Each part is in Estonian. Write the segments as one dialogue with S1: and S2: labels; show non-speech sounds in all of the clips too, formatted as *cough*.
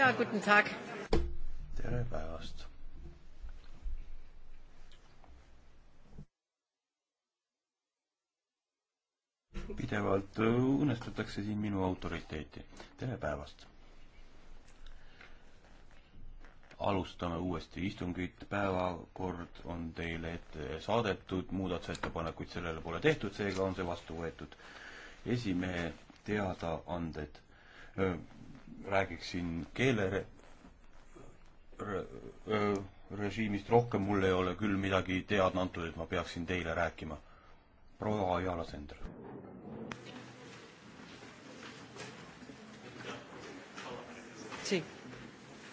S1: ja guten Tag.
S2: tere päevast.
S3: pidevalt õõnestatakse siin minu autoriteeti. tere päevast. alustame uuesti istungit, päevakord on teile ette saadetud, muudatusettepanekuid sellele pole tehtud, seega on see vastu võetud. esimehe teadaanded räägiksin keele režiimist rohkem mul ei ole küll midagi teada antud, et ma peaksin teile rääkima. proua Ajala Sender.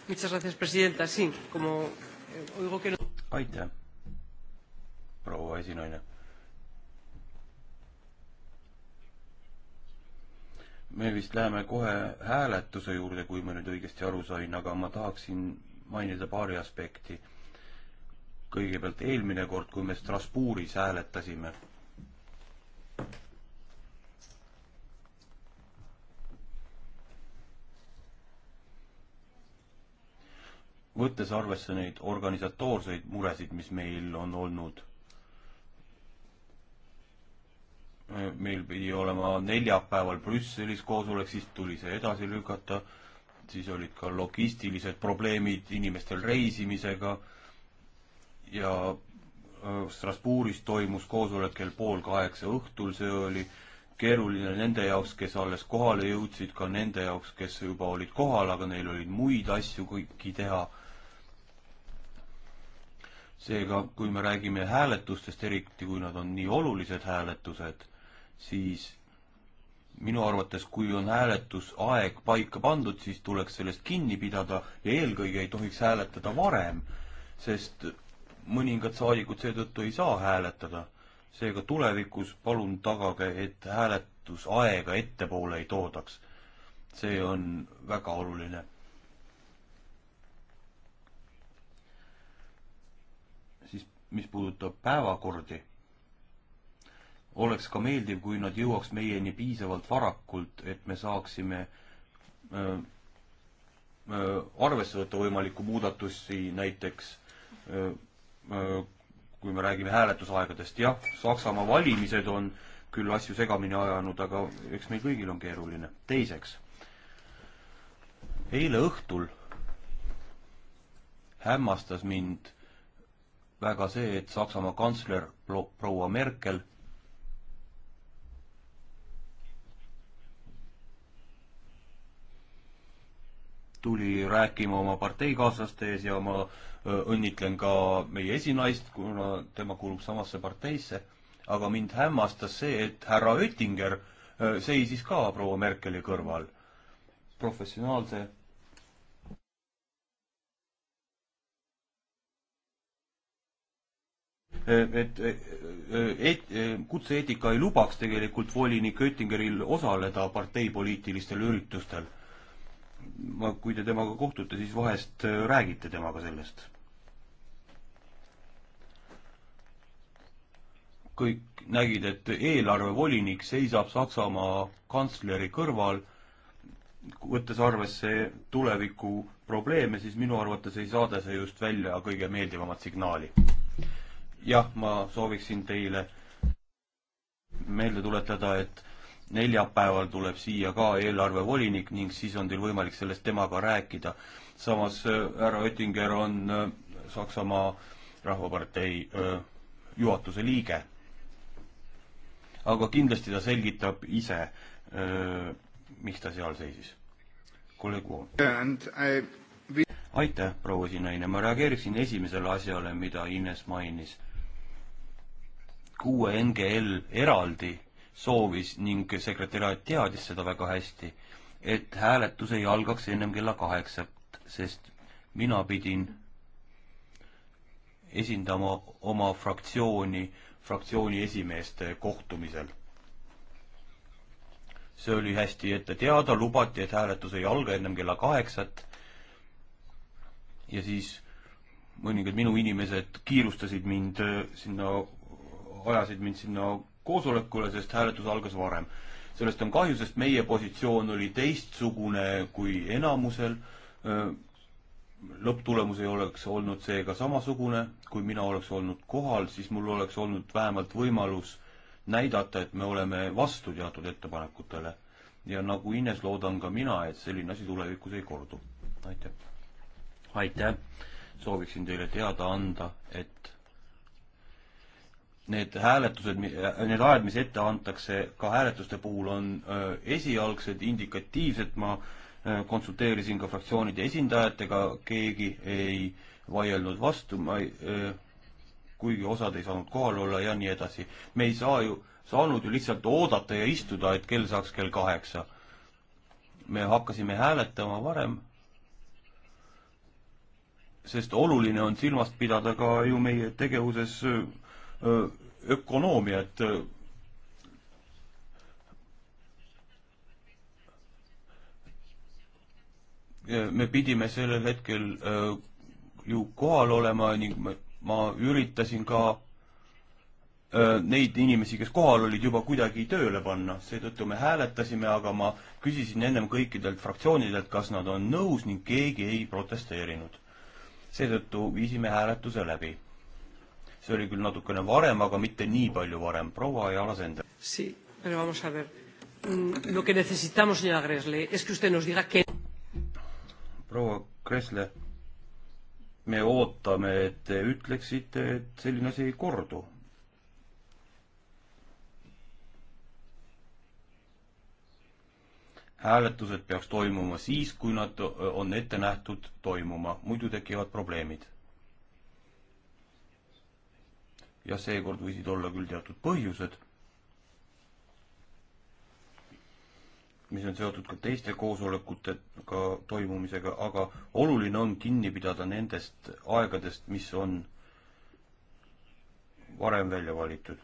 S1: Eh,
S3: aitäh, proua esinaine me vist läheme kohe hääletuse juurde, kui ma nüüd õigesti aru sain, aga ma tahaksin mainida paari aspekti. kõigepealt eelmine kord, kui me Strasbourgis hääletasime, võttes arvesse neid organisatoorseid muresid, mis meil on olnud meil pidi olema neljapäeval Brüsselis koosolek, siis tuli see edasi lükata, siis olid ka logistilised probleemid inimestel reisimisega ja äh, Strasbourgis toimus koosolek kell pool kaheksa õhtul, see oli keeruline nende jaoks, kes alles kohale jõudsid, ka nende jaoks, kes juba olid kohal, aga neil oli muid asju kõiki teha. seega, kui me räägime hääletustest, eriti kui nad on nii olulised hääletused, siis minu arvates, kui on hääletusaeg paika pandud, siis tuleks sellest kinni pidada ja eelkõige ei tohiks hääletada varem, sest mõningad saadikud seetõttu ei saa hääletada. seega tulevikus palun tagage, et hääletusaega ettepoole ei toodaks. see on väga oluline. siis mis puudutab päevakordi oleks ka meeldiv, kui nad jõuaks meieni piisavalt varakult, et me saaksime öö, öö, arvesse võtta võimalikku muudatusi, näiteks öö, öö, kui me räägime hääletusaegadest, jah, Saksamaa valimised on küll asju segamini ajanud, aga eks meil kõigil on keeruline. teiseks, eile õhtul hämmastas mind väga see, et Saksamaa kantsler proua Merkel tuli rääkima oma parteikaaslaste ees ja ma õnnitlen ka meie esinaist, kuna tema kuulub samasse parteisse, aga mind hämmastas see, et härra Oettinger seisis ka proua Merkeli kõrval professionaalse et, et, et kutse-eetika ei lubaks tegelikult volinik Oettingeril osaleda parteipoliitilistel üritustel ma, kui te temaga kohtute, siis vahest äh, räägite temaga sellest. kõik nägid, et eelarvevolinik seisab Saksamaa kantsleri kõrval, võttes arvesse tuleviku probleeme, siis minu arvates ei saada see just välja kõige meeldivamat signaali. jah, ma sooviksin teile meelde tuletada, et neljapäeval tuleb siia ka eelarvevolinik ning siis on teil võimalik sellest temaga rääkida. samas äh, härra Oettinger on äh, Saksamaa Rahvapartei äh, juhatuse liige. aga kindlasti ta selgitab ise, miks ta seal seisis. kolleeg Vool. aitäh, proua Sinaine, ma reageeriksin esimesele asjale, mida Ines mainis. kuue NGL eraldi soovis ning sekretäriaat teadis seda väga hästi, et hääletus ei algaks ennem kella kaheksat, sest mina pidin esindama oma fraktsiooni fraktsiooni esimeeste kohtumisel. see oli hästi ette teada, lubati, et hääletus ei alga ennem kella kaheksat ja siis mõningad minu inimesed kiirustasid mind sinna, ajasid mind sinna koosolekule, sest hääletus algas varem. sellest on kahju, sest meie positsioon oli teistsugune kui enamusel. lõpptulemus ei oleks olnud seega samasugune, kui mina oleks olnud kohal, siis mul oleks olnud vähemalt võimalus näidata, et me oleme vastu teatud ettepanekutele. ja nagu Ines, loodan ka mina, et selline asi tulevikus ei kordu. aitäh! aitäh! sooviksin teile teada anda, et need hääletused, äh, need ajad, mis ette antakse ka hääletuste puhul, on äh, esialgsed, indikatiivsed, ma äh, konsulteerisin ka fraktsioonide esindajatega, keegi ei vaielnud vastu, ma ei, kuigi osad ei saanud kohal olla ja nii edasi. me ei saa ju, saanud ju lihtsalt oodata ja istuda, et kell saaks kell kaheksa. me hakkasime hääletama varem, sest oluline on silmas pidada ka ju meie tegevuses ökonoomiat. me pidime sellel hetkel ju kohal olema ning ma, ma üritasin ka neid inimesi, kes kohal olid, juba kuidagi tööle panna, seetõttu me hääletasime, aga ma küsisin ennem kõikidelt fraktsioonidelt, kas nad on nõus ning keegi ei protesteerinud. seetõttu viisime hääletuse läbi see oli küll natukene varem, aga mitte nii palju varem. proua Ayala Sender. Sí,
S1: pero vamos a ver. Mm, lo que necesitamos, señora Gressle, es que usted nos diga
S4: que
S3: proua Kressle, me ootame, et te ütleksite, et selline asi ei kordu. hääletused peaks toimuma siis, kui nad on ette nähtud toimuma, muidu tekivad probleemid. ja seekord võisid olla küll teatud põhjused, mis on seotud ka teiste koosolekutega toimumisega, aga oluline on kinni pidada nendest aegadest, mis on varem välja valitud.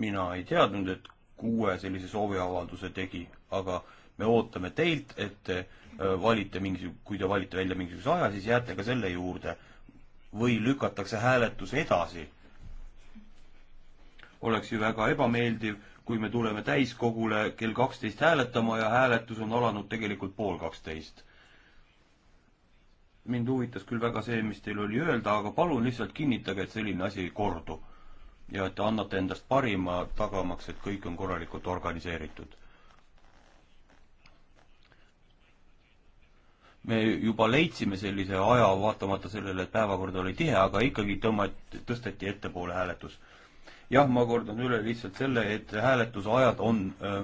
S3: mina ei teadnud, et kuue sellise sooviavalduse tegi, aga me ootame teilt, et te äh, valite mingisuguse, kui te valite välja mingisuguse aja, siis jääte ka selle juurde või lükatakse hääletus edasi. oleks ju väga ebameeldiv, kui me tuleme täiskogule kell kaksteist hääletama ja hääletus on alanud tegelikult pool kaksteist. mind huvitas küll väga see, mis teil oli öelda, aga palun lihtsalt kinnitage, et selline asi ei kordu. ja et te annate endast parima, tagamaks, et kõik on korralikult organiseeritud. me juba leidsime sellise aja, vaatamata sellele, et päevakord oli tihe, aga ikkagi tõmmati, tõsteti ettepoole hääletus. jah, ma kordan üle lihtsalt selle, et hääletusajad on äh,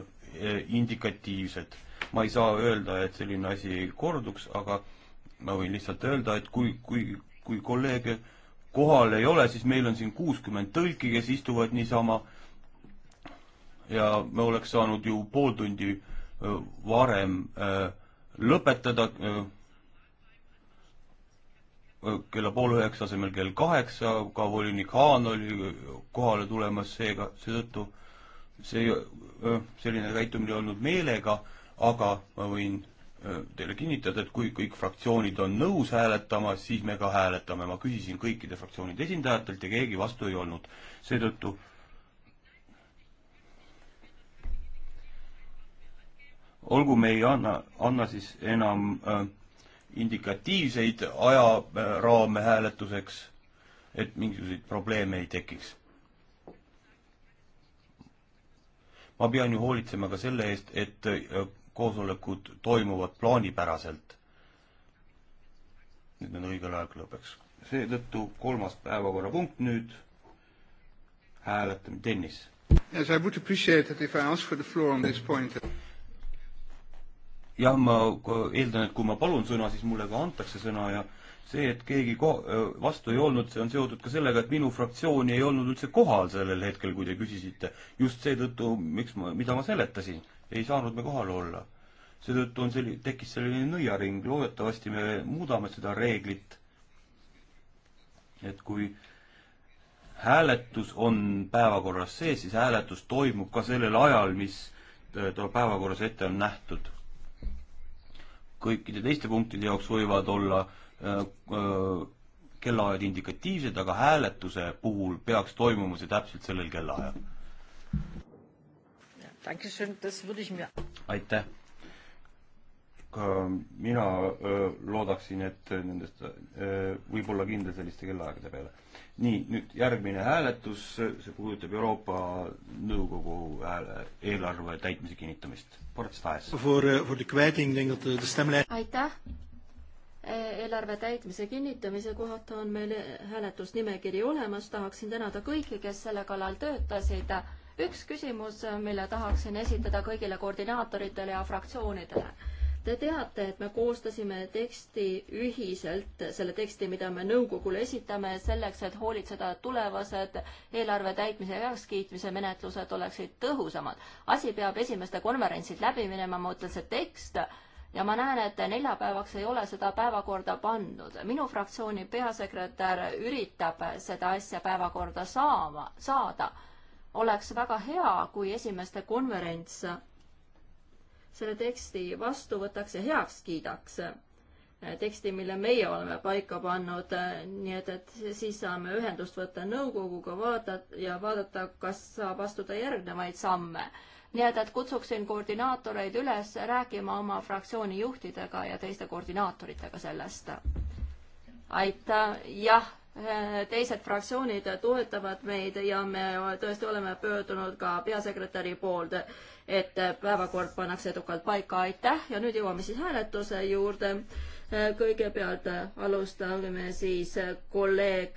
S3: indikatiivsed. ma ei saa öelda, et selline asi ei korduks, aga ma võin lihtsalt öelda, et kui, kui, kui kolleege kohal ei ole, siis meil on siin kuuskümmend tõlki, kes istuvad niisama ja me oleks saanud ju pool tundi äh, varem äh, lõpetada äh, äh, kella poole üheksa asemel kell kaheksa, ka volinik Haan oli kohale tulemas, seega seetõttu see, äh, selline käitumine ei olnud meelega, aga ma võin teile kinnitada, et kui kõik fraktsioonid on nõus hääletama, siis me ka hääletame. ma küsisin kõikide fraktsioonide esindajatelt ja keegi vastu ei olnud. seetõttu olgu, me ei anna, anna siis enam äh, indikatiivseid ajaraame hääletuseks, et mingisuguseid probleeme ei tekiks. ma pean ju hoolitsema ka selle eest, et äh, koosolekud toimuvad plaanipäraselt. et nad õigel ajal lõpeks. seetõttu kolmas päevakorrapunkt nüüd, hääletamine tennis.
S4: Yes, I would appreciate it if I ask for the floor on this point
S3: jah, ma eeldan, et kui ma palun sõna, siis mulle ka antakse sõna ja see, et keegi ko-, vastu ei olnud, see on seotud ka sellega, et minu fraktsiooni ei olnud üldse kohal sellel hetkel, kui te küsisite. just seetõttu, miks ma, mida ma seletasin, ei saanud me kohal olla. seetõttu on selli-, tekkis selline nõiaring, loodetavasti me muudame seda reeglit, et kui hääletus on päevakorras sees, siis hääletus toimub ka sellel ajal, mis äh, ta päevakorras ette on nähtud kõikide teiste punktide jaoks võivad olla äh, äh, kellaajad indikatiivsed, aga hääletuse puhul peaks toimuma see täpselt sellel kellaajal. aitäh. ka mina öö, äh, loodaksin, et nendest öö, võib olla kindel selliste kellaaegade peale nii, nüüd järgmine hääletus, see puudutab Euroopa Nõukogu hääle, eelarve täitmise kinnitamist. Eh,
S5: aitäh! Eh, eelarve täitmise kinnitamise kohta on meil eh, hääletusnimekiri olemas, tahaksin tänada kõiki, kes selle kallal töötasid. üks küsimus, mille tahaksin esitada kõigile koordinaatoritele ja fraktsioonidele Te teate, et me koostasime teksti ühiselt, selle teksti, mida me nõukogule esitame, selleks, et hoolitseda, et tulevased eelarve täitmise ja heakskiitmise menetlused oleksid tõhusamad. asi peab esimeste konverentsid läbi minema, ma ütlen, see tekst ja ma näen, et neljapäevaks ei ole seda päevakorda pandud. minu fraktsiooni peasekretär üritab seda asja päevakorda saama, saada. oleks väga hea, kui esimeste konverents selle teksti vastu võtaks ja heaks kiidaks. Äh, teksti, mille meie oleme paika pannud, äh, nii et, et siis saame ühendust võtta nõukoguga, vaadata ja vaadata, kas saab astuda järgnevaid samme. nii et, et kutsuksin koordinaatoreid üles rääkima oma fraktsiooni juhtidega ja teiste koordinaatoritega sellest. aitäh, jah äh, teised fraktsioonid toetavad meid ja me tõesti oleme pöördunud ka peasekretäri poolde et päevakord pannakse edukalt paika, aitäh ja nüüd jõuame siis hääletuse juurde. kõigepealt alustame siis kolleeg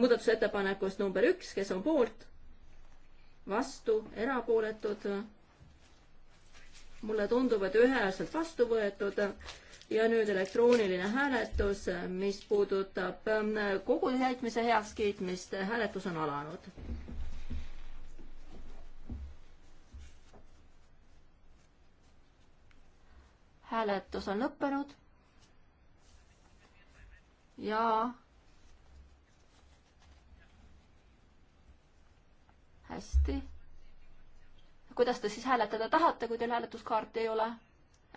S5: muudatusettepanekust number üks, kes on poolt, vastu, erapooletud. mulle tundub, et ühehäälselt vastu võetud ja nüüd elektrooniline hääletus, mis puudutab kogu täitmise heakskiitmist, hääletus on alanud hääletus on lõppenud. ja hästi. kuidas te siis hääletada tahate, kui teil hääletuskaarti ei ole?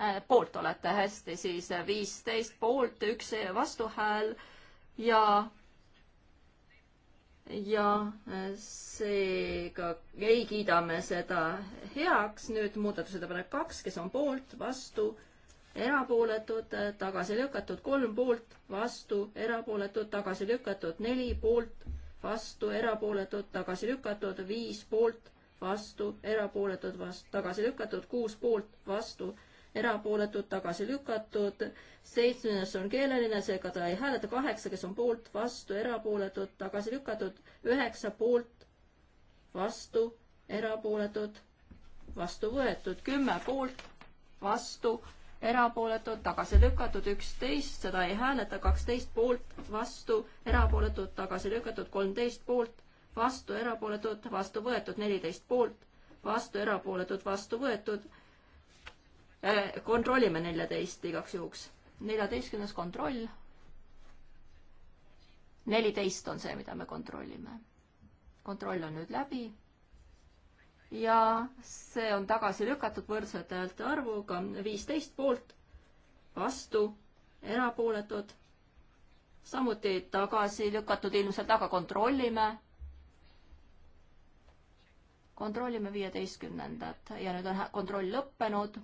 S5: Äh, poolt olete, hästi, siis viisteist poolt, üks vastuhääl ja ja äh, seega ei kiidame seda heaks. nüüd muudatusettepanek kaks, kes on poolt, vastu, erapooletud, tagasi lükatud, kolm poolt, vastu, erapooletud, tagasi lükatud, neli poolt, vastu, erapooletud, tagasi lükatud, viis poolt, vastu, erapooletud, vastu, tagasi lükatud, kuus poolt, vastu erapooletud tagasi lükatud, seitsmes on keeleline, seega ta ei hääleta, kaheksa, kes on poolt, vastu, erapooletud, tagasi lükatud, üheksa poolt, vastu, erapooletud, vastu võetud, kümme poolt, vastu, erapooletud, tagasi lükatud üksteist, seda ei hääleta, kaksteist poolt, vastu, erapooletud, tagasi lükatud, kolmteist poolt, vastu, erapooletud, vastu võetud, neliteist poolt, vastu, erapooletud, vastu võetud. Äh, kontrollime neljateist igaks juhuks. neljateistkümnes kontroll. neliteist on see, mida me kontrollime. kontroll on nüüd läbi ja see on tagasi lükatud võrdsete häälte arvuga viisteist poolt, vastu, erapooletud, samuti tagasi lükatud ilmselt, aga kontrollime. kontrollime viieteistkümnendat ja nüüd on kontroll lõppenud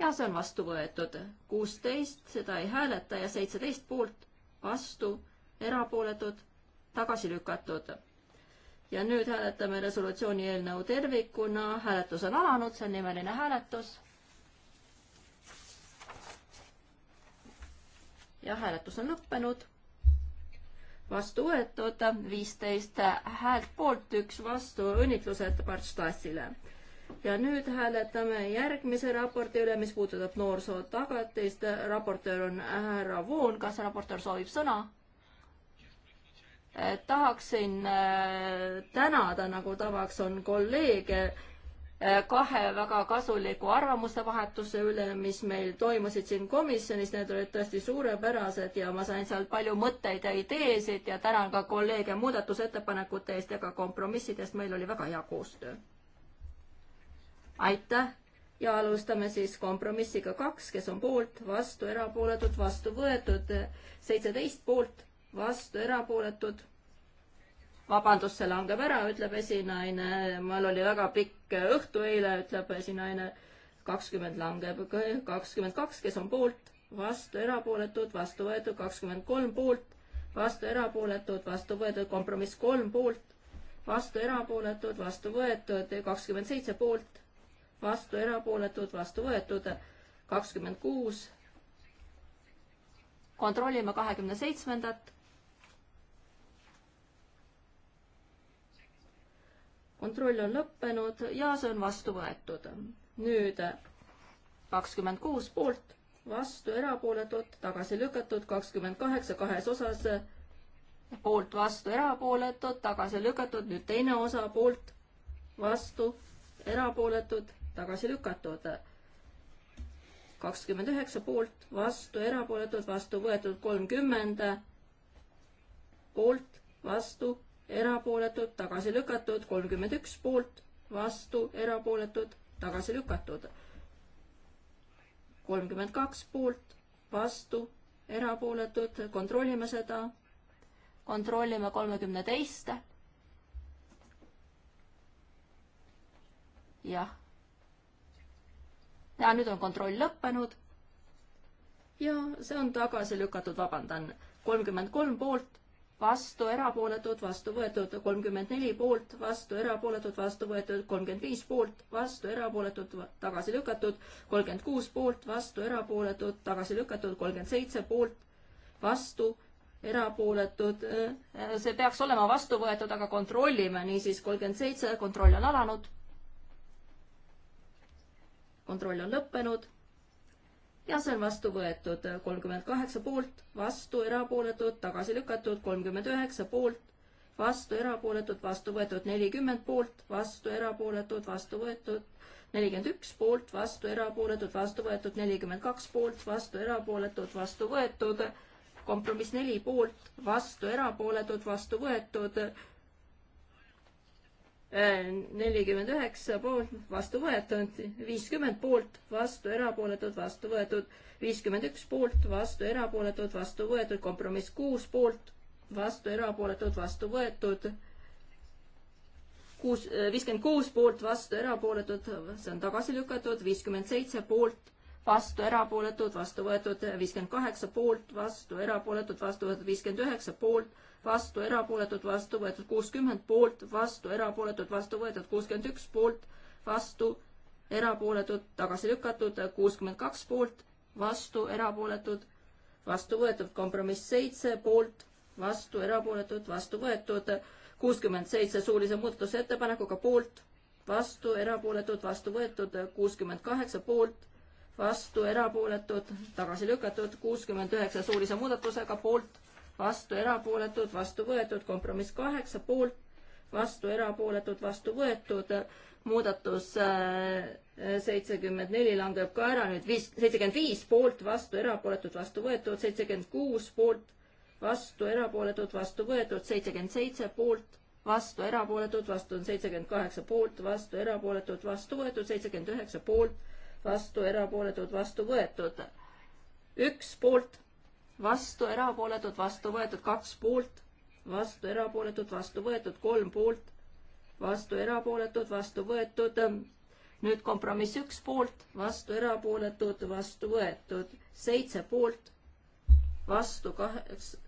S5: ja see on vastu võetud. kuusteist, seda ei hääleta ja seitseteist poolt, vastu, erapooletud, tagasi lükatud ja nüüd hääletame resolutsiooni eelnõu tervikuna. hääletus on alanud, see on nimeline hääletus. ja hääletus on lõppenud. vastu võetud viisteist häält poolt, üks vastu. õnnitlused Parts Tassile ja nüüd hääletame järgmise raporti üle, mis puudutab noorsootagatist. raportöör on härra Voon, kas raportöör soovib sõna? tahaksin äh, tänada, nagu tavaks on, kolleege äh, kahe väga kasuliku arvamuste vahetuse üle, mis meil toimusid siin komisjonis, need olid tõesti suurepärased ja ma sain sealt palju mõtteid ja ideesid ja tänan ka kolleege muudatusettepanekute eest ja ka kompromissidest, meil oli väga hea koostöö. aitäh ja alustame siis kompromissiga kaks, kes on poolt, vastu, erapooletud, vastu võetud, seitseteist poolt vastu, erapooletud. vabandust, see langeb ära, ütleb esinaine. mul oli väga pikk õhtu eile, ütleb esinaine. kakskümmend langeb, kakskümmend kaks, kes on poolt, vastu, erapooletud, vastu võetud, kakskümmend kolm poolt, vastu, erapooletud, vastu võetud, kompromiss kolm poolt, vastu, erapooletud, vastu võetud, kakskümmend seitse poolt, vastu, erapooletud, vastu võetud, kakskümmend kuus kontrollime kahekümne seitsmendat. kontroll on lõppenud ja see on vastu võetud. nüüd kakskümmend kuus poolt, vastu erapooletud, tagasi lükatud, kakskümmend kaheksa kahes osas, poolt, vastu, erapooletud, tagasi lükatud, nüüd teine osa poolt, vastu, erapooletud, tagasi lükatud kakskümmend üheksa poolt, vastu erapooletud, vastu võetud kolmkümmend, poolt, vastu, erapooletud, tagasi lükatud, kolmkümmend üks poolt, vastu, erapooletud, tagasi lükatud. kolmkümmend kaks poolt, vastu, erapooletud, kontrollime seda. kontrollime kolmekümne teist. jah. ja nüüd on kontroll lõppenud. ja see on tagasi lükatud, vabandan, kolmkümmend kolm poolt, vastu, erapooletud, vastu võetud kolmkümmend neli poolt, vastu erapooletud, vastu võetud kolmkümmend viis poolt, vastu erapooletud, tagasi lükatud kolmkümmend kuus poolt, vastu erapooletud, tagasi lükatud kolmkümmend seitse poolt, vastu erapooletud. Äh, see peaks olema vastu võetud, aga kontrollime, niisiis kolmkümmend seitse, kontroll on alanud. kontroll on lõppenud ja see on vastu võetud kolmkümmend kaheksa poolt, vastu erapooletud, tagasi lükatud kolmkümmend üheksa poolt, vastu erapooletud, vastu võetud nelikümmend poolt, vastu erapooletud, vastu võetud nelikümmend üks poolt, vastu erapooletud, vastu võetud nelikümmend kaks poolt, vastu erapooletud, vastu võetud kompromiss neli poolt, vastu erapooletud, vastu võetud Äh, nelikümmend üheksa poolt, vastu võetud, viiskümmend poolt, vastu erapooletud, vastu võetud, viiskümmend üks poolt, vastu erapooletud, vastu võetud, kompromiss kuus poolt, vastu erapooletud, vastu võetud, kuus, äh, viiskümmend kuus poolt, vastu erapooletud, see on tagasi lükatud, viiskümmend seitse poolt, vastu erapooletud, vastu võetud, viiskümmend kaheksa poolt, vastu erapooletud, vastu võetud, viiskümmend üheksa poolt vastu erapooletud, vastu võetud kuuskümmend poolt, vastu erapooletud, vastu võetud kuuskümmend üks poolt, vastu erapooletud, tagasi lükatud kuuskümmend kaks poolt, vastu erapooletud, vastu võetud kompromiss seitse poolt, vastu erapooletud, vastu võetud kuuskümmend seitse suulise muudatusettepanekuga poolt, vastu erapooletud, vastu võetud kuuskümmend kaheksa poolt vastu erapooletud, tagasi lükatud kuuskümmend üheksa suulise muudatusega poolt, vastu erapooletud, vastu võetud, kompromiss kaheksa poolt, vastu erapooletud, vastu võetud, muudatus äh, seitsekümmend neli langeb ka ära, nüüd viis, seitsekümmend viis poolt, vastu erapooletud, vastu võetud, seitsekümmend kuus poolt, vastu erapooletud, vastu võetud, seitsekümmend seitse poolt, vastu erapooletud, vastu on seitsekümmend kaheksa poolt, vastu erapooletud, vastu võetud, seitsekümmend üheksa poolt, vastu erapooletud, vastu võetud, üks poolt vastu, erapooletud, vastu võetud, kaks poolt, vastu, erapooletud, vastu võetud, kolm poolt, vastu, erapooletud, vastu võetud. nüüd kompromiss üks poolt, vastu, erapooletud, vastu võetud, seitse poolt, vastu kaheksa,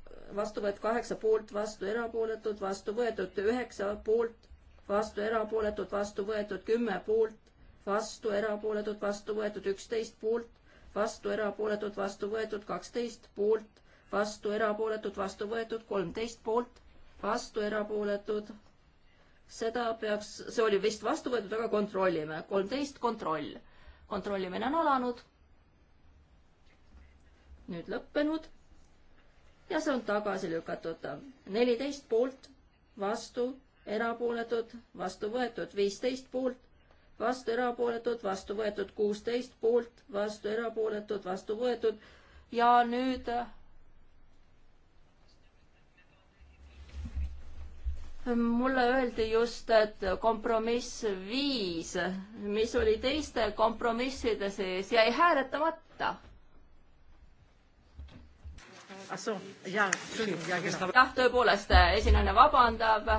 S5: vastu võetud kaheksa poolt, vastu erapooletud, vastu võetud üheksa poolt, vastu erapooletud, vastu võetud kümme poolt, vastu erapooletud, vastu võetud üksteist poolt vastu erapooletud, vastu võetud kaksteist poolt, vastu erapooletud, vastu võetud kolmteist poolt, vastu erapooletud. seda peaks, see oli vist vastu võetud, aga kontrollime, kolmteist kontroll. kontrollimine on alanud. nüüd lõppenud. ja see on tagasi lükatud. neliteist poolt, vastu, erapooletud, vastu võetud, viisteist poolt vastu erapooletud, vastu võetud kuusteist poolt, vastu erapooletud, vastu võetud ja nüüd äh, mulle öeldi just, et kompromiss viis, mis oli teiste kompromisside sees, jäi hääletamata. jah, tõepoolest, äh, esinejana vabandab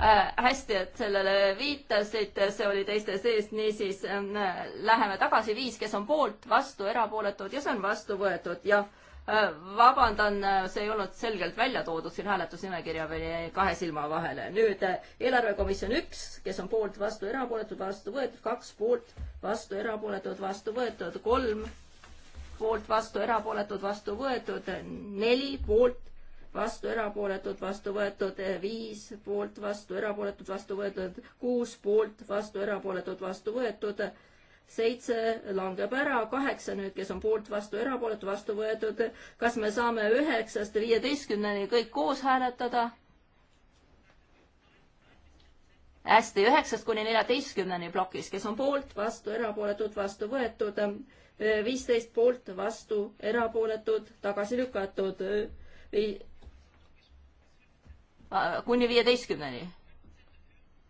S5: Äh, hästi, et sellele viitasite, see oli teiste sees, niisiis äh, läheme tagasi, viis, kes on poolt, vastu, erapooletud ja see on vastu võetud ja äh, vabandan, äh, see ei olnud selgelt välja toodud siin hääletusnimekirja või kahe silma vahele. nüüd äh, eelarvekomisjon üks, kes on poolt, vastu, erapooletud, vastu võetud, kaks poolt, vastu, erapooletud, vastu võetud, kolm poolt, vastu, erapooletud, vastu võetud, neli poolt vastu erapooletud, vastu võetud viis poolt, vastu erapooletud, vastu võetud kuus poolt, vastu erapooletud, vastu võetud seitse langeb ära, kaheksa nüüd, kes on poolt, vastu, erapooletu, vastu võetud. kas me saame üheksast viieteistkümneni kõik koos hääletada? hästi, üheksast kuni neljateistkümneni plokis, kes on poolt, vastu, erapooletud, vastu võetud, viisteist poolt, vastu, erapooletud, tagasi lükatud, Äh, kuni viieteistkümneni.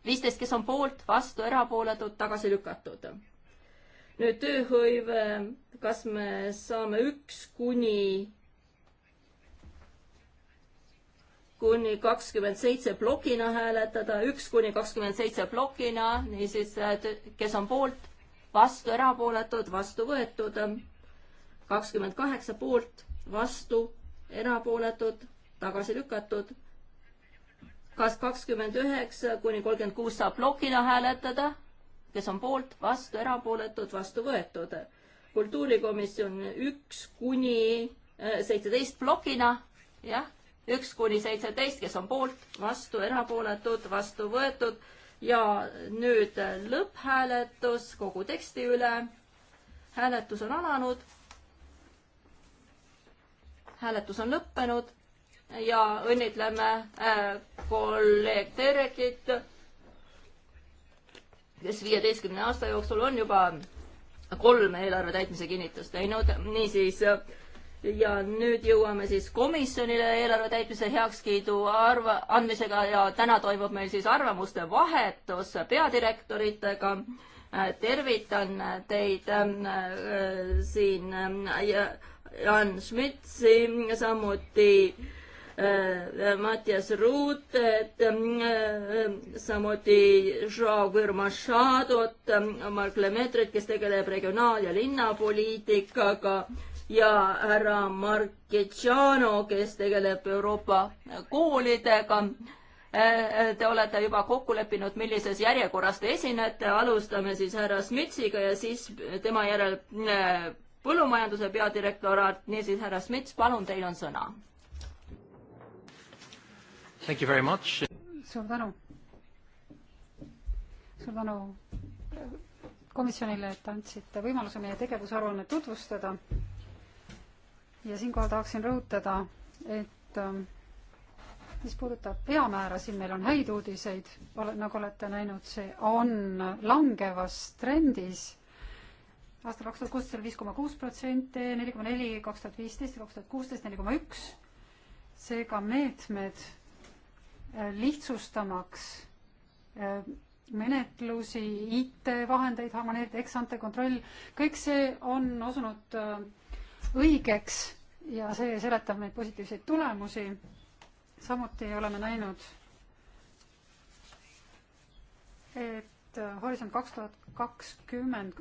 S5: viisteist, kes on poolt, vastu, erapooletud, tagasi lükatud. nüüd tööhõive, kas me saame üks kuni kuni kakskümmend seitse plokina hääletada, üks kuni kakskümmend seitse plokina, niisiis kes on poolt, vastu, erapooletud, vastu võetud, kakskümmend kaheksa poolt, vastu, erapooletud, tagasi lükatud kas kakskümmend üheksa kuni kolmkümmend kuus saab plokina hääletada, kes on poolt, vastu, erapooletud, vastu võetud. kultuurikomisjon üks kuni äh, seitseteist plokina, jah, üks kuni seitseteist, kes on poolt, vastu, erapooletud, vastu võetud ja nüüd lõpphääletus kogu teksti üle. hääletus on alanud. hääletus on lõppenud ja õnnitleme äh, kolleeg Terekit, kes viieteistkümne aasta jooksul on juba kolm eelarve täitmise kinnitust teinud, niisiis ja nüüd jõuame siis komisjonile eelarve täitmise heakskiidu arva, andmisega ja täna toimub meil siis arvamuste vahetus peadirektoritega. Äh, tervitan teid äh, siin äh, Jan Schmitzi, samuti Äh, äh, Mattias Ruutet, ähm, äh, samuti Joao Virmachadot, ähm, Mark Lemetrit, kes tegeleb regionaal- ja linnapoliitikaga ja härra Marketšano, kes tegeleb Euroopa koolidega. Te olete juba kokku leppinud, millises järjekorras te esinete, alustame siis härra Smitsiga ja siis tema järel põllumajanduse peadirektoraat, niisiis härra Smits,
S1: palun, teil on sõna suur tänu. suur tänu komisjonile, et andsite võimaluse meie tegevusaruannet tutvustada. ja siinkohal tahaksin rõhutada, et ähm, mis puudutab veamäära, siin meil on häid uudiseid, nagu olete näinud, see on langevas trendis aastal kaks tuhat kuusteist oli viis koma kuus protsenti, neli koma neli, kaks tuhat viisteist ja kaks tuhat kuusteist neli koma üks. seega meetmed lihtsustamaks äh, menetlusi, IT-vahendeid harmoneerida, eksante kontroll, kõik see on osunud äh, õigeks ja see seletab neid positiivseid tulemusi. samuti oleme näinud, et äh, Horisont kaks tuhat kakskümmend,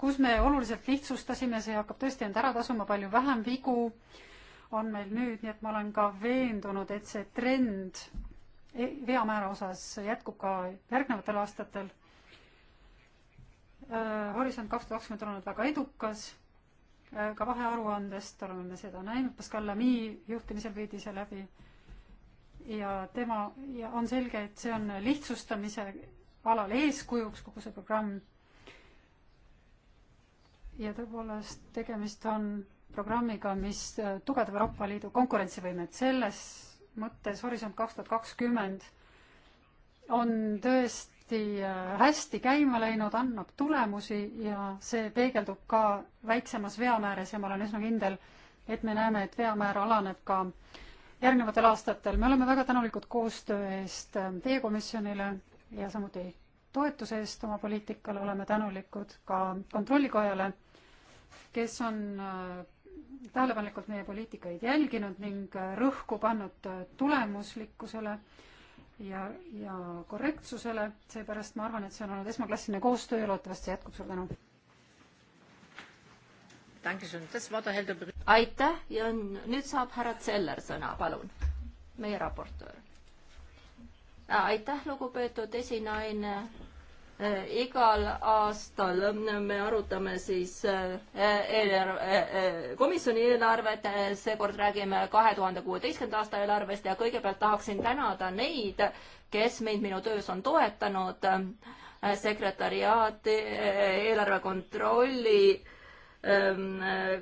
S1: kus me oluliselt lihtsustasime, see hakkab tõesti end ära tasuma, palju vähem vigu on meil nüüd, nii et ma olen ka veendunud, et see trend e-, veamäära osas jätkub ka järgnevatel aastatel. Äh, Horisont kaks tuhat kakskümmend on olnud väga edukas, äh, ka vahearuandest oleme me seda näinud, Pascal Lamy juhtimisel viidi see läbi ja tema, ja on selge, et see on lihtsustamise alal eeskujuks, kogu see programm ja tõepoolest tegemist on programmiga, mis tugevdab Euroopa Liidu konkurentsivõimet. selles mõttes Horisont kaks tuhat kakskümmend on tõesti äh, hästi käima läinud, annab tulemusi ja see peegeldub ka väiksemas veamääres ja ma olen üsna kindel, et me näeme, et veamäär alaneb ka järgnevatel aastatel. me oleme väga tänulikud koostöö eest äh, teie komisjonile ja samuti toetuse eest oma poliitikale, oleme tänulikud ka Kontrollikojale, kes on äh, tähelepanelikult meie poliitikaid jälginud ning rõhku pannud tulemuslikkusele ja, ja korrektsusele, seepärast ma arvan, et see on olnud esmaklassiline koostöö ja loodetavasti jätkub, suur tänu.
S5: aitäh ja nüüd saab härra Zeller sõna, palun, meie raportöör. aitäh, lugupeetud esinaine Eh, igal aastal mm, me arutame siis eh, eelarve, eh, komisjoni eelarvet, seekord räägime kahe tuhande kuueteistkümnenda aasta eelarvest ja kõigepealt tahaksin tänada neid, kes mind minu töös on toetanud, sekretäriaati, eelarve kontrolli Ähm, äh,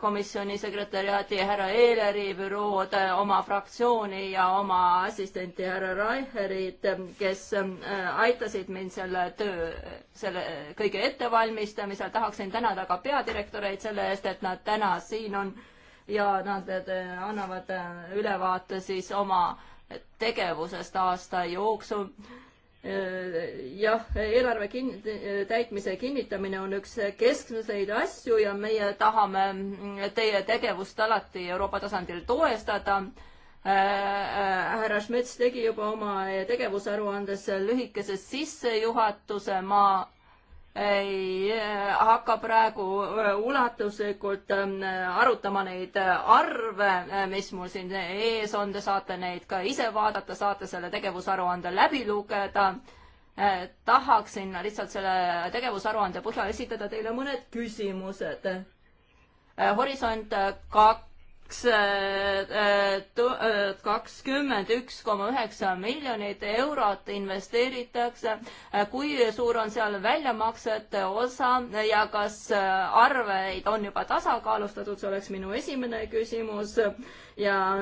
S5: komisjoni sekretäriaadi härra Eeleri bürood, äh, oma fraktsiooni ja oma assistenti härra Reicherit, ähm, kes ähm, äh, aitasid mind selle töö, selle kõige ettevalmistamisel. tahaksin tänada ka peadirektoreid selle eest, et nad täna siin on ja nad annavad ülevaate siis oma tegevusest aasta jooksul jah, eelarve kin-, täitmise kinnitamine on üks keskseid asju ja meie tahame mm, teie tegevust alati Euroopa tasandil toestada äh, äh, härra Schmidts tegi juba oma tegevusaruandes lühikese sissejuhatuse, ma ei eh, hakka praegu eh, ulatuslikult eh, arutama neid arve, mis mul siin ees on, te saate neid ka ise vaadata, saate selle tegevusaruande läbi lugeda. tahaksin lihtsalt selle tegevusaruande põhjal esitada teile mõned küsimused. horisont kaks kaks, äh, äh, kakskümmend üks koma üheksa miljonit eurot investeeritakse. Äh, kui suur on seal väljamaksete osa ja kas arveid on juba tasakaalustatud, see oleks minu esimene küsimus. ja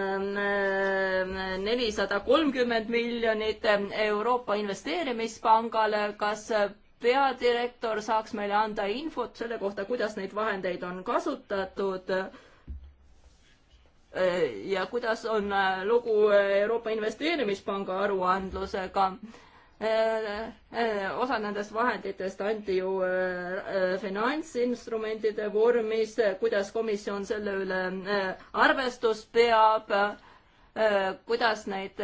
S5: nelisada kolmkümmend miljonit Euroopa Investeerimispangale, kas peadirektor saaks meile anda infot selle kohta, kuidas neid vahendeid on kasutatud Äh, ja kuidas on äh, lugu äh, Euroopa Investeerimispanga aruandlusega. osa nendest vahenditest anti ju finantsinstrumentide vormis, kuidas komisjon selle üle arvestust peab, kuidas neid,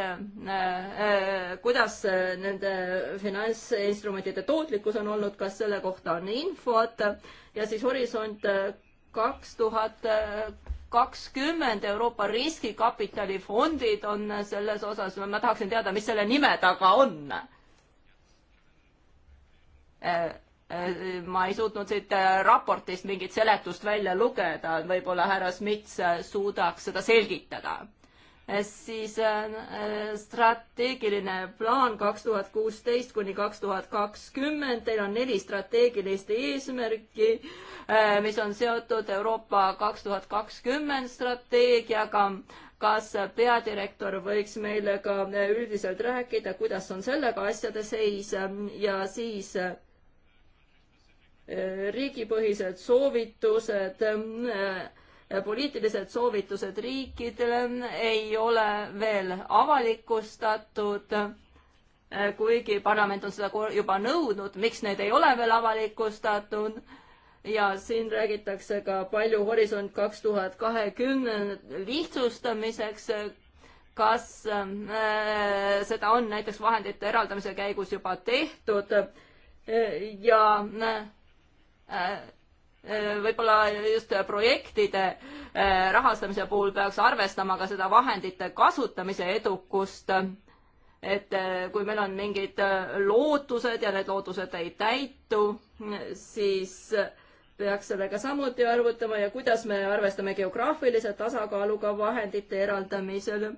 S5: kuidas nende finantsinstrumentide tootlikkus on olnud, kas selle kohta on infot ja siis Horisont kaks tuhat kakskümmend Euroopa riskikapitalifondid on selles osas, ma tahaksin teada, mis selle nime taga on. Äh, äh, ma ei suutnud siit äh, raportist mingit seletust välja lugeda, võib-olla härra Smits suudaks seda selgitada siis äh, strateegiline plaan kaks tuhat kuusteist kuni kaks tuhat kakskümmend, teil on neli strateegilist eesmärki, äh, mis on seotud Euroopa kaks tuhat kakskümmend strateegiaga. kas peadirektor võiks meile ka äh, üldiselt rääkida, kuidas on sellega asjade seis ja siis riigipõhised soovitused poliitilised soovitused riikidele ei ole veel avalikustatud, kuigi parlament on seda juba nõudnud, miks need ei ole veel avalikustatud ja siin räägitakse ka palju Horisont kaks tuhat kahekümne lihtsustamiseks. kas äh, seda on näiteks vahendite eraldamise käigus juba tehtud ja äh, Äh, võib-olla just projektide äh, rahastamise puhul peaks arvestama ka seda vahendite kasutamise edukust. et äh, kui meil on mingid lootused ja need lootused ei täitu, siis peaks sellega samuti arvutama ja kuidas me arvestame geograafilise tasakaaluga vahendite eraldamisel.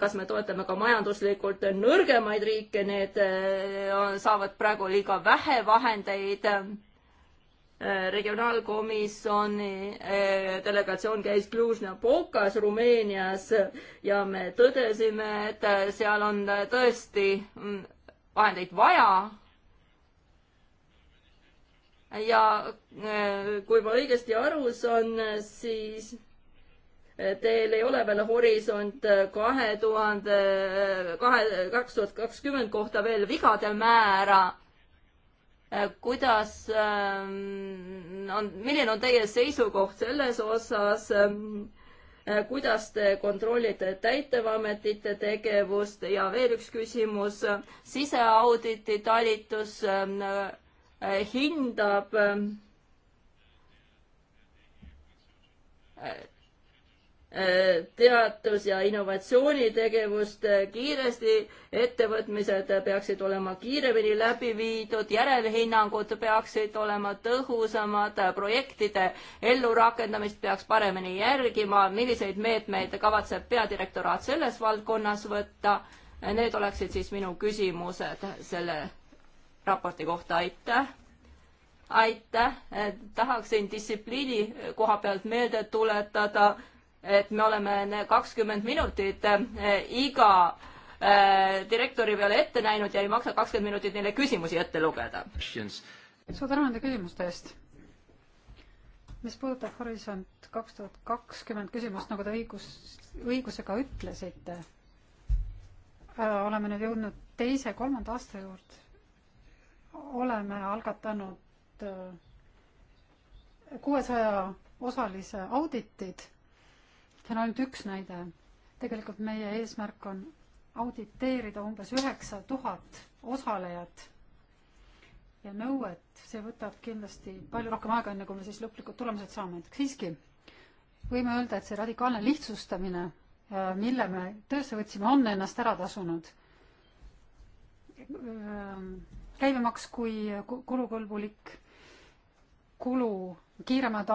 S5: kas me toetame ka majanduslikult nõrgemaid riike, need saavad praegu liiga vähe vahendeid Äh, regionaalkomisjoni äh, delegatsioon käis Cluj-Napokas Rumeenias ja me tõdesime, et seal on tõesti mm, vahendeid vaja. ja äh, kui ma õigesti aru saan, siis teil ei ole veel horisont kahe tuhande, kahe, kaks tuhat kakskümmend kohta veel vigade määra Äh, kuidas ähm, on, milline on teie seisukoht selles osas, ähm, äh, kuidas te kontrollite täitevametite tegevust ja veel üks küsimus, siseauditi talitus ähm, äh, hindab teadus- ja innovatsioonitegevust kiiresti, ettevõtmised peaksid olema kiiremini läbi viidud, järelhinnangud peaksid olema tõhusamad, projektide ellurakendamist peaks paremini järgima, milliseid meetmeid kavatseb peadirektoraat selles valdkonnas võtta. Need oleksid siis minu küsimused selle raporti kohta, aitäh! aitäh, tahaksin distsipliini koha pealt meelde tuletada et me oleme kakskümmend minutit eh, iga eh, direktori peale ette näinud ja ei maksa kakskümmend minutit neile küsimusi ette lugeda.
S1: suur tänu nende küsimuste eest. mis puudutab Horisont kaks tuhat kakskümmend küsimust, nagu te õigus, õigusega ütlesite, äh, oleme nüüd jõudnud teise-kolmanda aasta juurde. oleme algatanud äh, kuuesaja osalise auditid see on ainult üks näide. tegelikult meie eesmärk on auditeerida umbes üheksa tuhat osalejat ja nõuet, see võtab kindlasti palju rohkem aega, enne kui me siis lõplikud tulemused saame, et siiski võime öelda, et see radikaalne lihtsustamine, äh, mille me töösse võtsime, on ennast ära tasunud. Äh, käibemaks kui kulukõlbulik kulu, kiiremad,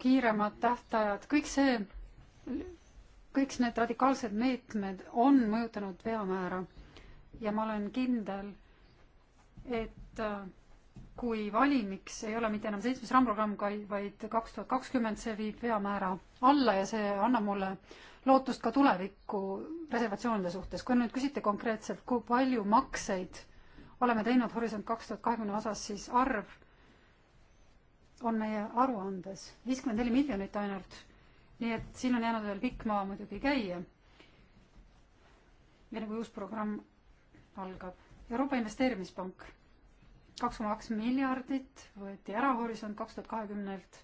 S1: kiiremad tähtajad, kõik see kõik need radikaalsed meetmed on mõjutanud veamäära ja ma olen kindel, et äh, kui valimiks ei ole mitte enam seitsmes raamprogramm, vaid kaks tuhat kakskümmend, see viib veamäära alla ja see annab mulle lootust ka tulevikku reservatsioonide suhtes. kui nüüd küsite konkreetselt, kui palju makseid oleme teinud Horisont kaks tuhat kahekümne osas, siis arv on meie aruandes viiskümmend neli miljonit ainult nii et siin on jäänud veel pikk maa muidugi käia. enne nagu kui uus programm algab. Euroopa Investeerimispank, kaks koma kaks miljardit võeti ära Horisont kaks tuhat kahekümnelt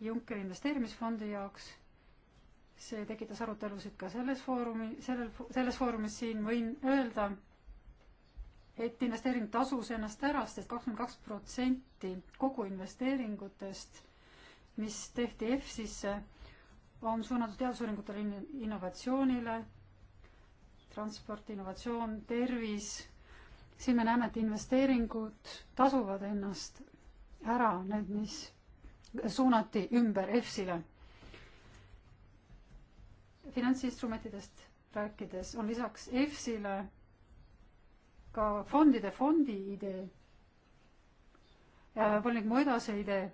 S1: Junckeri investeerimisfondi jaoks. see tekitas arutelusid ka selles foorumi, sellel, selles foorumis siin võin öelda, et investeering tasus ennast ära sest, sest kakskümmend kaks protsenti kogu investeeringutest mis tehti EFSisse, on suunatud teadusuuringutele in, innovatsioonile, transport, innovatsioon, tervis, siin me näeme, et investeeringud tasuvad ennast ära, need, mis suunati ümber EFSile. finantsinstrumentidest rääkides on lisaks EFSile ka fondide fondi idee, äh, volinik Moedase idee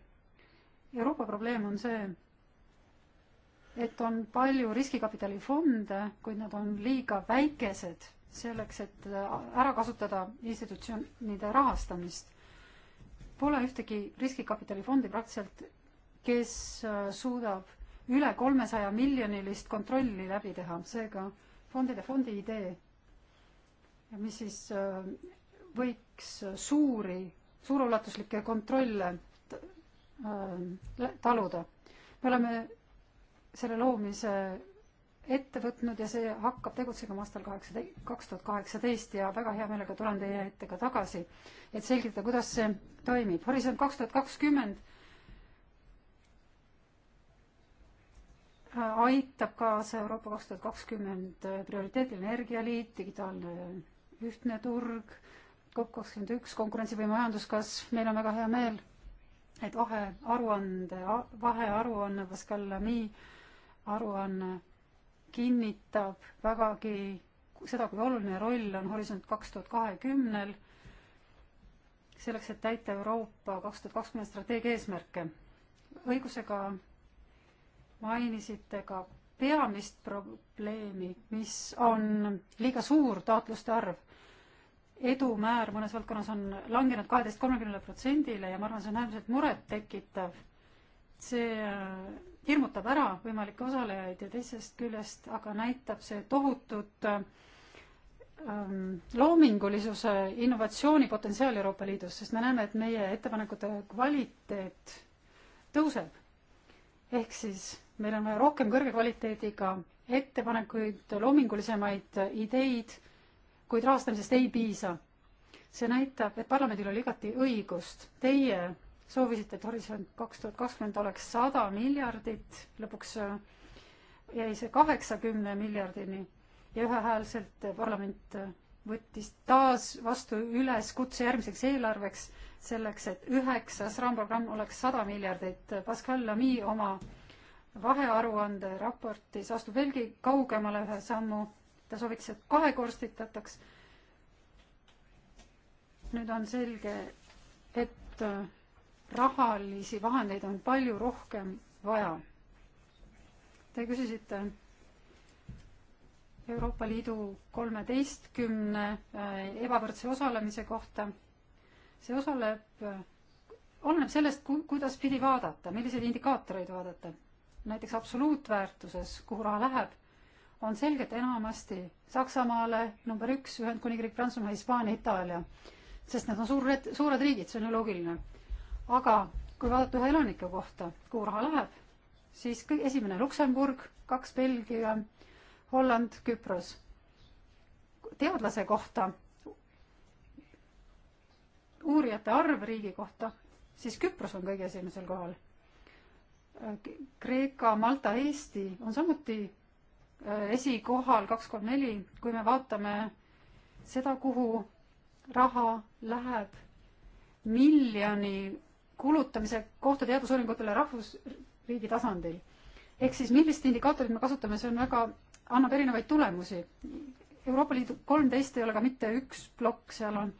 S1: Euroopa probleem on see, et on palju riskikapitalifonde, kuid nad on liiga väikesed selleks, et ära kasutada institutsioonide rahastamist. Pole ühtegi riskikapitalifondi praktiliselt, kes äh, suudab üle kolmesaja miljonilist kontrolli läbi teha, seega fondide fondi idee, mis siis äh, võiks äh, suuri, suurulatuslikke kontrolle Äh, taluda. me oleme selle loomise ette võtnud ja see hakkab tegutsema aastal kaheksateist, kaks tuhat kaheksateist ja väga hea meelega tulen teie ette ka tagasi, et selgitada, kuidas see toimib. Horisont kaks tuhat kakskümmend äh, aitab kaasa Euroopa kaks tuhat kakskümmend äh, prioriteedil energialiit, digitaalne ühtne turg, COP kakskümmend üks, konkurentsivõime majanduskasv, meil on väga hea meel et vahe aruande, vahearuanne Pascal Lamy aruanne kinnitab vägagi seda, kui oluline roll on Horisont kaks tuhat kahekümnel selleks, et täita Euroopa kaks tuhat kakskümmend strateegia eesmärke. õigusega mainisite ka peamist probleemi, mis on liiga suur taotluste arv edumäär mõnes valdkonnas on langenud kaheteist kolmekümnele protsendile ja ma arvan, see on äärmiselt murettekitav. see äh, hirmutab ära võimalikke osalejaid ja teisest küljest aga näitab see tohutut ähm, loomingulisuse innovatsioonipotentsiaal Euroopa Liidus, sest me näeme, et meie ettepanekute kvaliteet tõuseb. ehk siis meil on vaja rohkem kõrge kvaliteediga ettepanekuid, loomingulisemaid ideid kuid rahastamisest ei piisa. see näitab, et parlamendil oli igati õigust. Teie soovisite, et Horisont kaks tuhat kakskümmend oleks sada miljardit, lõpuks äh, jäi see kaheksakümne miljardini ja ühehäälselt parlament äh, võttis taas vastu üleskutse järgmiseks eelarveks selleks, et üheksas raamprogramm oleks sada miljardit. Pascal Lamy oma vahearuande raportis astub veelgi kaugemale ühe sammu ta soovitas, et kahekorstitataks. nüüd on selge, et äh, rahalisi vahendeid on palju rohkem vaja. Te küsisite Euroopa Liidu kolmeteistkümne äh, ebavõrdse osalemise kohta. see osaleb, äh, oleneb sellest, ku-, kuidas pidi vaadata, milliseid indikaatoreid vaadata. näiteks absoluutväärtuses, kuhu raha läheb, on selgelt enamasti Saksamaale number üks, Ühendkuningriik, Prantsusmaa, Hispaania, Itaalia. sest need on suured, suured riigid, see on ju loogiline. aga kui vaadata ühe elaniku kohta, kuhu raha läheb, siis kõik, esimene Luksemburg, kaks Belgia, Holland, Küpros. teadlase kohta, uurijate arv riigi kohta, siis Küpros on kõige esimesel kohal Kreeka, Malta, Eesti on samuti Äh, esikohal kaks, kolm, neli, kui me vaatame seda, kuhu raha läheb miljoni kulutamise kohta teadusuuringutele rahvusriigi tasandil. ehk siis millist indikaatorit me kasutame, see on väga, annab erinevaid tulemusi. Euroopa Liidu kolmteist ei ole ka mitte üks plokk, seal on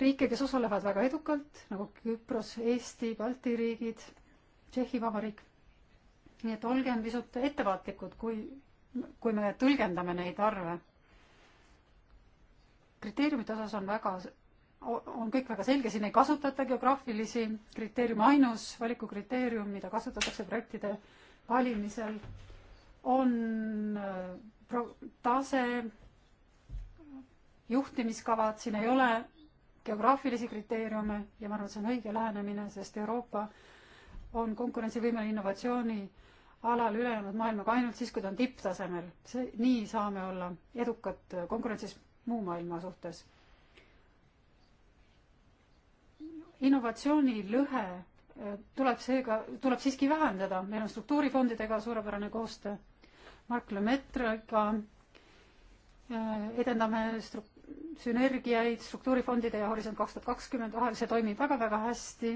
S1: riike, kes osalevad väga edukalt, nagu Küpros, Eesti, Balti riigid, Tšehhi Vabariik nii et olgem pisut ettevaatlikud, kui, kui me tõlgendame neid arve. kriteeriumite osas on väga, on kõik väga selge, siin ei kasutata geograafilisi kriteeriume, ainus valikukriteerium, mida kasutatakse projektide valimisel, on äh, pro-, tase, juhtimiskavad, siin ei ole geograafilisi kriteeriume ja ma arvan, et see on õige lähenemine, sest Euroopa on konkurentsivõimeline innovatsiooni alal ülejäänud maailmaga ainult siis, kui ta on tipptasemel. see, nii saame olla edukad konkurentsis muu maailma suhtes. innovatsioonilõhe eh, tuleb seega, tuleb siiski vähendada, meil on struktuurifondidega suurepärane koostöö, Mark Lemetriga eh, edendame stru-, sünergiaid struktuurifondide ja Horisont kaks tuhat kakskümmend vahel, see toimib väga-väga hästi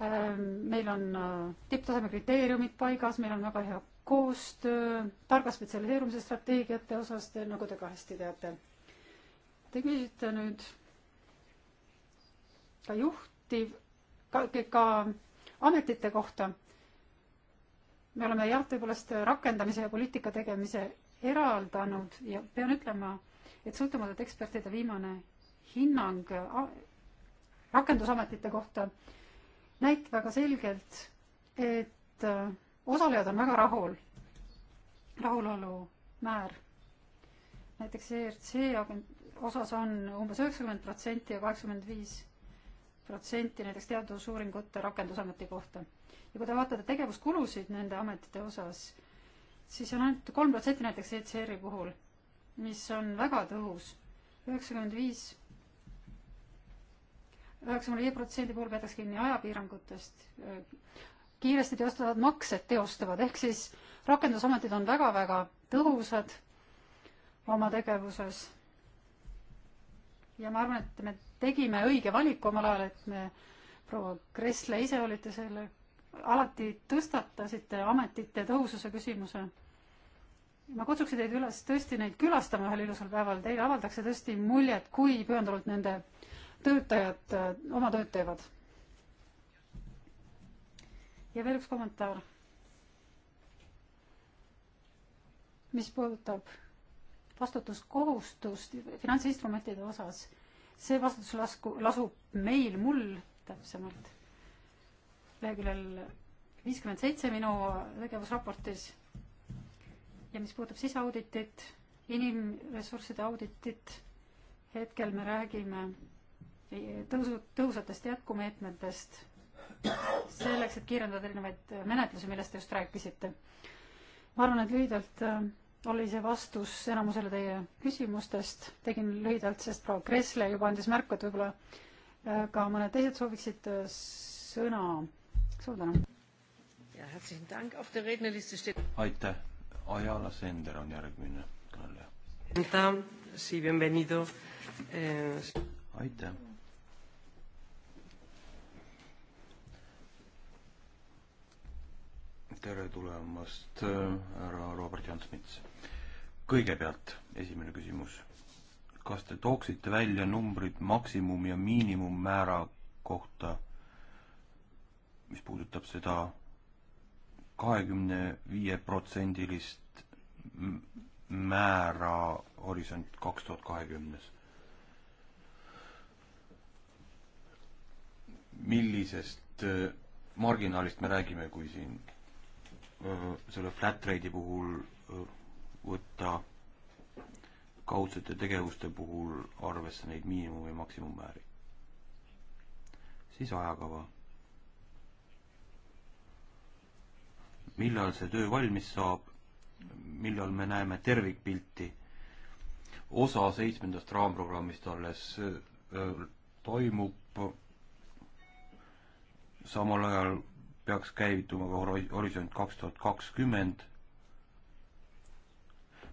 S1: Ehm, meil on äh, tipptaseme kriteeriumid paigas, meil on väga hea koostöö targa spetsialiseerumise strateegiate osas, nagu te ka hästi teate. Te küsite nüüd ka juhtiv, ka, ka ametite kohta. me oleme jah, tõepoolest rakendamise ja poliitika tegemise eraldanud ja pean ütlema, et sõltumatute ekspertide viimane hinnang rakendusametite kohta äh, näit- väga selgelt, et äh, osalejad on väga rahul, rahulolu määr. näiteks ERC osas on umbes üheksakümmend protsenti ja kaheksakümmend viis protsenti näiteks teadusuuringute rakendusameti kohta. ja kui te vaatate tegevuskulusid nende ametite osas, siis on ainult kolm protsenti näiteks ECR-i puhul, mis on väga tõhus. üheksakümmend viis üheksakümne viie protsendi puhul peetakse kinni ajapiirangutest, kiiresti teostatavad maksed teostavad, ehk siis rakendusametid on väga-väga tõhusad oma tegevuses. ja ma arvan, et me tegime õige valiku omal ajal, et me, proua Kressle, ise olite selle, alati tõstatasite ametite tõhususe küsimuse. ma kutsuksin teid üles tõesti neid külastama ühel ilusal päeval, teile avaldakse tõesti muljet, kui pühendunult nende töötajad äh, oma tööd teevad. ja veel üks kommentaar. mis puudutab vastutuskohustust finantsinstrumentide osas, see vastutus lasku, lasub meil, mul täpsemalt, leheküljel viiskümmend seitse minu tegevusraportis. ja mis puudutab siseauditit, inimressursside auditit, hetkel me räägime tõusu, tõhusatest jätkumeetmetest selleks, et kiirendada erinevaid menetlusi, millest te just rääkisite. ma arvan, et lühidalt äh, oli see vastus enamusele teie küsimustest, tegin lühidalt, sest proua Kressle juba andis märku, et võib-olla äh, ka mõned teised sooviksid äh, sõna. suur tänu.
S3: aitäh, Ajala Sender on järgmine
S1: kõneleja. Eh,
S2: aitäh.
S3: tere tulemast, äh, härra Robert Jansmits. kõigepealt esimene küsimus. kas te tooksite välja numbrid maksimum- ja miinimummäära kohta, mis puudutab seda kahekümne viie protsendilist määra horisont kaks tuhat kahekümnes? millisest äh, marginaalist me räägime, kui siin Äh, selle flat trade'i puhul äh, võtta kaudsete tegevuste puhul arvesse neid miinimum- ja maksimummääri. siis ajakava. millal see töö valmis saab, millal me näeme tervikpilti, osa seitsmendast raamprogrammist alles äh, toimub, samal ajal peaks käivituma ka Horisont kaks tuhat kakskümmend.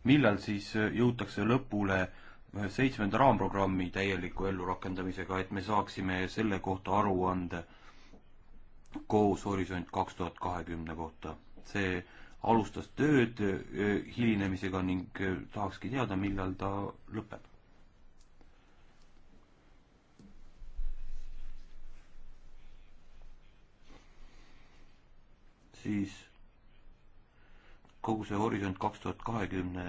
S3: millal siis äh, jõutakse lõpule äh, seitsmenda raamprogrammi täieliku ellurakendamisega, et me saaksime selle kohta aruande koos Horisont kaks tuhat kahekümne kohta? see alustas tööd äh, hilinemisega ning tahakski teada, millal ta lõpeb siis kogu see Horisont kaks tuhat kahekümne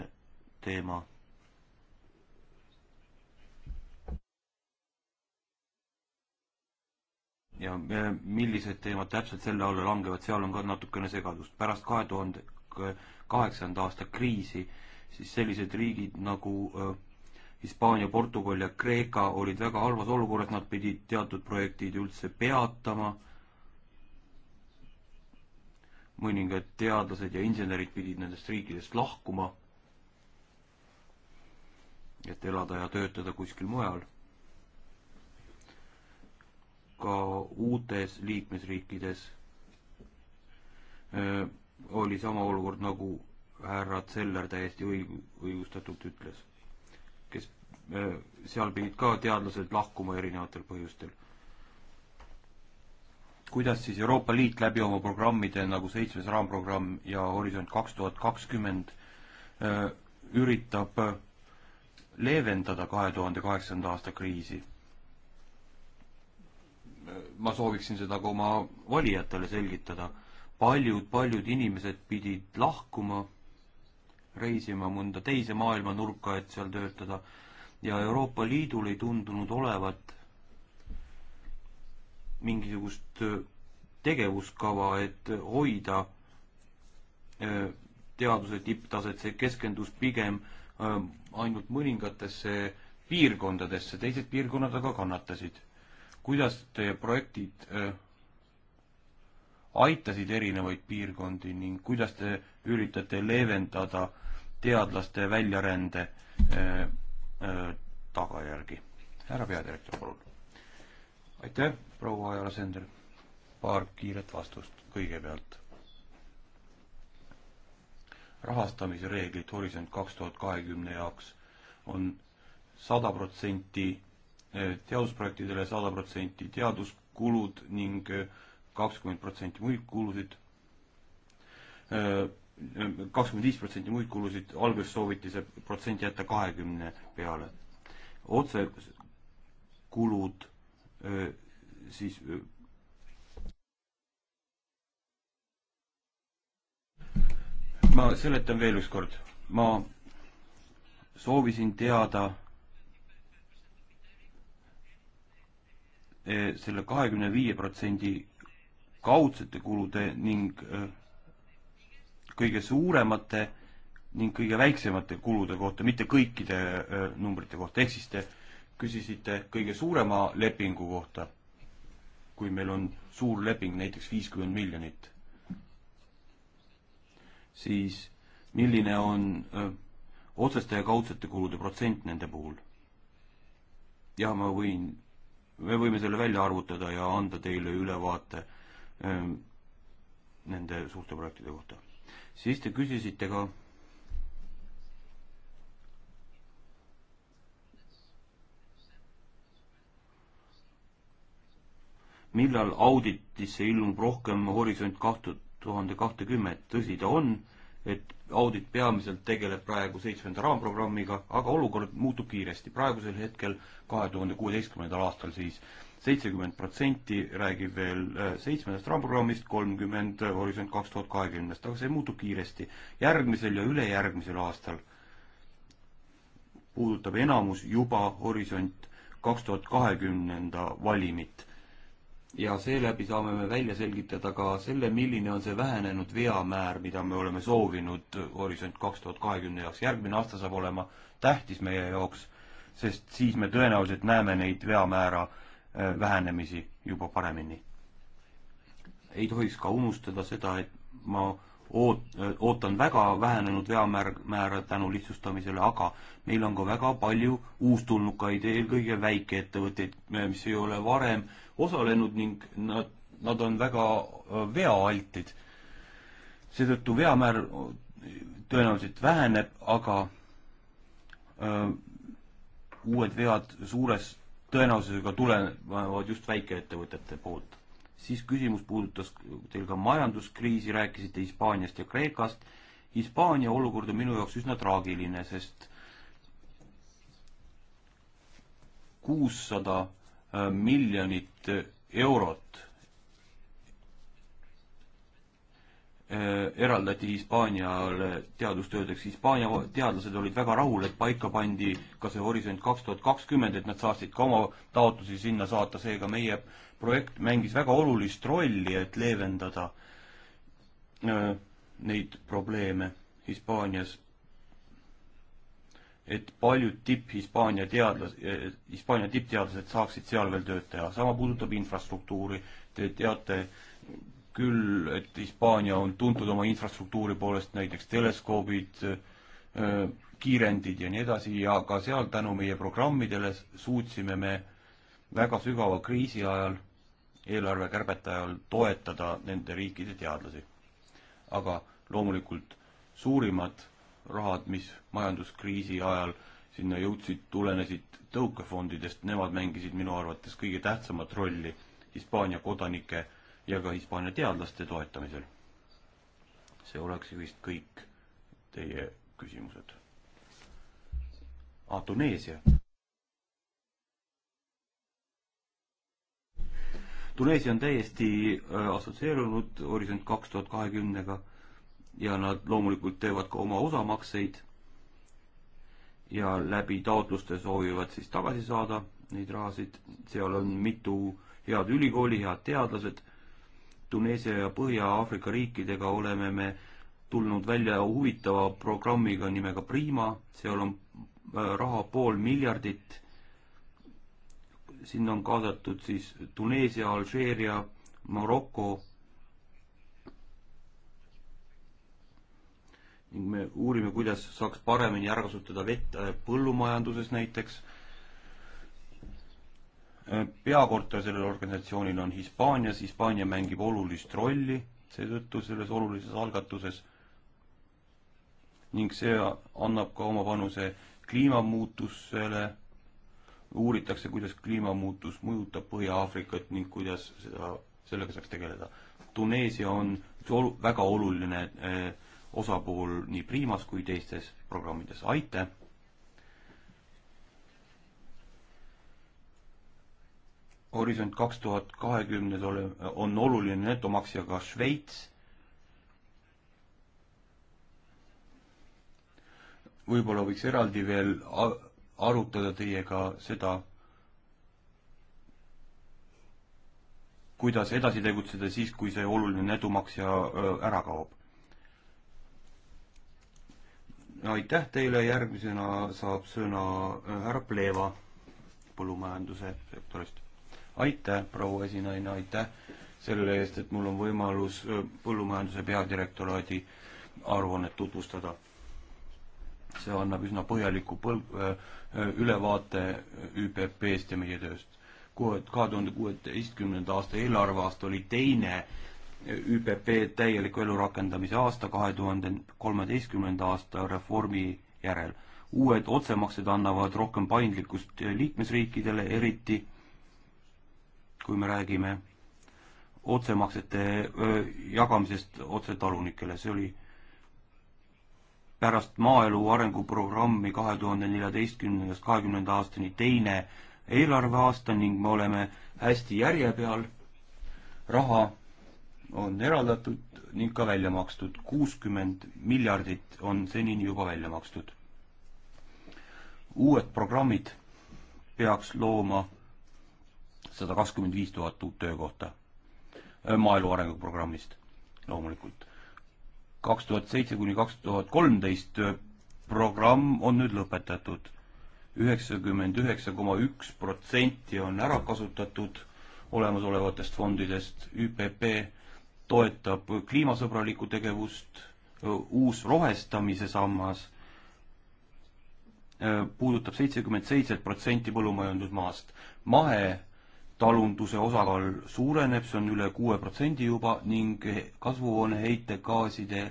S3: teema. ja äh, millised teemad täpselt selle alla langevad, seal on ka natukene segadust. pärast kahe tuhande kaheksanda aasta kriisi, siis sellised riigid nagu äh, Hispaania, Portugal ja Kreeka olid väga halvas olukorras, nad pidid teatud projektid üldse peatama mõningad teadlased ja insenerid pidid nendest riikidest lahkuma, et elada ja töötada kuskil mujal. ka uutes liikmesriikides öö, oli sama olukord, nagu härra Zeller täiesti õig-, õigustatult ütles, kes, seal pidid ka teadlased lahkuma erinevatel põhjustel kuidas siis Euroopa Liit läbi oma programmide nagu seitsmes raamprogramm ja Horisont kaks tuhat kakskümmend üritab leevendada kahe tuhande kaheksanda aasta kriisi. ma sooviksin seda ka oma valijatele selgitada. paljud-paljud inimesed pidid lahkuma, reisima mõnda teise maailmanurka, et seal töötada ja Euroopa Liidul ei tundunud olevat mingisugust äh, tegevuskava, et hoida äh, teaduse tipptaset, see keskendus pigem äh, ainult mõningatesse piirkondadesse, teised piirkonnad aga kannatasid. kuidas teie projektid aitasid erinevaid piirkondi ning kuidas te üritate leevendada teadlaste väljarände tagajärgi? härra peadirektor, palun aitäh, proua Ajala-Sender. paar kiiret vastust kõigepealt. rahastamise reeglid Horisont kaks tuhat kahekümne jaoks on sada protsenti eh, teadusprojektidele, sada protsenti teaduskulud ning eh, kakskümmend protsenti muid kulusid eh, kakskümmend viis protsenti muid kulusid, alguses sooviti see protsent jätta kahekümne peale. otsekulud Äh, siis äh, ma seletan veel ükskord, ma soovisin teada äh, selle kahekümne viie protsendi kaudsete kulude ning kõige suuremate ning kõige väiksemate kulude kohta, mitte kõikide numbrite kohta, ehk siis te äh, küsisite kõige suurema lepingu kohta. kui meil on suur leping, näiteks viiskümmend miljonit, siis milline on öö, äh, otseste ja kaudsete kulude protsent nende puhul? jah, ma võin, me võime selle välja arvutada ja anda teile ülevaate öö, ähm, nende suurte projektide kohta. siis te küsisite ka millal auditisse ilmub rohkem Horisont kahte tuhande kahtekümmet, tõsi ta on, et audit peamiselt tegeleb praegu seitsmenda raamprogrammiga, aga olukord muutub kiiresti, praegusel hetkel, kahe tuhande kuueteistkümnendal aastal siis seitsekümmend protsenti räägib veel äh, seitsmendast raamprogrammist, kolmkümmend äh, Horisont kaks tuhat kahekümnest, aga see muutub kiiresti. järgmisel ja ülejärgmisel aastal puudutab enamus juba Horisont kaks tuhat kahekümnenda valimit ja seeläbi saame me välja selgitada ka selle, milline on see vähenenud veamäär, mida me oleme soovinud Horisont kaks tuhat kahekümne jaoks. järgmine aasta saab olema tähtis meie jaoks, sest siis me tõenäoliselt näeme neid veamäära äh, vähenemisi juba paremini. ei tohiks ka unustada seda, et ma oot-, ootan väga vähenenud veamäära tänu lihtsustamisele, aga meil on ka väga palju uustulnukaid, eelkõige väikeettevõtteid, mis ei ole varem osalenud ning nad, nad on väga äh, veaaltid. seetõttu veamäär tõenäoliselt väheneb, aga öö, äh, uued vead suures tõenäosusega tulevad just väikeettevõtete poolt siis küsimus puudutas teil ka majanduskriisi, rääkisite Hispaaniast ja Kreekast. Hispaania olukord on minu jaoks üsna traagiline, sest kuussada äh, miljonit eurot Äh, eraldati Hispaaniale teadustöödeks. Hispaania teadlased olid väga rahul, et paika pandi ka see Horisont kaks tuhat kakskümmend, et nad saaksid ka oma taotlusi sinna saata, seega meie projekt mängis väga olulist rolli, et leevendada äh, neid probleeme Hispaanias. et paljud tipp-Hispaania teadlas-, äh, Hispaania tippteadlased saaksid seal veel tööd teha. sama puudutab infrastruktuuri. Te teate, küll, et Hispaania on tuntud oma infrastruktuuri poolest, näiteks teleskoobid, kiirendid ja nii edasi ja ka seal tänu meie programmidele suutsime me väga sügava kriisi ajal, eelarvekärbete ajal toetada nende riikide teadlasi. aga loomulikult suurimad rahad, mis majanduskriisi ajal sinna jõudsid, tulenesid tõukefondidest, nemad mängisid minu arvates kõige tähtsamat rolli Hispaania kodanike ja ka Hispaania teadlaste toetamisel. see oleks vist kõik teie küsimused. aa, Tuneesia. Tuneesia on täiesti äh, assotsieerunud Horisont kaks tuhat kahekümnega ja nad loomulikult teevad ka oma osamakseid ja läbi taotluste soovivad siis tagasi saada neid rahasid, seal on mitu head ülikooli, head teadlased Tuneesia ja Põhja-Aafrika riikidega oleme me tulnud välja huvitava programmiga nimega Prima, seal on äh, raha pool miljardit, sinna on kaasatud siis Tuneesia, Alžeeria, Maroko ning me uurime, kuidas saaks paremini ära kasutada vett äh, põllumajanduses näiteks Äh, peakorter sellel organisatsioonil on Hispaanias, Hispaania mängib olulist rolli seetõttu selles olulises algatuses ning see annab ka oma panuse kliimamuutusele, uuritakse, kuidas kliimamuutus mõjutab Põhja-Aafrikat ning kuidas seda, sellega saaks tegeleda. Tuneesia on üks olu-, väga oluline eh, osapool nii Priimas kui teistes programmides, aitäh! Horisont kaks tuhat kahekümnes ole, on oluline netomaksja ka Šveits. võib-olla võiks eraldi veel arutada teiega seda, kuidas edasi tegutseda siis, kui see oluline netomaksja ära kaob. aitäh teile, järgmisena saab sõna härra Pleva põllumajanduse sektorist aitäh, proua esinaine, aitäh selle eest, et mul on võimalus äh, põllumajanduse peadirektoraadi aruannet tutvustada. see annab üsna põhjaliku põl-, äh, äh, ülevaate ÜPP-st ja meie tööst. kahe tuhande kuueteistkümnenda aasta eelarveaasta oli teine ÜPP täieliku elurakendamise aasta kahe tuhande kolmeteistkümnenda aasta reformi järel. uued otsemaksed annavad rohkem paindlikkust liikmesriikidele, eriti kui me räägime otsemaksete jagamisest otse talunikele, see oli pärast maaelu arenguprogrammi kahe tuhande neljateistkümnendast kahekümnenda aastani teine eelarveaasta ning me oleme hästi järje peal. raha on eraldatud ning ka välja makstud, kuuskümmend miljardit on senini juba välja makstud. uued programmid peaks looma sada kakskümmend viis tuhat uut töökohta maaelu arenguprogrammist loomulikult. kaks tuhat seitse kuni kaks tuhat kolmteist programm on nüüd lõpetatud. üheksakümmend üheksa koma üks protsenti on ära kasutatud olemasolevatest fondidest, ÜPP toetab kliimasõbralikku tegevust, uus rohestamise sammas puudutab seitsekümmend seitset protsenti põllumajandusmaast. mahe talunduse osakaal suureneb, see on üle kuue protsendi juba ning kasvuhooneheitegaaside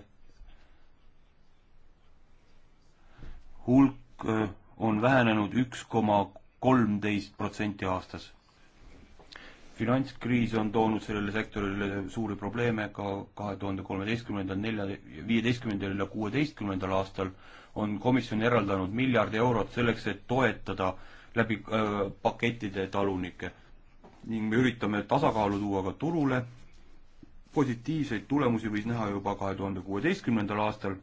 S3: hulk äh, on vähenenud üks koma kolmteist protsenti aastas. finantskriis on toonud sellele sektorile suuri probleeme ka kahe tuhande kolmeteistkümnendal, nelja, viieteistkümnendal ja kuueteistkümnendal aastal on komisjon eraldanud miljard eurot selleks, et toetada läbi äh, pakettide talunikke ning me üritame tasakaalu tuua ka turule. positiivseid tulemusi võis näha juba kahe tuhande kuueteistkümnendal aastal,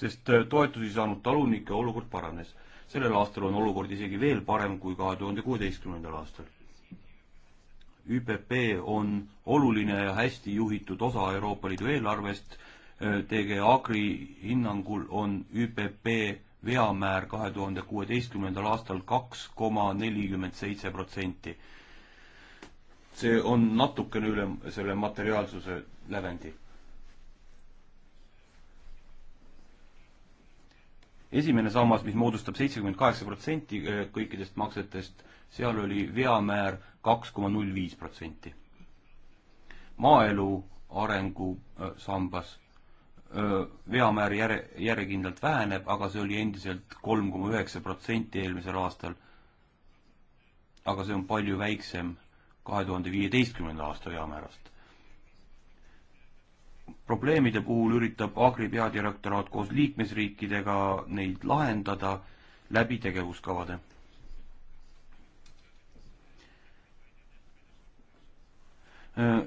S3: sest äh, toetusi saanud talunike olukord paranes. sellel aastal on olukord isegi veel parem kui kahe tuhande kuueteistkümnendal aastal. ÜPP on oluline ja hästi juhitud osa Euroopa Liidu eelarvest. Äh, TG Agri hinnangul on ÜPP veamäär kahe tuhande kuueteistkümnendal aastal kaks koma nelikümmend seitse protsenti. see on natukene üle selle materiaalsuse lävendi. esimene sammas, mis moodustab seitsekümmend kaheksa protsenti eh, kõikidest maksetest, seal oli veamäär kaks koma null viis protsenti. maaelu arengusambas eh, veamäär järe, järjekindlalt väheneb, aga see oli endiselt kolm koma üheksa protsenti eelmisel aastal. aga see on palju väiksem kahe tuhande viieteistkümnenda aasta veamäärast. probleemide puhul üritab Agri peadirektoraat koos liikmesriikidega neid lahendada läbi tegevuskavade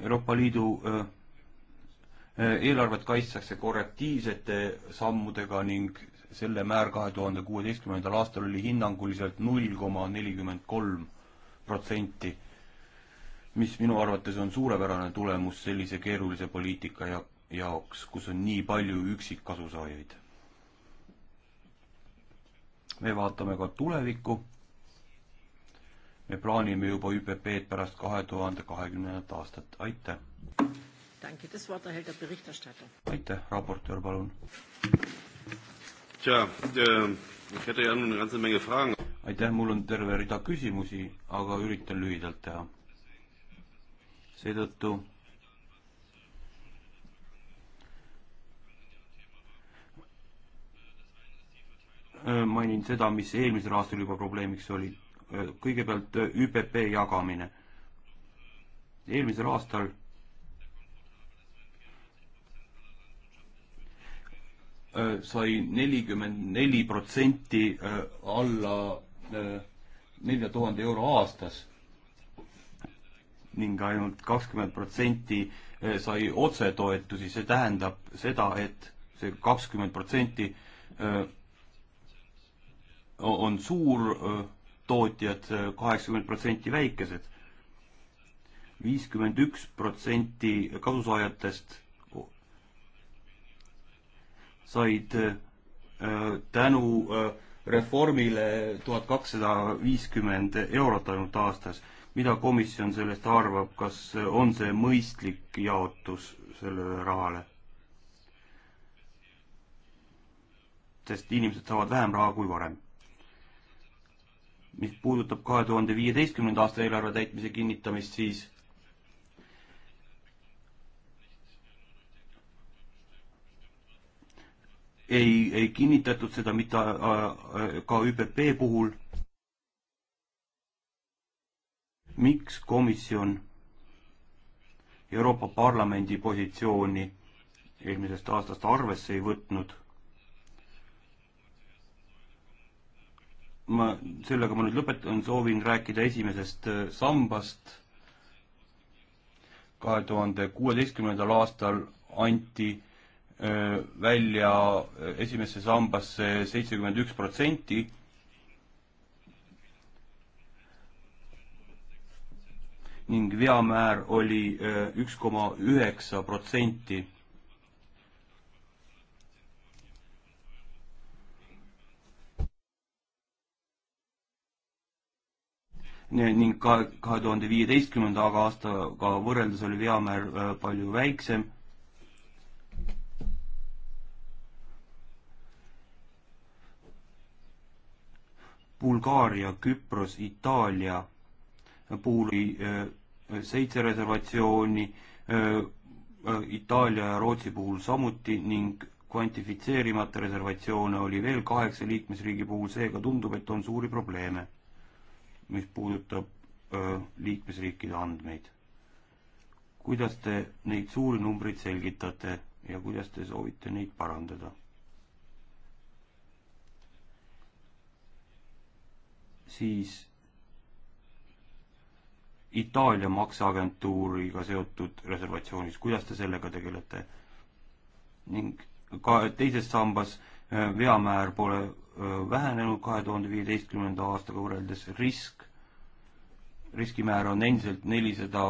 S3: Euroopa Liidu Äh, eelarvet kaitstakse korrektiivsete sammudega ning selle määr kahe tuhande kuueteistkümnendal aastal oli hinnanguliselt null koma nelikümmend kolm protsenti, mis minu arvates on suurepärane tulemus sellise keerulise poliitika ja, jaoks, kus on nii palju üksikkasusaajaid. me vaatame ka tulevikku. me plaanime juba ÜPP-d pärast kahe tuhande kahekümnendat aastat, aitäh!
S5: Danke. Das Wort erhält der
S4: Berichterstatter.
S3: Aitäh, raportöör, palun. Tja, ähm, ich hätte ja eine ganze Menge Fragen. aitäh, mul on terve rida küsimusi, aga üritan lühidalt teha. seetõttu äh, mainin seda, mis eelmisel aastal juba probleemiks oli. Äh, kõigepealt äh, ÜPP jagamine. eelmisel aastal Äh, sai nelikümmend neli protsenti äh, alla äh, nelja tuhande euro aastas ning ainult kakskümmend protsenti sai otsetoetusi, see tähendab seda, et see kakskümmend protsenti on suurtootjad, kaheksakümmend protsenti väikesed. viiskümmend üks protsenti kasusaajatest said äh, tänu äh, reformile tuhat kakssada viiskümmend eurot ainult aastas. mida komisjon sellest arvab, kas on see mõistlik jaotus sellele rahale? sest inimesed saavad vähem raha kui varem. mis puudutab kahe tuhande viieteistkümnenda aasta eelarve täitmise kinnitamist, siis ei, ei kinnitatud seda mitte äh, äh, ka ÜPP puhul. miks komisjon Euroopa Parlamendi positsiooni eelmisest aastast arvesse ei võtnud? ma, sellega ma nüüd lõpetan, soovin rääkida esimesest äh, sambast. kahe tuhande kuueteistkümnendal aastal anti välja esimesse sambasse seitsekümmend üks protsenti ning veamäär oli üks koma üheksa protsenti. ning ka kahe tuhande viieteistkümnenda aastaga võrreldes oli veamäär palju väiksem Bulgaaria, Küpros, Itaalia puhul oli äh, seitse reservatsiooni, äh, äh, Itaalia ja Rootsi puhul samuti ning kvantifitseerimata reservatsioone oli veel kaheksa liikmesriigi puhul, seega tundub, et on suuri probleeme, mis puudutab liikmesriikide andmeid. kuidas te neid suuri numbreid selgitate ja kuidas te soovite neid parandada? siis Itaalia makseagentuuriga seotud reservatsioonis, kuidas te sellega tegelete? ning ka teises sambas äh, veamäär pole äh, vähenenud kahe tuhande viieteistkümnenda aastaga võrreldes, risk, riskimäär on endiselt nelisada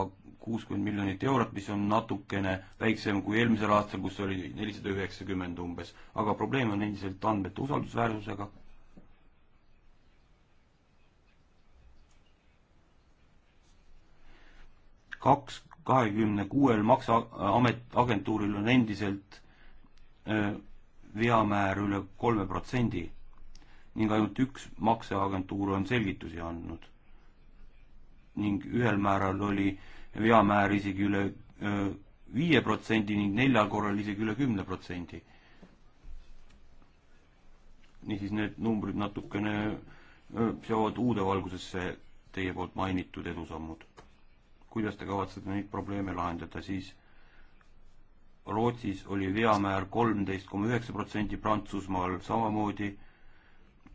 S3: kuuskümmend miljonit eurot, mis on natukene väiksem kui eelmisel aastal, kus oli nelisada üheksakümmend umbes. aga probleem on endiselt andmete usaldusväärsusega kaks, kahekümne kuuel makseamet, agentuuril on endiselt öö, veamäär üle kolme protsendi ning ainult üks makseagentuur on selgitusi andnud. ning ühel määral oli veamäär isegi üle viie protsendi ning neljal korral isegi üle kümne protsendi. niisiis, need numbrid natukene seovad uude valgusesse teie poolt mainitud edusammud kuidas te kavatsete neid probleeme lahendada, siis Rootsis oli veamäär kolmteist koma üheksa protsenti, Prantsusmaal samamoodi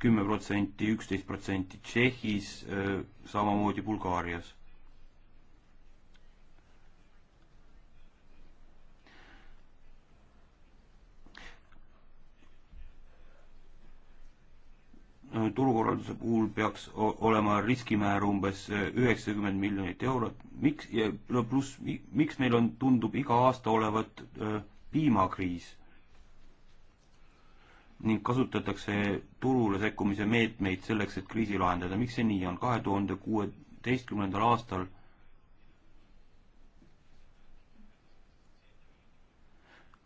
S3: kümme protsenti, üksteist protsenti, Tšehhis äh, samamoodi Bulgaarias turukorralduse puhul peaks olema riskimäär umbes eh, üheksakümmend miljonit eurot. miks ja pluss, miks meil on, tundub iga aasta olevat eh, piimakriis? ning kasutatakse turule sekkumise meetmeid selleks, et kriisi lahendada. miks see nii on? kahe tuhande kuueteistkümnendal aastal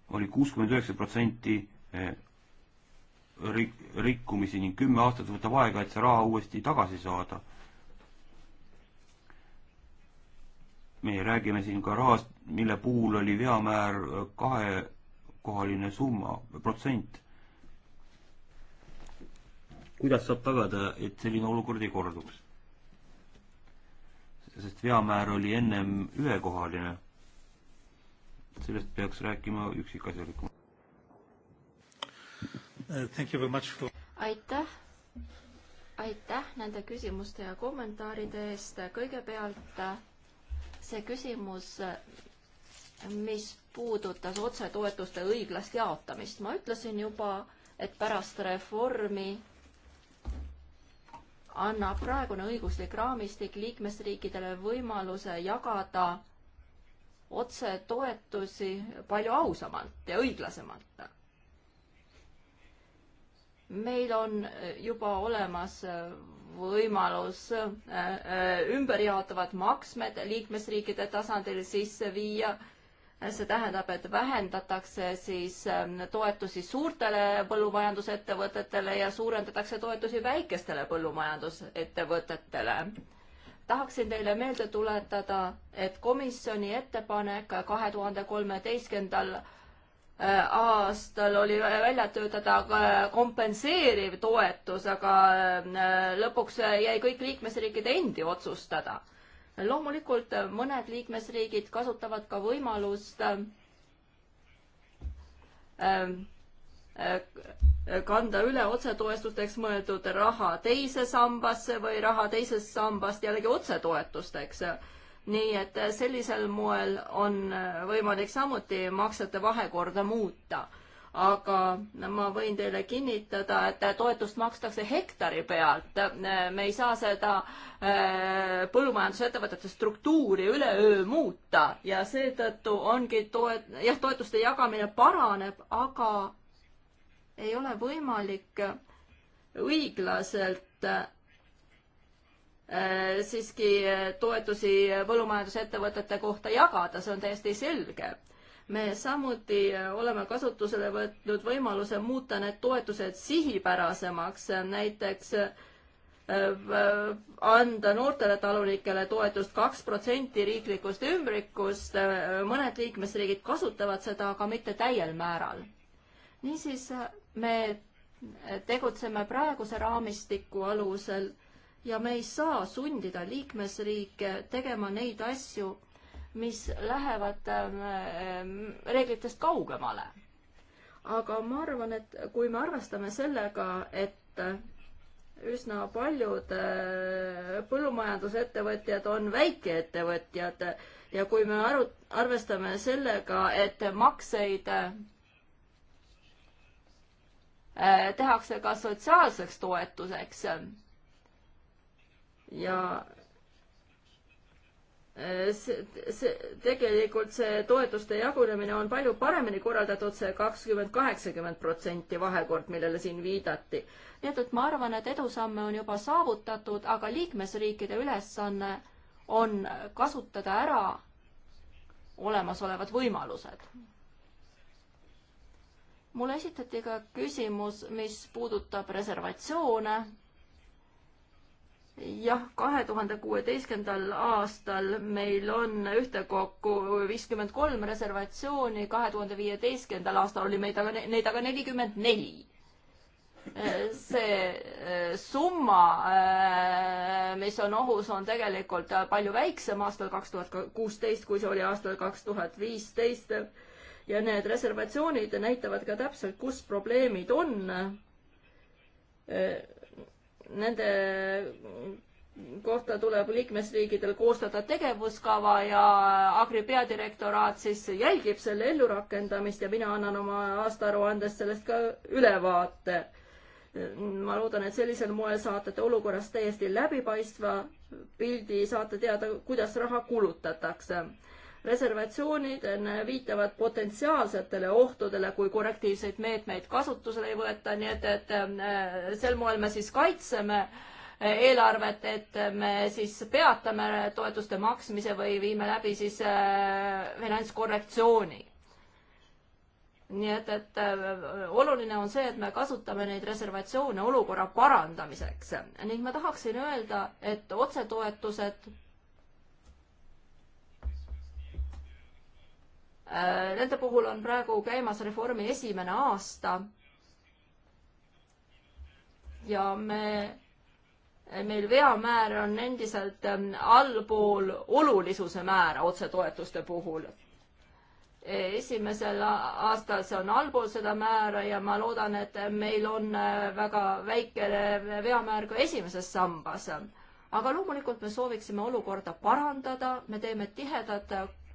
S3: oli kuuskümmend üheksa protsenti eh, rik-, rikkumisi ning kümme aastat võtab aega, et see raha uuesti tagasi saada. me räägime siin ka rahast, mille puhul oli veamäär kahekohaline summa, protsent. kuidas saab tagada, et selline olukord ei korduks? sest veamäär oli ennem ühekohaline. sellest peaks rääkima üksikasjalikumalt.
S4: Uh, for...
S5: aitäh, aitäh nende küsimuste ja kommentaaride eest. kõigepealt uh, see küsimus, uh, mis puudutas otsetoetuste õiglast jaotamist. ma ütlesin juba, et pärast reformi annab praegune õiguslik raamistik liikmesriikidele võimaluse jagada otsetoetusi palju ausamalt ja õiglasemalt meil on äh, juba olemas äh, võimalus äh, ümberjaotavad maksmed liikmesriikide tasandil sisse viia. see tähendab, et vähendatakse siis ähm, toetusi suurtele põllumajandusettevõtetele ja suurendatakse toetusi väikestele põllumajandusettevõtetele. tahaksin teile meelde tuletada, et komisjoni ettepanek kahe tuhande kolmeteistkümnendal aastal oli välja töötada kompenseeriv toetus, aga äh, lõpuks jäi kõik liikmesriikide endi otsustada. loomulikult mõned liikmesriigid kasutavad ka võimalust äh, äh, kanda üle otsetoetusteks mõeldud raha teise sambasse või raha teisest sambast jällegi otsetoetusteks nii et äh, sellisel moel on äh, võimalik samuti maksete vahekorda muuta. aga ma võin teile kinnitada, et äh, toetust makstakse hektari pealt. me ei saa seda põllumajandusettevõtete struktuuri üleöö muuta ja seetõttu ongi toet-, jah, toetuste jagamine paraneb, aga ei ole võimalik õiglaselt Äh, siiski äh, toetusi põllumajandusettevõtete kohta jagada, see on täiesti selge. me samuti äh, oleme kasutusele võtnud võimaluse muuta need toetused sihipärasemaks, näiteks anda noortele talunikele toetust kaks protsenti riiklikust ümbrikust, mõned liikmesriigid kasutavad seda, aga mitte täiel määral. niisiis me tegutseme praeguse raamistiku alusel ja me ei saa sundida liikmesriike tegema neid asju, mis lähevad ähm, ähm, reeglitest kaugemale. aga ma arvan, et kui me arvestame sellega, et üsna paljud äh, põllumajandusettevõtjad on väikeettevõtjad ja kui me aru-, arvestame sellega, et makseid äh, tehakse ka sotsiaalseks toetuseks ja eh, see, see, tegelikult see toetuste jagunemine on palju paremini korraldatud, see kakskümmend, kaheksakümmend protsenti vahekord, millele siin viidati. nii et, et ma arvan, et edusamme on juba saavutatud, aga liikmesriikide ülesanne on kasutada ära olemasolevad võimalused. mulle esitati ka küsimus, mis puudutab reservatsioone jah, kahe tuhande kuueteistkümnendal aastal meil on ühtekokku viiskümmend kolm reservatsiooni, kahe tuhande viieteistkümnendal aastal oli meid aga, neid aga nelikümmend neli. see eh, summa, eh, mis on ohus, on tegelikult palju väiksem aastal kaks tuhat kuusteist, kui see oli aastal kaks tuhat viisteist. ja need reservatsioonid näitavad ka täpselt, kus probleemid on eh, nende kohta tuleb liikmesriigidel koostada tegevuskava ja Agri peadirektoraat siis jälgib selle ellurakendamist ja mina annan oma aastaaruandest sellest ka ülevaate. ma loodan, et sellisel moel saate te olukorrast täiesti läbipaistva pildi, saate teada, kuidas raha kulutatakse reservatsioonid viitavad potentsiaalsetele ohtudele, kui korrektiivseid meetmeid kasutusele ei võeta, nii et, et äh, sel moel me siis kaitseme äh, eelarvet, et me siis peatame toetuste maksmise või viime läbi siis äh, finantskorrektsiooni nii et, et oluline on see, et me kasutame neid reservatsioone olukorra parandamiseks ning ma tahaksin öelda, et otsetoetused Äh, nende puhul on praegu käimas reformi esimene aasta. ja me, meil veamäär on endiselt ähm, allpool olulisuse määra otsetoetuste puhul e, esimesel aastal see on allpool seda määra ja ma loodan, et meil on äh, väga väikene veamäär ka esimeses sambas. aga loomulikult me sooviksime olukorda parandada, me teeme tihedat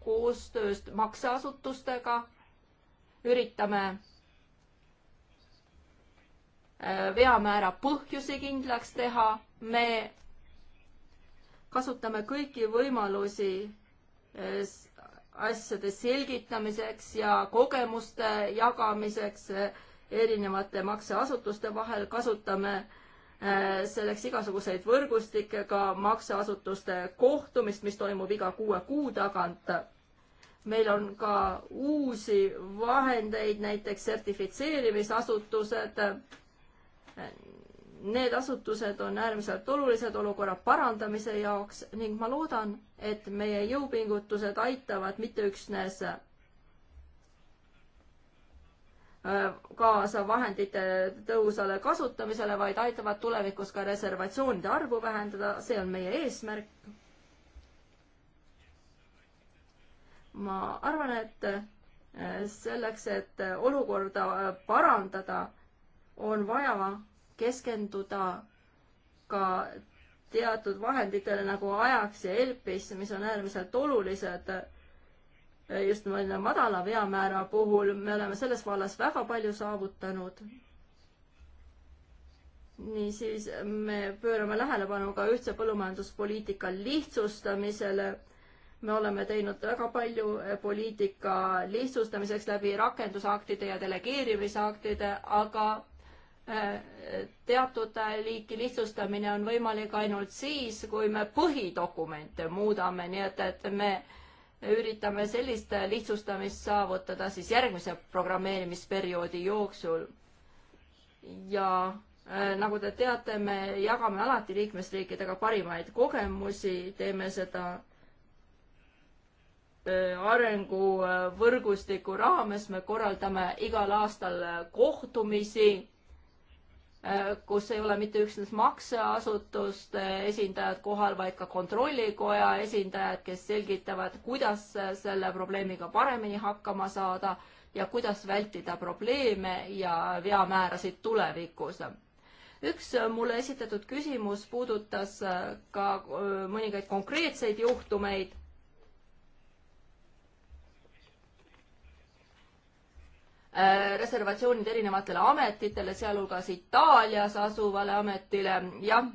S5: koostööst makseasutustega, üritame äh, veamäära põhjusi kindlaks teha, me kasutame kõiki võimalusi äh, asjade selgitamiseks ja kogemuste jagamiseks äh, erinevate makseasutuste vahel, kasutame selleks igasuguseid võrgustikke, ka makseasutuste kohtumist, mis toimub iga kuue kuu tagant meil on ka uusi vahendeid, näiteks sertifitseerimisasutused. Need asutused on äärmiselt olulised olukorra parandamise jaoks ning ma loodan, et meie jõupingutused aitavad mitte üksnes äh, kaasa vahendite tõhusale kasutamisele, vaid aitavad tulevikus ka reservatsioonide arvu vähendada, see on meie eesmärk ma arvan, et äh, selleks, et olukorda äh, parandada, on vaja keskenduda ka teatud vahenditele nagu ajaks ja elpis, mis on äärmiselt olulised äh, just mõne madala veamäära puhul. me oleme selles vallas väga palju saavutanud. niisiis me pöörame tähelepanu ka ühtse põllumajanduspoliitika lihtsustamisele me oleme teinud väga palju eh, poliitika lihtsustamiseks läbi rakendusaktide ja delegeerimisaktide, aga eh, teatud liiki lihtsustamine on võimalik ainult siis, kui me põhidokumente muudame, nii et, et me üritame sellist lihtsustamist saavutada siis järgmise programmeerimisperioodi jooksul. ja eh, nagu te teate, me jagame alati liikmesriikidega parimaid kogemusi, teeme seda Äh, arenguvõrgustiku raames me korraldame igal aastal äh, kohtumisi, äh, kus ei ole mitte üksnes makseasutuste esindajad kohal, vaid ka kontrollikoja esindajad, kes selgitavad, kuidas selle probleemiga paremini hakkama saada ja kuidas vältida probleeme ja veamäärasid tulevikus üks mulle esitatud küsimus puudutas ka mõningaid konkreetseid juhtumeid Äh, reservatsioonid erinevatele ametitele, sealhulgas Itaalias asuvale ametile, jah.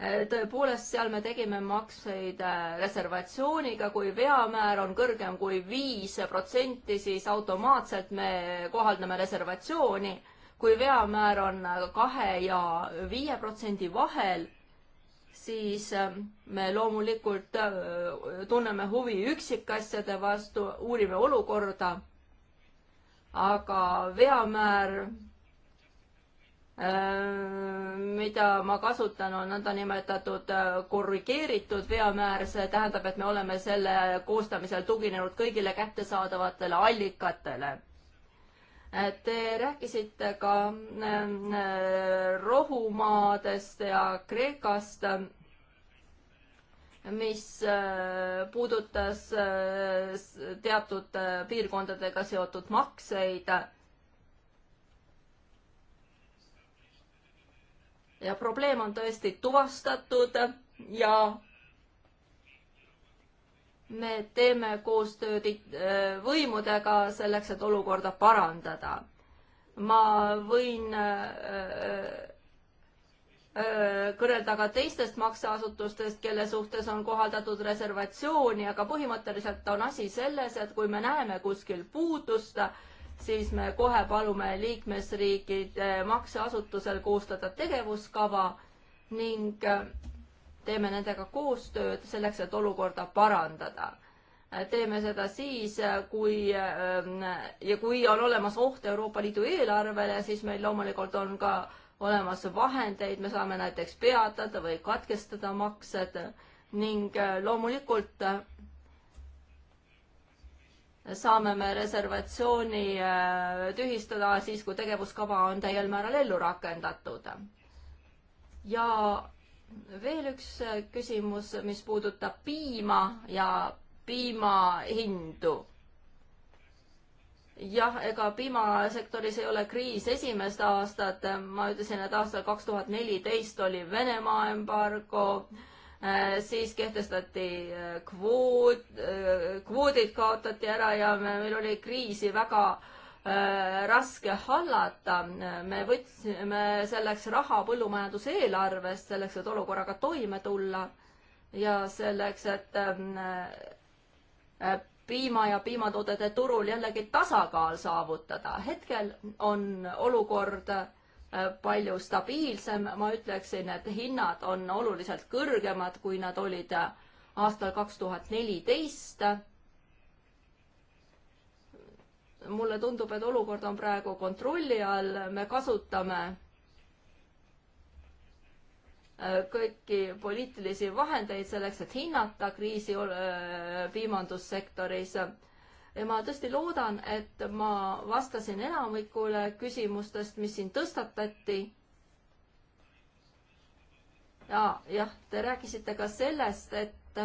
S5: Äh, tõepoolest, seal me tegime makseid äh, reservatsiooniga, kui veamäär on kõrgem kui viis protsenti, siis automaatselt me kohaldame reservatsiooni. kui veamäär on kahe ja viie protsendi vahel siis me loomulikult tunneme huvi üksikasjade vastu, uurime olukorda aga veamäär, äh, mida ma kasutan, on nõndanimetatud äh, korrigeeritud veamäär, see tähendab, et me oleme selle koostamisel tuginenud kõigile kättesaadavatele allikatele äh, Te rääkisite ka rohumaadest ja Kreekast mis äh, puudutas äh, teatud äh, piirkondadega seotud makseid. ja probleem on tõesti tuvastatud ja me teeme koostööd võimudega selleks, et olukorda parandada. ma võin kõnelda ka teistest makseasutustest, kelle suhtes on kohaldatud reservatsiooni, aga põhimõtteliselt on asi selles, et kui me näeme kuskil puudust, siis me kohe palume liikmesriikide makseasutusel koostada tegevuskava ning teeme nendega koostööd selleks, et olukorda parandada. Äh, teeme seda siis, äh, kui ja kui on olemas oht Euroopa Liidu eelarvele, siis meil loomulikult on ka olemas vahendeid, me saame näiteks peatada või katkestada maksed ning äh, loomulikult äh, saame me reservatsiooni äh, tühistada siis, kui tegevuskava on täiel määral ellu rakendatud. ja veel üks küsimus, mis puudutab piima ja piima hindu jah, ega piimasektoris ei ole kriis esimest aastat, ma ütlesin, et aastal kaks tuhat neliteist oli Venemaa embargo, äh, siis kehtestati äh, kvood, äh, kvoodid kaotati ära ja meil oli kriisi väga raske hallata. me võtsime selleks raha põllumajanduse eelarvest, selleks, et olukorraga toime tulla ja selleks, et piima ja piimatoodete turul jällegi tasakaal saavutada. hetkel on olukord äh, palju stabiilsem, ma ütleksin, et hinnad on oluliselt kõrgemad, kui nad olid äh, aastal kaks tuhat neliteist. mulle tundub, et olukord on praegu kontrolli all, me kasutame Äh, kõiki poliitilisi vahendeid selleks, et hinnata kriisi äh, piimandussektoris. ja ma tõesti loodan, et ma vastasin enamikule küsimustest, mis siin tõstatati. ja jah, te rääkisite ka sellest, et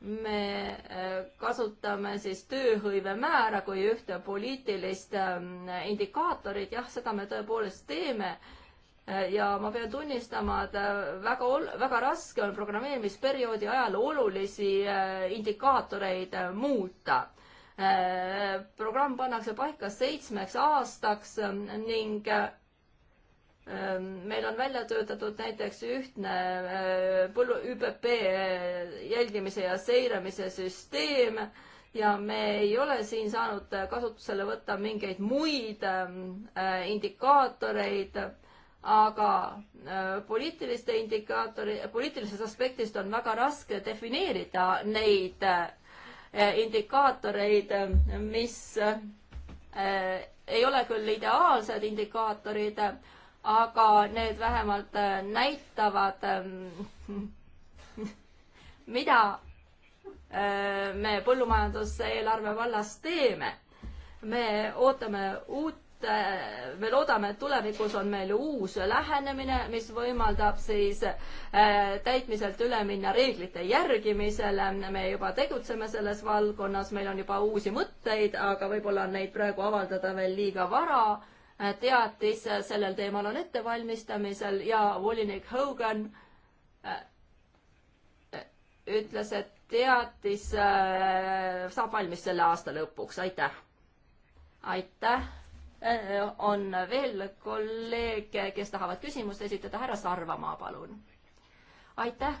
S5: me äh, kasutame siis tööhõive määra kui ühte poliitilist ähm, indikaatorit, jah, seda me tõepoolest teeme Äh, ja ma pean tunnistama, et äh, väga ol-, väga raske on programmeerimisperioodi ajal olulisi äh, indikaatoreid muuta. programm pannakse paika seitsmeks aastaks ning ähm, meil on välja töötatud näiteks ühtne põllu-, ÜPP jälgimise ja seiramise süsteem ja me ei ole siin saanud kasutusele võtta mingeid muid ähm, indikaatoreid aga äh, poliitiliste indikaatori, poliitilisest aspektist on väga raske defineerida neid äh, indikaatoreid, mis äh, ei ole küll ideaalsed indikaatorid, aga need vähemalt näitavad, ähm, *laughs* mida me põllumajanduseelarve vallas teeme. me ootame uut et äh, me loodame, et tulevikus on meil uus lähenemine, mis võimaldab siis äh, täitmiselt üle minna reeglite järgimisele. me juba tegutseme selles valdkonnas, meil on juba uusi mõtteid, aga võib-olla on neid praegu avaldada veel liiga vara. teatis sellel teemal on ettevalmistamisel ja volinik Hogan äh, ütles, et teatis saab valmis selle aasta lõpuks, aitäh! aitäh! Äh, on veel kolleege, kes tahavad küsimust esitada, härra Sarvamaa, palun. aitäh.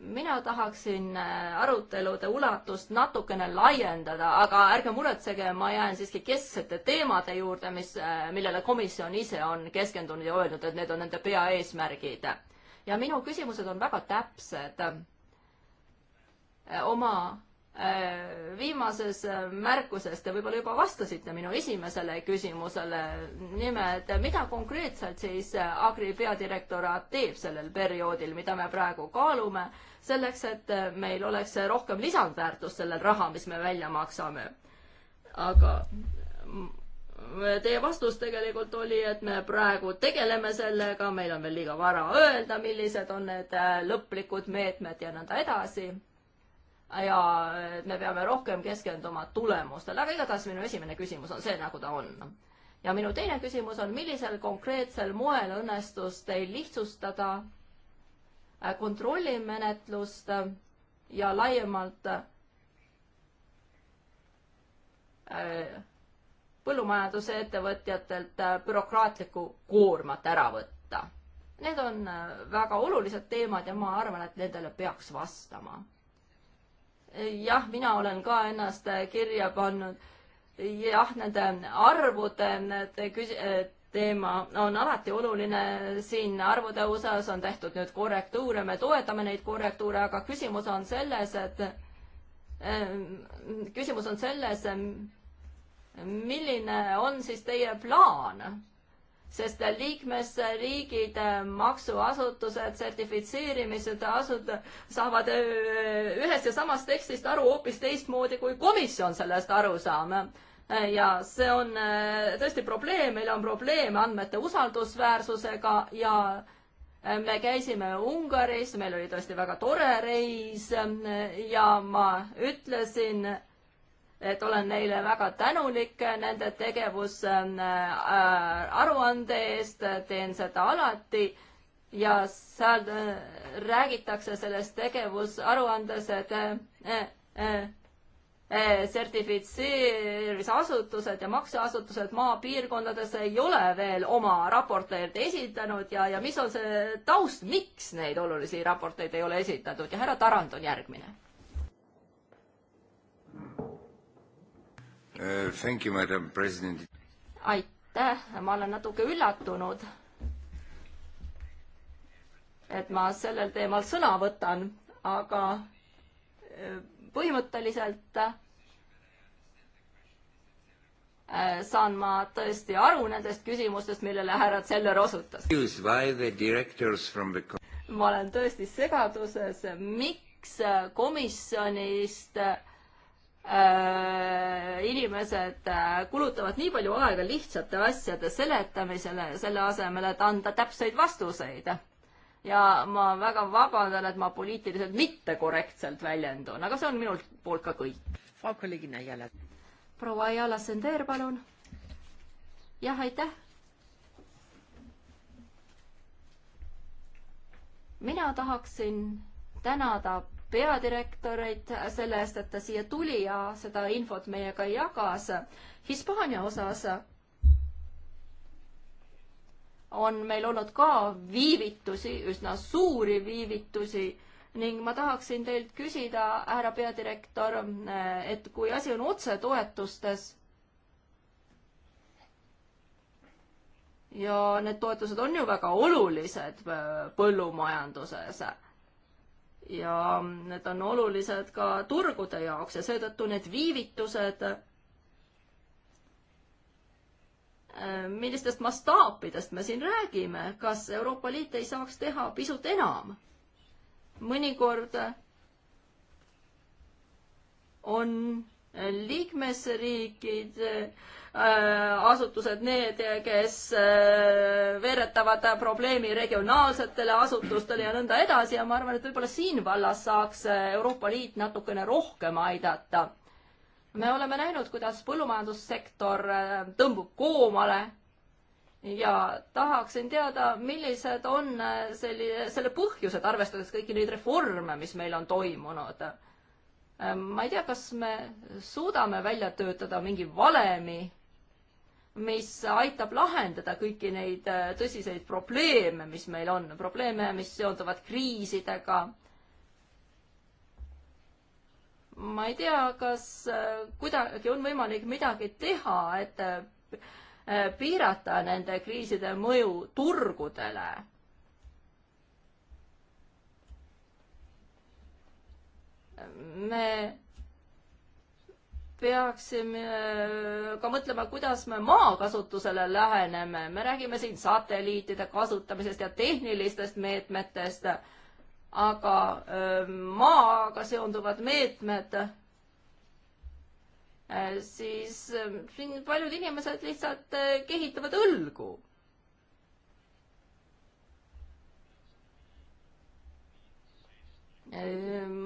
S5: mina tahaksin äh, arutelude ulatust natukene laiendada, aga ärge muretsege, ma jään siiski kesksete teemade juurde, mis, äh, millele komisjon ise on keskendunud ja öelnud, et need on nende peaeesmärgid. ja minu küsimused on väga täpsed. oma Äh, viimases äh, märkuses te võib-olla juba vastasite minu esimesele küsimusele, nimelt mida konkreetselt siis äh, Agri peadirektoraat teeb sellel perioodil, mida me praegu kaalume, selleks et meil oleks rohkem lisandväärtust sellel raha, mis me välja maksame. aga mm, teie vastus tegelikult oli, et me praegu tegeleme sellega, meil on veel liiga vara öelda, millised on need lõplikud meetmed ja nõnda edasi ja me peame rohkem keskenduma tulemustele, aga igatahes minu esimene küsimus on see, nagu ta on. ja minu teine küsimus on, millisel konkreetsel moel õnnestus teil lihtsustada äh, kontrollimenetlust äh, ja laiemalt äh, põllumajanduse ettevõtjatelt bürokraatlikku koormat ära võtta. Need on väga olulised teemad ja ma arvan, et nendele peaks vastama jah, mina olen ka ennast kirja pannud. jah, nende arvude küs-, teema on alati oluline, siin arvude osas on tehtud nüüd korrektuure, me toetame neid korrektuure, aga küsimus on selles, et ehm, küsimus on selles, ehm, milline on siis teie plaan sest liikmesriigid, äh, maksuasutused, sertifitseerimised asud saavad äh, ühest ja samast tekstist aru hoopis teistmoodi, kui komisjon sellest aru saab ja see on äh, tõesti probleem, meil on probleeme andmete usaldusväärsusega ja me käisime Ungaris, meil oli tõesti väga tore reis ja ma ütlesin, et olen neile väga tänulik nende tegevusaruande äh, eest, teen seda alati ja seal äh, räägitakse selles tegevusaruandes, et äh, sertifitseerimisasutused ja makseasutused maapiirkondades ei ole veel oma raporteid esitanud ja, ja mis on see taust, miks neid olulisi raporteid ei ole esitatud ja härra Tarand on järgmine
S3: Uh, thank you, madam president.
S5: aitäh, ma olen natuke üllatunud, et ma sellel teemal sõna võtan, aga eh, põhimõtteliselt eh, saan ma tõesti aru nendest küsimustest, millele härra Zeller osutas. ma olen tõesti segaduses, miks eh, komisjonist äh, Äh, inimesed äh, kulutavad nii palju aega lihtsate asjade seletamisele, selle asemel, et anda täpseid vastuseid. ja ma väga vabandan, et ma poliitiliselt mittekorrektselt väljendun, aga see on minult poolt ka kõik. proua Ayala Sender, palun. jah, aitäh. mina tahaksin tänada peadirektoreid selle eest, et ta siia tuli ja seda infot meiega jagas. Hispaania osas on meil olnud ka viivitusi, üsna suuri viivitusi ning ma tahaksin teilt küsida, härra peadirektor, et kui asi on otsetoetustes ja need toetused on ju väga olulised põllumajanduses ja need on olulised ka turgude jaoks ja seetõttu need viivitused, äh, millistest mastaapidest me siin räägime, kas Euroopa Liit ei saaks teha pisut enam? mõnikord on liikmesriigid äh, Äh, asutused need, kes äh, veeretavad probleemi regionaalsetele asutustele ja nõnda edasi ja ma arvan, et võib-olla siin vallas saaks äh, Euroopa Liit natukene rohkem aidata. me oleme näinud, kuidas põllumajandussektor tõmbub koomale ja tahaksin teada, millised on selli-, selle põhjused, arvestades kõiki neid reforme, mis meil on toimunud ma ei tea, kas me suudame välja töötada mingi valemi mis aitab lahendada kõiki neid äh, tõsiseid probleeme, mis meil on, probleeme, mis seonduvad kriisidega. ma ei tea, kas äh, kuidagi on võimalik midagi teha, et äh, piirata nende kriiside mõju turgudele me peaksime äh, ka mõtlema, kuidas me maakasutusele läheneme. me räägime siin satelliitide kasutamisest ja tehnilistest meetmetest, aga äh, maaga seonduvad meetmed, äh, siis siin paljud inimesed lihtsalt kehitavad õlgu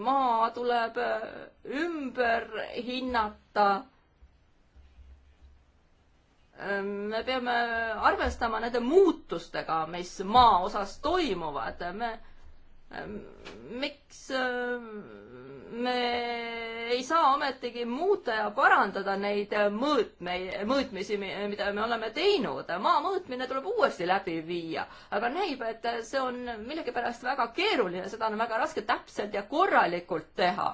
S5: maa tuleb äh, ümber hinnata. Äh, me peame arvestama nende muutustega, mis maa osas toimuvad. me Ehm, miks ehm, me ei saa ometigi muuta ja parandada neid mõõtmeid, mõõtmisi, mida me oleme teinud. maa mõõtmine tuleb uuesti läbi viia, aga näib, et see on millegipärast väga keeruline, seda on väga raske täpselt ja korralikult teha.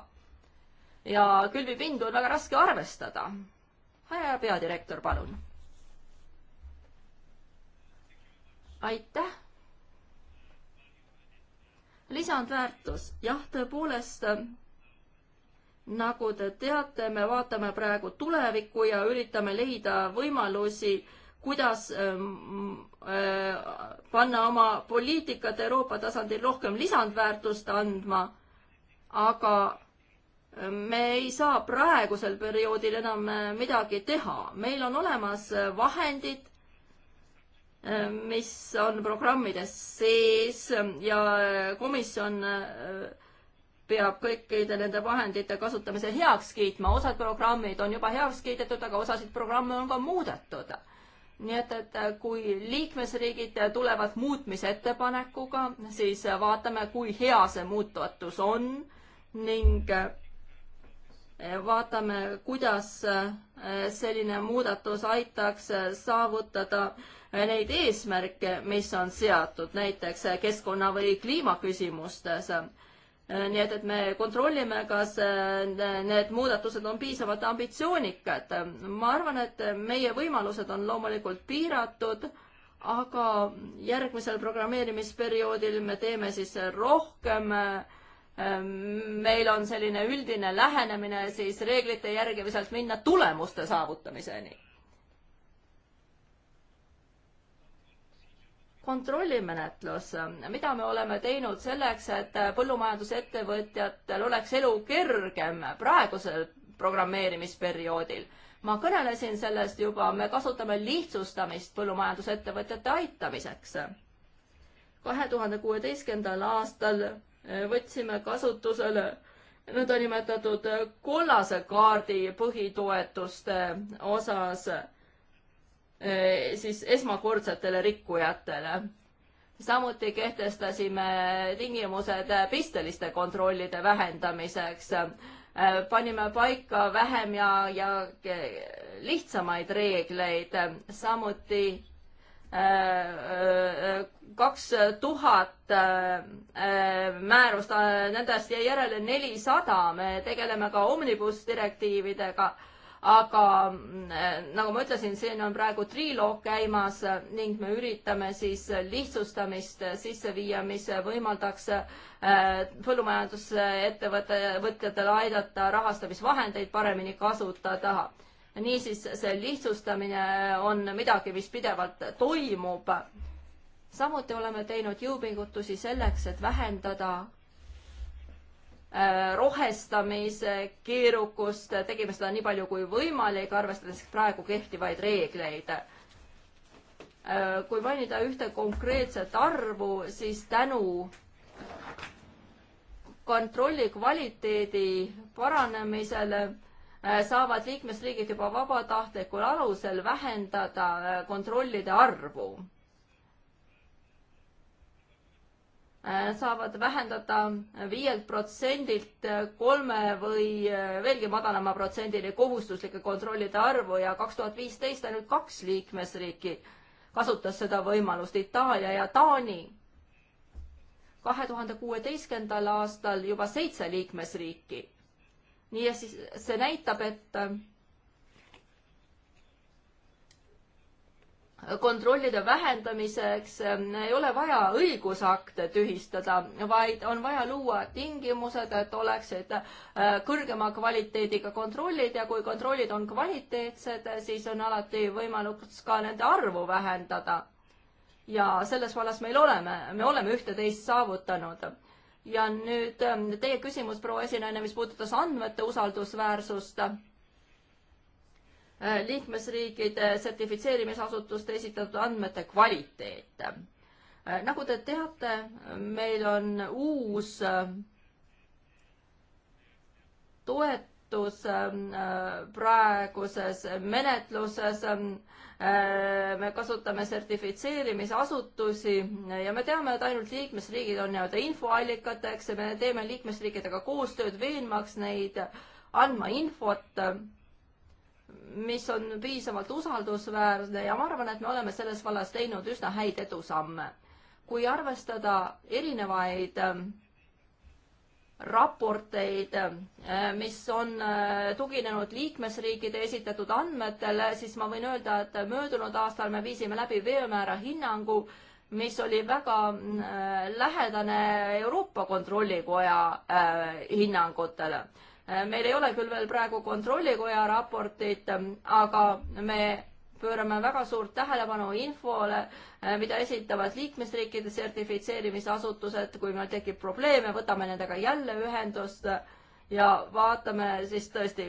S5: ja külvipindu on väga raske arvestada. haja peadirektor, palun. aitäh lisandväärtus, jah, tõepoolest, nagu te teate, me vaatame praegu tulevikku ja üritame leida võimalusi, kuidas ähm, äh, panna oma poliitikat Euroopa tasandil rohkem lisandväärtust andma, aga äh, me ei saa praegusel perioodil enam äh, midagi teha, meil on olemas vahendid mis on programmides sees ja komisjon äh, peab kõikide nende vahendite kasutamise heaks kiitma. osad programmid on juba heaks kiidetud, aga osasid programme on ka muudetud. nii et, et äh, kui liikmesriigid tulevad muutmise ettepanekuga, siis vaatame, kui hea see muudatus on ning äh, vaatame, kuidas selline muudatus aitaks saavutada äh, neid eesmärke, mis on seatud näiteks keskkonna või kliimaküsimustes. nii et, et me kontrollime, kas äh, need muudatused on piisavalt ambitsioonikad. ma arvan, et meie võimalused on loomulikult piiratud, aga järgmisel programmeerimisperioodil me teeme siis rohkem äh, meil on selline üldine lähenemine siis reeglite järgimiselt minna tulemuste saavutamiseni kontrollimenetlus, mida me oleme teinud selleks, et põllumajandusettevõtjatel oleks elu kergem praegusel programmeerimisperioodil. ma kõnelesin sellest juba, me kasutame lihtsustamist põllumajandusettevõtjate aitamiseks. kahe tuhande kuueteistkümnendal aastal eh, võtsime kasutusele nõndanimetatud kollase kaardi põhitoetuste osas Äh, siis esmakordsetele rikkujatele. samuti kehtestasime tingimused pisteliste kontrollide vähendamiseks, äh, panime paika vähem ja, ja lihtsamaid reegleid, samuti äh, kaks tuhat määrust, nendest jäi järele nelisada, me tegeleme ka omnibus direktiividega aga mm, nagu ma ütlesin, siin on praegu triloog käimas ning me üritame siis lihtsustamist sisse viia, mis võimaldaks äh, põllumajandusettevõtjatel aidata rahastamisvahendeid paremini kasutada. niisiis, see lihtsustamine on midagi, mis pidevalt toimub. samuti oleme teinud jõupingutusi selleks, et vähendada rohestamise keerukust, tegime seda nii palju kui võimalik, arvestades praegu kehtivaid reegleid. kui mainida ühte konkreetset arvu, siis tänu kontrolli kvaliteedi paranemisele äh, saavad liikmesriigid juba vabatahtlikul alusel vähendada äh, kontrollide arvu Äh, saavad vähendada viielt protsendilt kolme või äh, veelgi madalama protsendini kohustuslike kontrollide arvu ja kaks tuhat viisteist ainult kaks liikmesriiki kasutas seda võimalust, Itaalia ja Taani. kahe tuhande kuueteistkümnendal aastal juba seitse liikmesriiki. nii et siis see näitab, et kontrollide vähendamiseks ähm, ei ole vaja õigusakte tühistada, vaid on vaja luua tingimused, et oleksid äh, kõrgema kvaliteediga kontrollid ja kui kontrollid on kvaliteetsed, siis on alati võimalus ka nende arvu vähendada. ja selles vallas meil oleme, me oleme üht-teist saavutanud ja nüüd ähm, teie küsimus, proua esinaine, mis puudutas andmete usaldusväärsust Äh, liikmesriikide sertifitseerimisasutuste esitatud andmete kvaliteet. Äh, nagu te teate, meil on uus äh, toetus praeguses menetluses. me kasutame sertifitseerimisasutusi ja me teame, et ainult liikmesriigid on nii-öelda infoallikateks ja me teeme liikmesriikidega koostööd, veenmaks neid andma infot mis on piisavalt usaldusväärne ja ma arvan, et me oleme selles vallas teinud üsna häid edusamme. kui arvestada erinevaid ähm, raporteid, äh, mis on äh, tuginenud liikmesriikide esitatud andmetele, siis ma võin öelda, et möödunud aastal me viisime läbi veemäära hinnangu, mis oli väga mm, äh, lähedane Euroopa Kontrollikoja hinnangutele Äh, meil ei ole küll veel praegu Kontrollikoja raportit, äh, aga me pöörame väga suurt tähelepanu infole, äh, mida esitavad liikmesriikide sertifitseerimisasutused, kui meil tekib probleeme, võtame nendega jälle ühendust ja vaatame siis tõesti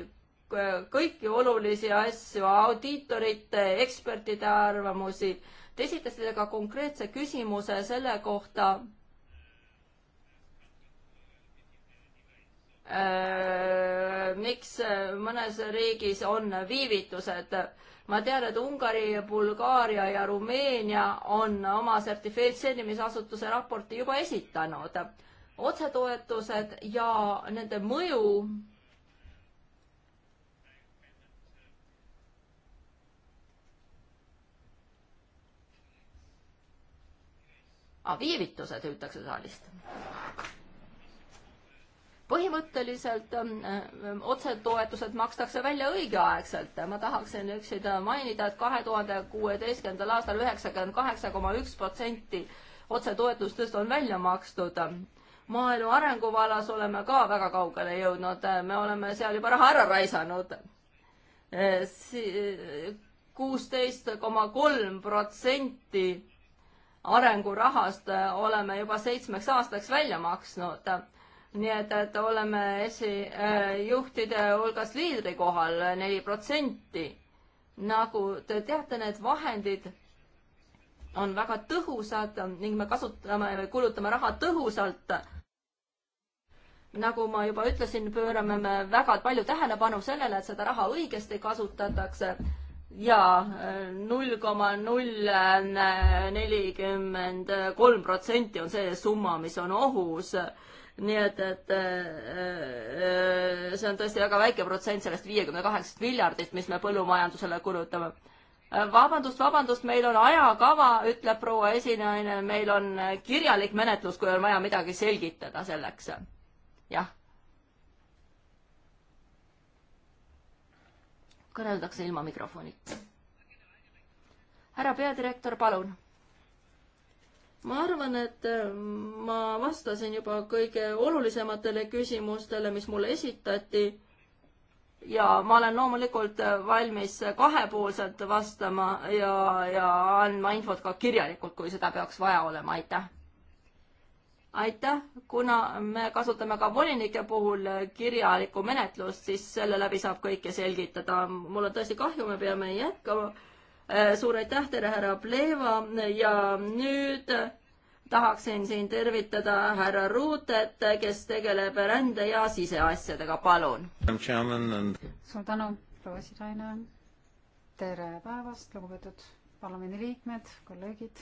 S5: kõiki olulisi asju, audiitorite, ekspertide arvamusi. Te esitasite ka konkreetse küsimuse selle kohta, Äh, miks äh, mõnes riigis on viivitused. ma tean, et Ungari, Bulgaaria ja Rumeenia on oma sertifitseerimisasutuse raporti juba esitanud. otsetoetused ja nende mõju ah, viivitused hüütakse saalist põhimõtteliselt ähm, ähm, otsetoetused makstakse välja õigeaegselt. ma tahaksin üksinda äh, mainida, et kahe tuhande kuueteistkümnendal aastal üheksakümmend kaheksa koma üks protsenti otsetoetustest on välja makstud. maaelu arenguvallas oleme ka väga kaugele jõudnud, me oleme seal juba raha ära raisanud äh, kuusteist koma kolm protsenti arengurahast äh, oleme juba seitsmeks aastaks välja maksnud nii et, et oleme esijuhtide äh, hulgas liidri kohal neli protsenti. nagu te teate, need vahendid on väga tõhusad ning me kasutame või kulutame raha tõhusalt. nagu ma juba ütlesin, pöörame me väga palju tähelepanu sellele, et seda raha õigesti kasutatakse ja äh, null koma null nelikümmend kolm protsenti on see summa, mis on ohus nii et, et äh, äh, see on tõesti väga väike protsent sellest viiekümne kaheksast miljardist, mis me põllumajandusele kulutame. Äh, vabandust, vabandust, meil on ajakava, ütleb proua esinaine, meil on kirjalik menetlus, kui on vaja midagi selgitada selleks. jah. kõneldakse ilma mikrofonita. härra peadirektor, palun ma arvan, et mm, ma vastasin juba kõige olulisematele küsimustele, mis mulle esitati. ja ma olen loomulikult valmis kahepoolselt vastama ja, ja andma infot ka kirjalikult, kui seda peaks vaja olema, aitäh. aitäh, kuna me kasutame ka volinike puhul kirjalikku menetlust, siis selle läbi saab kõike selgitada. mul on tõesti kahju, me peame jätkama Äh, suur aitäh teile, härra Pleva ja nüüd tahaksin siin tervitada härra Ruutet, kes tegeleb rände ja siseasjadega, palun.
S1: suur tänu, proua Siraine. tere päevast, lugupeetud parlamendiliikmed, kolleegid.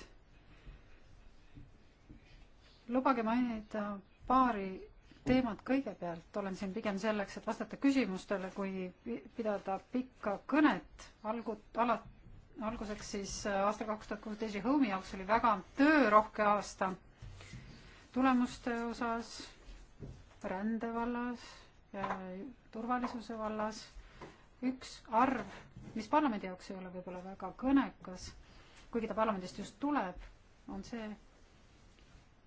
S1: lubage mainida paari teemat kõigepealt, olen siin pigem selleks, et vastata küsimustele, kui pidada pikka kõnet, algut-, alati alguseks siis äh, aasta kaks tuhat kuusteist Home'i jaoks oli väga töörohke aasta tulemuste osas, rände vallas, turvalisuse vallas, üks arv, mis parlamendi jaoks ei ole võib-olla väga kõnekas, kuigi ta parlamendist just tuleb, on see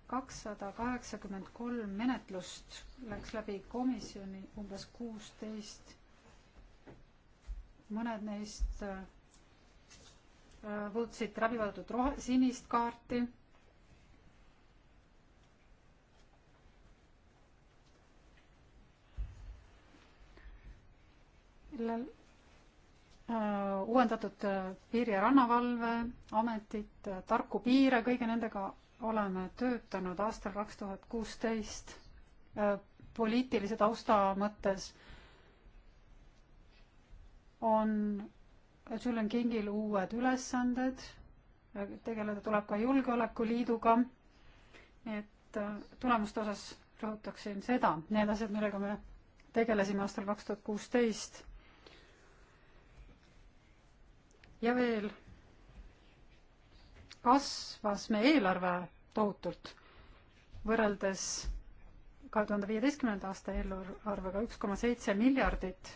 S1: kakssada kaheksakümmend kolm menetlust läks läbi komisjoni umbes kuusteist, mõned neist äh, puutusid äh, läbi vaadatud rohe, sinist kaarti. Äh, uuendatud äh, Piiri- ja Rannavalveametit, Tarku piire, kõige nendega oleme töötanud aastal kaks tuhat kuusteist poliitilise tausta mõttes on Julian Kingil uued ülesanded, tegeleda tuleb ka Julgeolekuliiduga, et äh, tulemuste osas rõhutaksin seda, need asjad, millega me tegelesime aastal kaks tuhat kuusteist. ja veel kasvas meie eelarve tohutult võrreldes kahe tuhande viieteistkümnenda aasta eelarvega üks koma seitse miljardit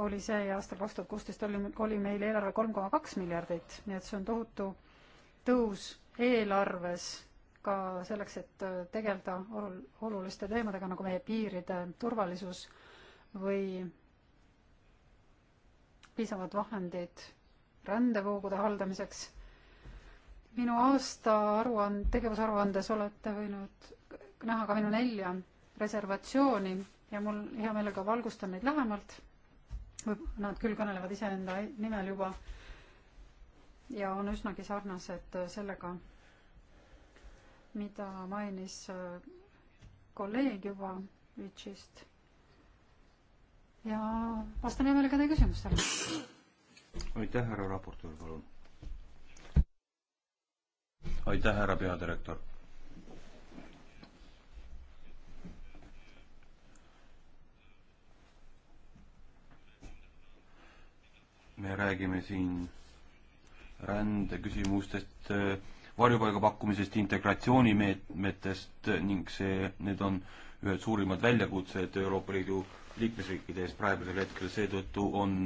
S1: oli see ja aastal kaks tuhat kuusteist oli, oli meil eelarve kolm koma kaks miljardit, nii et see on tohutu tõus eelarves ka selleks, et äh, tegeleda ol-, oluliste teemadega, nagu meie piiride turvalisus või piisavad vahendid rändevoogude haldamiseks. minu aasta aruand-, tegevusaruandes olete võinud näha ka minu nelja reservatsiooni ja mul hea meelega valgustan neid lähemalt nad küll kõnelevad iseenda nimel juba ja on üsnagi sarnased äh, sellega, mida mainis äh, kolleeg juba Vitsist. ja vastan hea meelega teie küsimustele.
S3: aitäh, härra raportöör, palun. aitäh, härra peadirektor me räägime siin rändeküsimustest, varjupaiga pakkumisest, integratsioonimeetmetest ning see, need on ühed suurimad väljakutsed Euroopa Liidu liikmesriikide ees praegusel hetkel, seetõttu on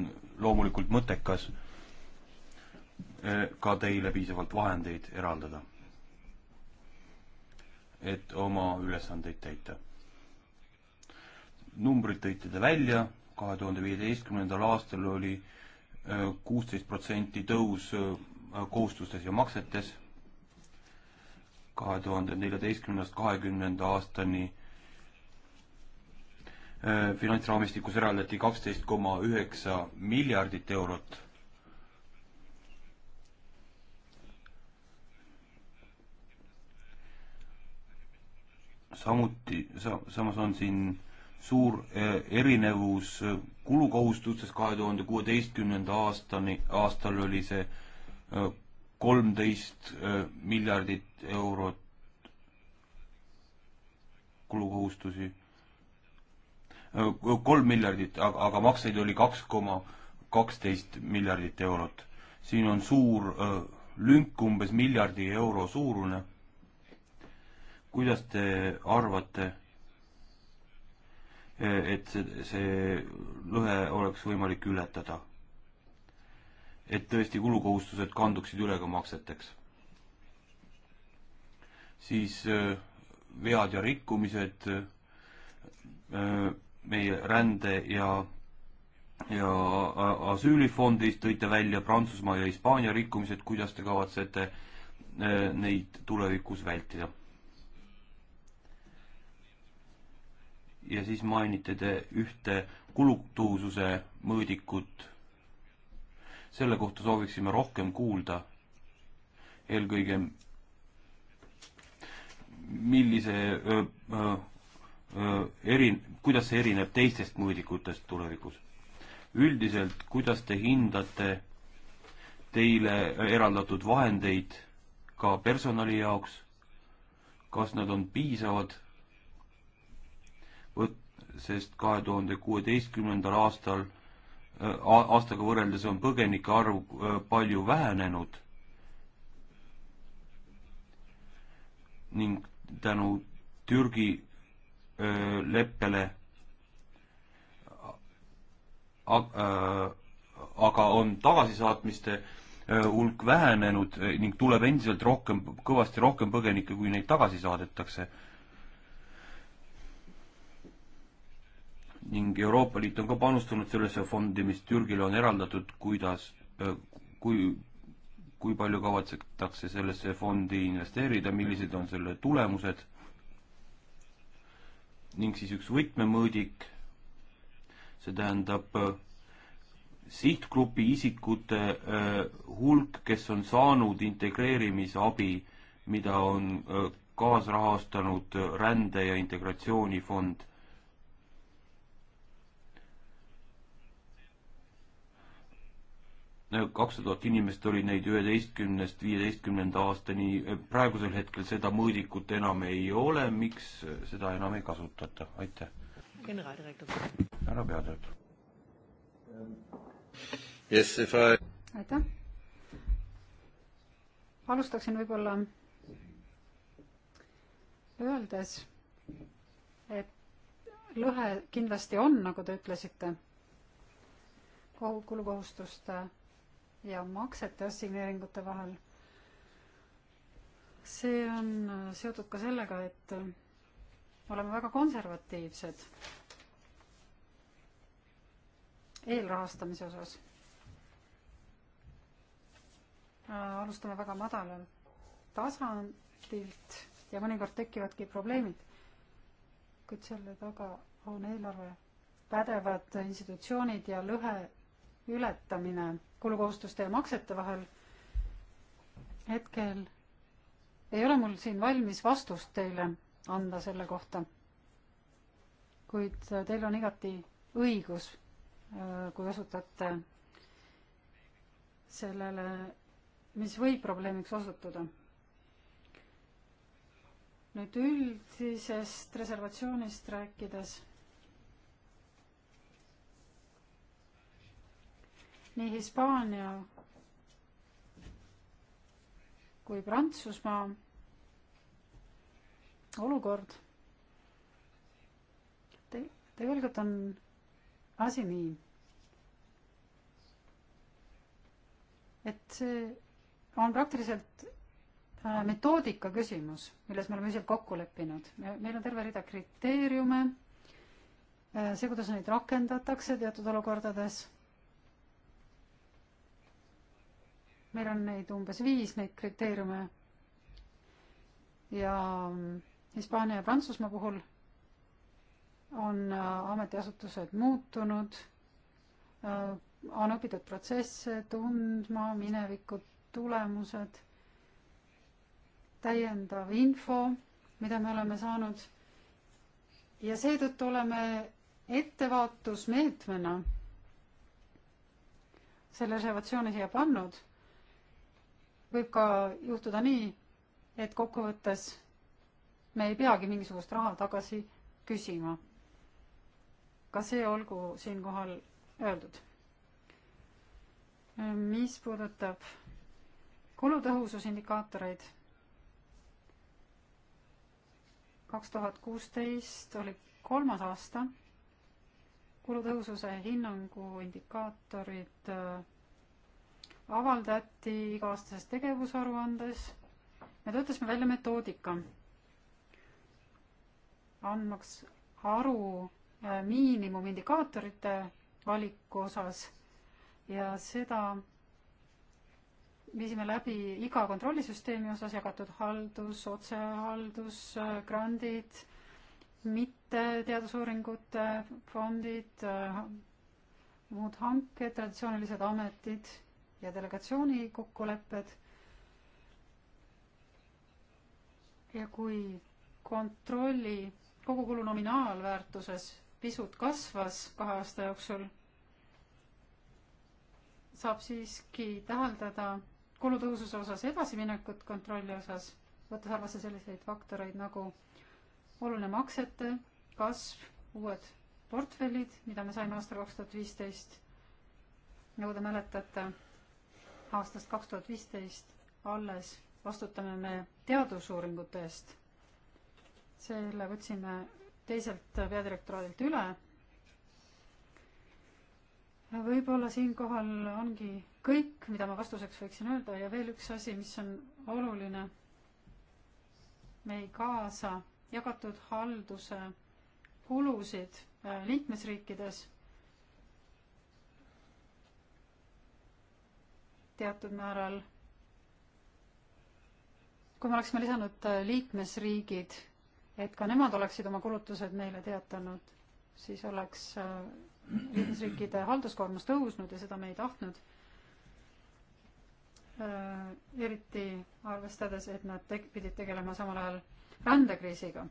S3: loomulikult mõttekas e, ka teile piisavalt vahendeid eraldada, et oma ülesandeid täita. numbrid tõite te välja, kahe tuhande viieteistkümnendal aastal oli kuusteist protsenti tõus äh, kohustustes ja maksetes kahe tuhande neljateistkümnendast kahekümnenda aastani äh, finantsraamistikus eraldati kaksteist koma üheksa miljardit eurot. samuti, sa-, samas on siin suur eh, erinevus eh, kulukohustustes kahe tuhande kuueteistkümnenda aastani, aastal oli see eh, kolmteist miljardit eurot kulukohustusi. kolm miljardit, aga, aga makseid oli kaks koma kaksteist miljardit eurot. siin on suur lünk, umbes miljardi euro suurune. kuidas te arvate, et see, see lõhe oleks võimalik ületada. et tõesti kulukohustused kanduksid üle ka makseteks. siis äh, vead ja rikkumised äh, meie rände ja ja asüülifondist tõite välja Prantsusmaa ja Hispaania rikkumised, kuidas te kavatsete äh, neid tulevikus vältida? ja siis mainite te ühte kulutuhususe mõõdikut. selle kohta sooviksime rohkem kuulda. eelkõige, millise öö, öö, eri, kuidas see erineb teistest mõõdikutest tulevikus? üldiselt, kuidas te hindate teile eraldatud vahendeid ka personali jaoks, kas nad on piisavad sest kahe tuhande kuueteistkümnendal aastal, äh, aastaga võrreldes on põgenike arv äh, palju vähenenud ning tänu Türgi öö, äh, leppele aga, aga on tagasisaatmiste hulk vähenenud ning tuleb endiselt rohkem, kõvasti rohkem põgenikke, kui neid tagasi saadetakse ning Euroopa Liit on ka panustanud sellesse fondi, mis Türgile on eraldatud, kuidas, kui, kui palju kavatsetakse sellesse fondi investeerida, millised on selle tulemused ning siis üks võtmemõõdik, see tähendab sihtgrupi isikute hulk, kes on saanud integreerimisabi, mida on kaasrahastanud Rände- ja Integratsioonifond kakssada tuhat inimest oli neid üheteistkümnest viieteistkümnenda aastani, e, praegusel hetkel seda mõõdikut enam ei ole, miks seda enam ei kasutata, aitäh. härra peadirektor. Yes, if I...
S1: aitäh. alustaksin võib-olla öeldes, et lõhe kindlasti on, nagu te ütlesite, kulukohustuste ja maksete assigneeringute vahel. see on äh, seotud ka sellega, et äh, oleme väga konservatiivsed eelrahastamise osas. Äh, alustame väga madalal tasandilt ja mõnikord tekivadki probleemid. kuid selle taga on eelarve pädevad institutsioonid ja lõhe ületamine kulukohustuste ja maksete vahel. hetkel ei ole mul siin valmis vastust teile anda selle kohta. kuid teil on igati õigus, äh, kui osutate sellele, mis võib probleemiks osutuda. nüüd üldisest reservatsioonist rääkides nii Hispaania kui Prantsusmaa olukord te, tegelikult on asi nii, et see on praktiliselt äh, metoodika küsimus, milles me oleme ühiselt kokku leppinud. meil on terve rida kriteeriume, äh, see, kuidas neid rakendatakse teatud olukordades meil on neid umbes viis, neid kriteeriume. ja mm, Hispaania ja Prantsusmaa puhul on äh, ametiasutused muutunud, äh, on õpitud protsesse tundma, minevikud, tulemused, täiendav info, mida me oleme saanud ja seetõttu oleme ettevaatusmeetmena selle reservatsiooni siia pannud võib ka juhtuda nii, et kokkuvõttes me ei peagi mingisugust raha tagasi küsima. ka see olgu siinkohal öeldud. mis puudutab kulutõhususindikaatoreid, kaks tuhat kuusteist oli kolmas aasta, kulutõhususe hinnangu indikaatorid äh, avaldati iga-aastases tegevusaruandes. me töötasime välja metoodika, andmaks aru äh, miinimumindikaatorite valiku osas ja seda viisime läbi iga kontrollisüsteemi osas jagatud haldus, otsehaldus, äh, grandid, mitte teadusuuringute fondid, äh, muud hanked, traditsioonilised ametid ja delegatsiooni kokkulepped. ja kui kontrolli kogukulu nominaalväärtuses pisut kasvas kahe aasta jooksul, saab siiski täheldada kulutõhususe osas edasiminekut kontrolli osas, võttes arvesse selliseid faktoreid nagu oluline maksete kasv, uued portfellid, mida me saime aastal kaks tuhat viisteist, nagu te mäletate aastast kaks tuhat viisteist alles vastutame me teadusuuringute eest. selle võtsime teiselt peadirektoraadilt üle. võib-olla siinkohal ongi kõik, mida ma vastuseks võiksin öelda ja veel üks asi, mis on oluline. me ei kaasa jagatud halduse kulusid äh, liikmesriikides teatud määral. kui me oleksime lisanud äh, liikmesriigid, et ka nemad oleksid oma kulutused meile teatanud, siis oleks äh, liikmesriikide halduskoormus tõusnud ja seda me ei tahtnud. Äh, eriti arvestades, et nad teg-, pidid tegelema samal ajal rändekriisiga.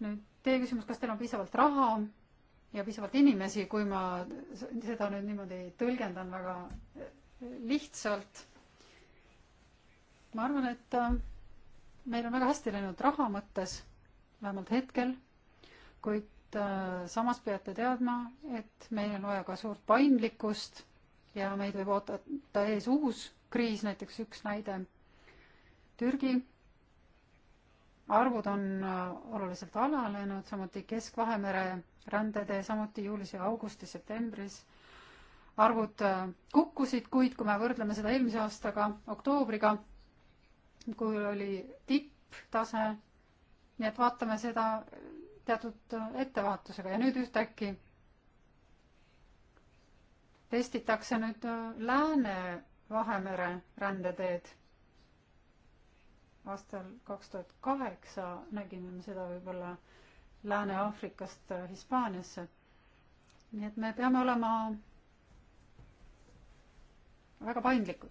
S1: nüüd teie küsimus, kas teil on piisavalt raha ja piisavalt inimesi, kui ma seda nüüd niimoodi tõlgendan väga lihtsalt. ma arvan, et äh, meil on väga hästi läinud raha mõttes, vähemalt hetkel, kuid äh, samas peate teadma, et meil on vaja ka suurt paindlikkust ja meid võib oodata ees uus kriis, näiteks üks näide. Türgi arvud on äh, oluliselt alanenud, samuti Kesk-Vahemere rändetee, samuti juulis ja augustis-septembris arvud äh, kukkusid, kuid kui me võrdleme seda eelmise aastaga, oktoobriga, kui oli tipptase, nii et vaatame seda teatud äh, ettevaatusega ja nüüd ühtäkki testitakse nüüd äh, Lääne-Vahemere rändeteed. aastal kaks tuhat kaheksa nägime me seda võib-olla Lääne-Aafrikast Hispaaniasse. nii et me peame olema väga paindlikud.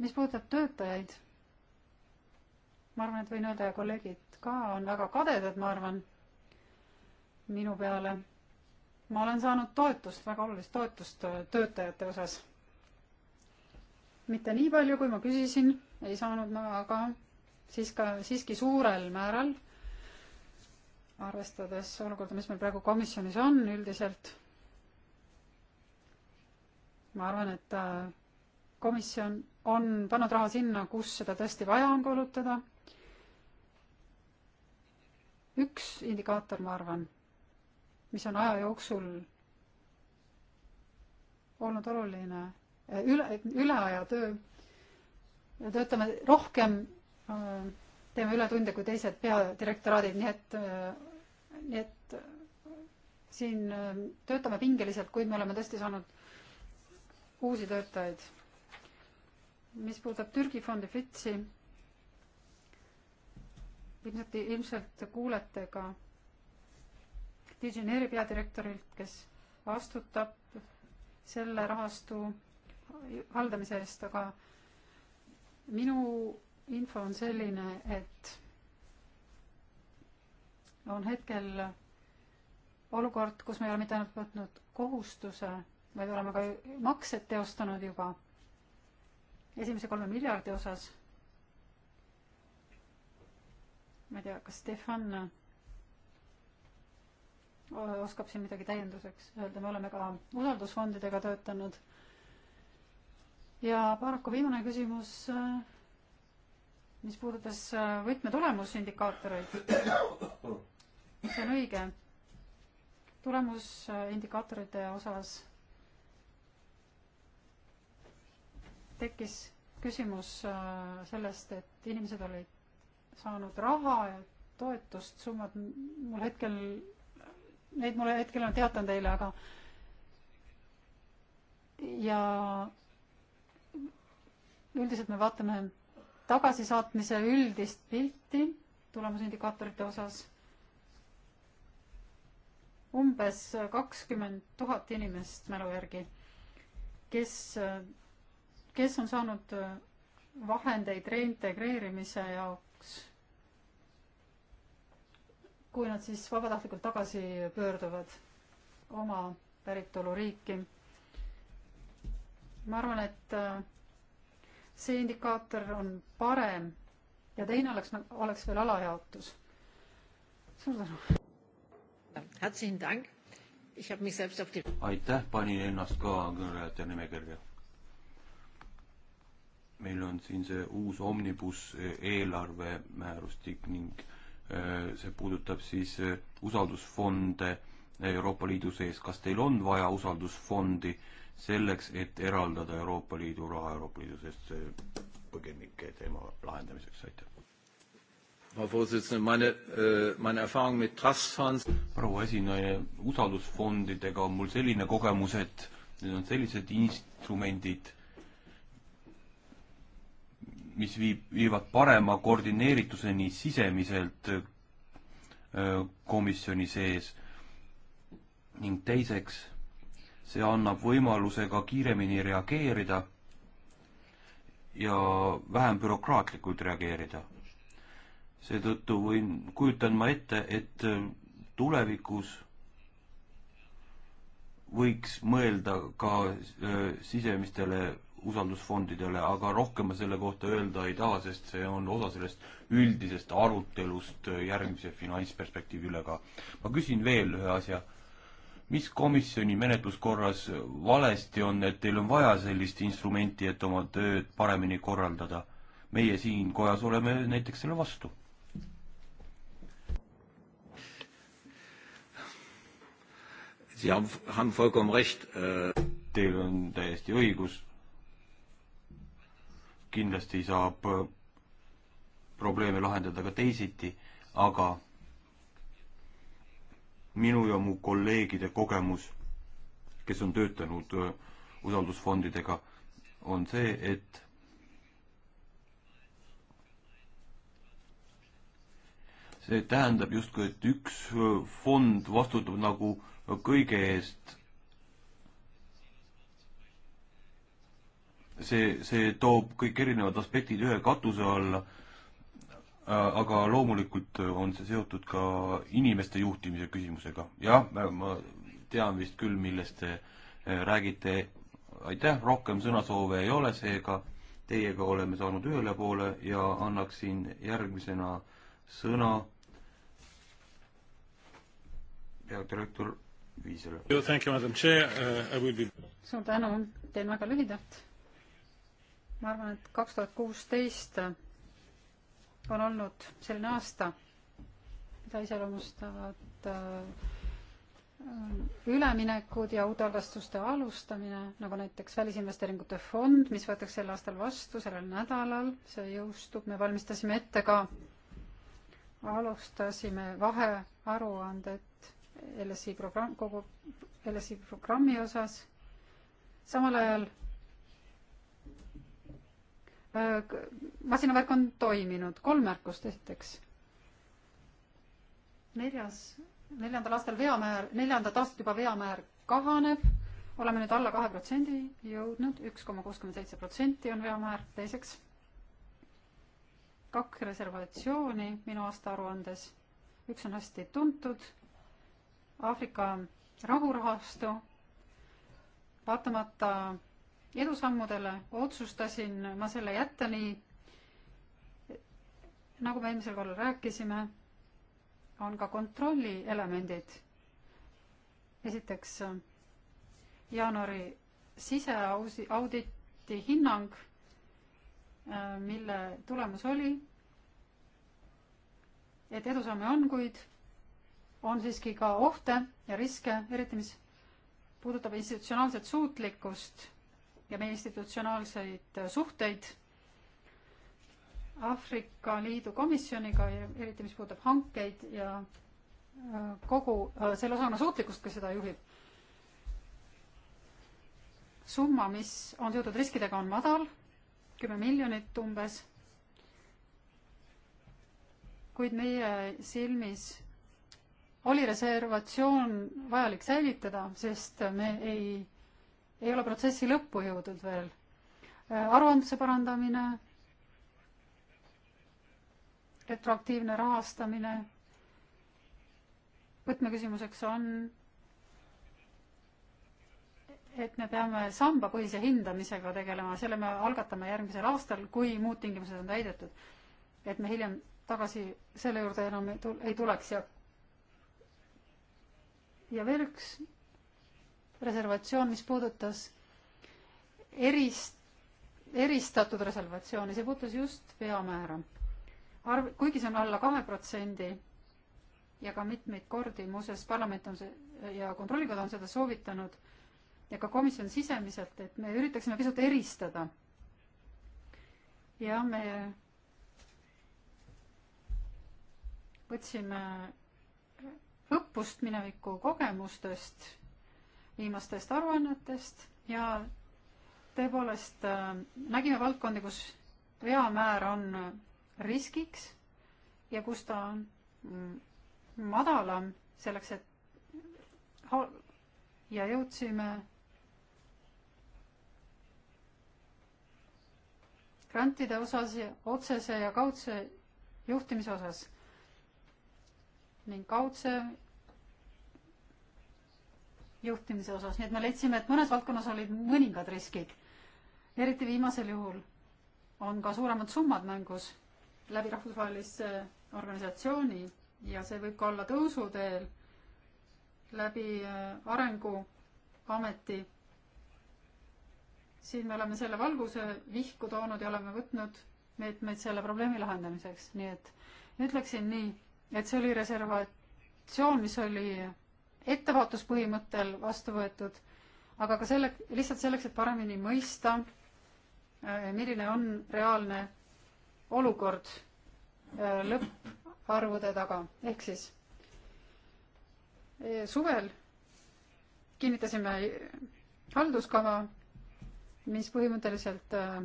S1: mis puudutab töötajaid, ma arvan, et võin öelda ja kolleegid ka on väga kadedad, ma arvan, minu peale. ma olen saanud toetust, väga olulist toetust töötajate osas. mitte nii palju, kui ma küsisin, ei saanud ma, aga siis ka siiski suurel määral arvestades olukorda, mis meil praegu komisjonis on üldiselt ma arvan, et äh, komisjon on pannud raha sinna, kus seda tõesti vaja on kulutada. üks indikaator, ma arvan, mis on aja jooksul olnud oluline, äh, üle, üleaja töö, töötame rohkem, äh, teeme ületunde kui teised peadirektoraadid, nii et, nii et siin töötame pingeliselt, kuid me oleme tõesti saanud uusi töötajaid. mis puudutab Türgi fondi FITSi, ilmselt, ilmselt kuulete ka Digineeri peadirektorilt, kes vastutab selle rahastu haldamise eest, aga minu info on selline, et on hetkel olukord, kus me ei ole mitte ainult võtnud kohustuse vaid oleme ka maksed teostanud juba esimese kolme miljardi osas. ma ei tea, kas Stefan oskab siin midagi täienduseks öelda, me oleme ka usaldusfondidega töötanud. ja paraku viimane küsimus, mis puudutas võtmetulemusindikaatoreid. see on õige. tulemusindikaatorite osas tekkis küsimus äh, sellest, et inimesed olid saanud raha ja toetust, summad mul hetkel, neid mulle hetkel on teatanud eile, aga ja üldiselt me vaatame tagasisaatmise üldist pilti tulemusindikaatorite osas. umbes kakskümmend tuhat inimest mälu järgi, kes kes on saanud äh, vahendeid reintegreerimise jaoks, kui nad siis vabatahtlikult tagasi pöörduvad oma päritoluriiki. ma arvan, et äh, see indikaator on parem ja teine oleks, nagu, oleks veel alajaotus. suur tänu.
S3: aitäh, panin ennast ka kõnelejate nimekirja meil on siin see uus omnibus e, eelarvemäärustik ning e, see puudutab siis e, usaldusfonde Euroopa Liidu sees. kas teil on vaja usaldusfondi selleks, et eraldada Euroopa Liidu raha Euroopa Liidu seest põgenike teema lahendamiseks, aitäh? Frau Vorsitzende, meine äh,, meine Erfahrung mit Trustfonds. proua esinaine, usaldusfondidega on mul selline kogemus, et need on sellised instrumendid mis viib, viivad parema koordineerituseni sisemiselt komisjoni sees. ning teiseks, see annab võimaluse ka kiiremini reageerida ja vähem bürokraatlikult reageerida. seetõttu võin, kujutan ma ette, et tulevikus võiks mõelda ka sisemistele usaldusfondidele, aga rohkem ma selle kohta öelda ei taha, sest see on osa sellest üldisest arutelust järgmise finantsperspektiivi üle ka. ma küsin veel ühe asja. mis komisjoni menetluskorras valesti on, et teil on vaja sellist instrumenti, et oma tööd paremini korraldada? meie siin kojas oleme näiteks selle vastu. Sie haben vollkommen recht. Äh teil on täiesti õigus kindlasti saab äh, probleeme lahendada ka teisiti, aga minu ja mu kolleegide kogemus, kes on töötanud äh, usaldusfondidega, on see, et see tähendab justkui, et üks äh, fond vastutab nagu kõige eest see, see toob kõik erinevad aspektid ühe katuse alla, äh, aga loomulikult on see seotud ka inimeste juhtimise küsimusega. jah, ma tean vist küll, millest te äh, räägite. aitäh, rohkem sõnasoove ei ole, seega teiega oleme saanud ühele poole ja annaksin järgmisena sõna peadirektor Viisele. Uh,
S1: suur tänu, teen väga lühidalt ma arvan, et kaks tuhat kuusteist on olnud selline aasta, mida iseloomustavad äh, üleminekud ja uute algastuste alustamine, nagu näiteks Välisinvesteeringute Fond, mis võetakse sel aastal vastu, sellel nädalal, see jõustub, me valmistasime ette ka, alustasime vahearuandet LSI programm, kogu LSI programmi osas, samal ajal Äh, masinavärk on toiminud, kolm märkust esiteks. neljas, neljandal aastal veamäär, neljandat aastat juba veamäär kahaneb, oleme nüüd alla kahe protsendi jõudnud, üks koma kuuskümmend seitse protsenti on veamäär, teiseks kaks reservatsiooni minu aastaaruandes, üks on hästi tuntud, Aafrika rahurahastu, vaatamata edusammudele, otsustasin ma selle jätta nii, nagu me eelmisel korral rääkisime, on ka kontrolli elemendid. esiteks jaanuari siseausi, auditi hinnang, mille tulemus oli, et edusamme on, kuid on siiski ka ohte ja riske, eriti mis puudutab institutsionaalset suutlikkust ja meie institutsionaalseid suhteid Aafrika Liidu komisjoniga, eriti mis puudutab hankeid ja äh, kogu äh, selle osakonna suutlikkust, kes seda juhib. summa, mis on seotud riskidega, on madal, kümme miljonit umbes. kuid meie silmis oli reservatsioon vajalik säilitada, sest me ei ei ole protsessi lõppu jõudnud veel. Äh, aruandluse parandamine, retroaktiivne rahastamine, võtmeküsimuseks on, et me peame sambapõhise hindamisega tegelema, selle me algatame järgmisel aastal, kui muud tingimused on täidetud. et me hiljem tagasi selle juurde enam ei tuleks ja ja veel üks reservatsioon, mis puudutas erist, eristatud reservatsiooni, see puudutas just veamäära. arv, kuigi see on alla kahe protsendi ja ka mitmeid kordi, muuseas parlament on see ja kontrollikoda on seda soovitanud ja ka komisjon sisemiselt, et me üritaksime pisut eristada. ja me võtsime õppust mineviku kogemustest viimastest aruannetest ja tõepoolest äh, nägime valdkondi, kus veamäär on äh, riskiks ja kus ta on mm, madalam selleks, et ja jõudsime grantide osas ja otsese ja kaudse juhtimise osas ning kaudse juhtimise osas, nii et me leidsime, et mõnes valdkonnas olid mõningad riskid. eriti viimasel juhul on ka suuremad summad mängus läbi rahvusvahelise organisatsiooni ja see võib ka olla tõusuteel läbi äh, Arenguameti. siin me oleme selle valguse vihku toonud ja oleme võtnud meetmeid selle probleemi lahendamiseks, nii et ütleksin nii, et see oli reservatsioon, mis oli ettevaatuspõhimõttel vastu võetud, aga ka selle, lihtsalt selleks, et paremini mõista, äh, milline on reaalne olukord äh, lõpparvude taga, ehk siis äh, suvel kinnitasime halduskava, mis põhimõtteliselt äh,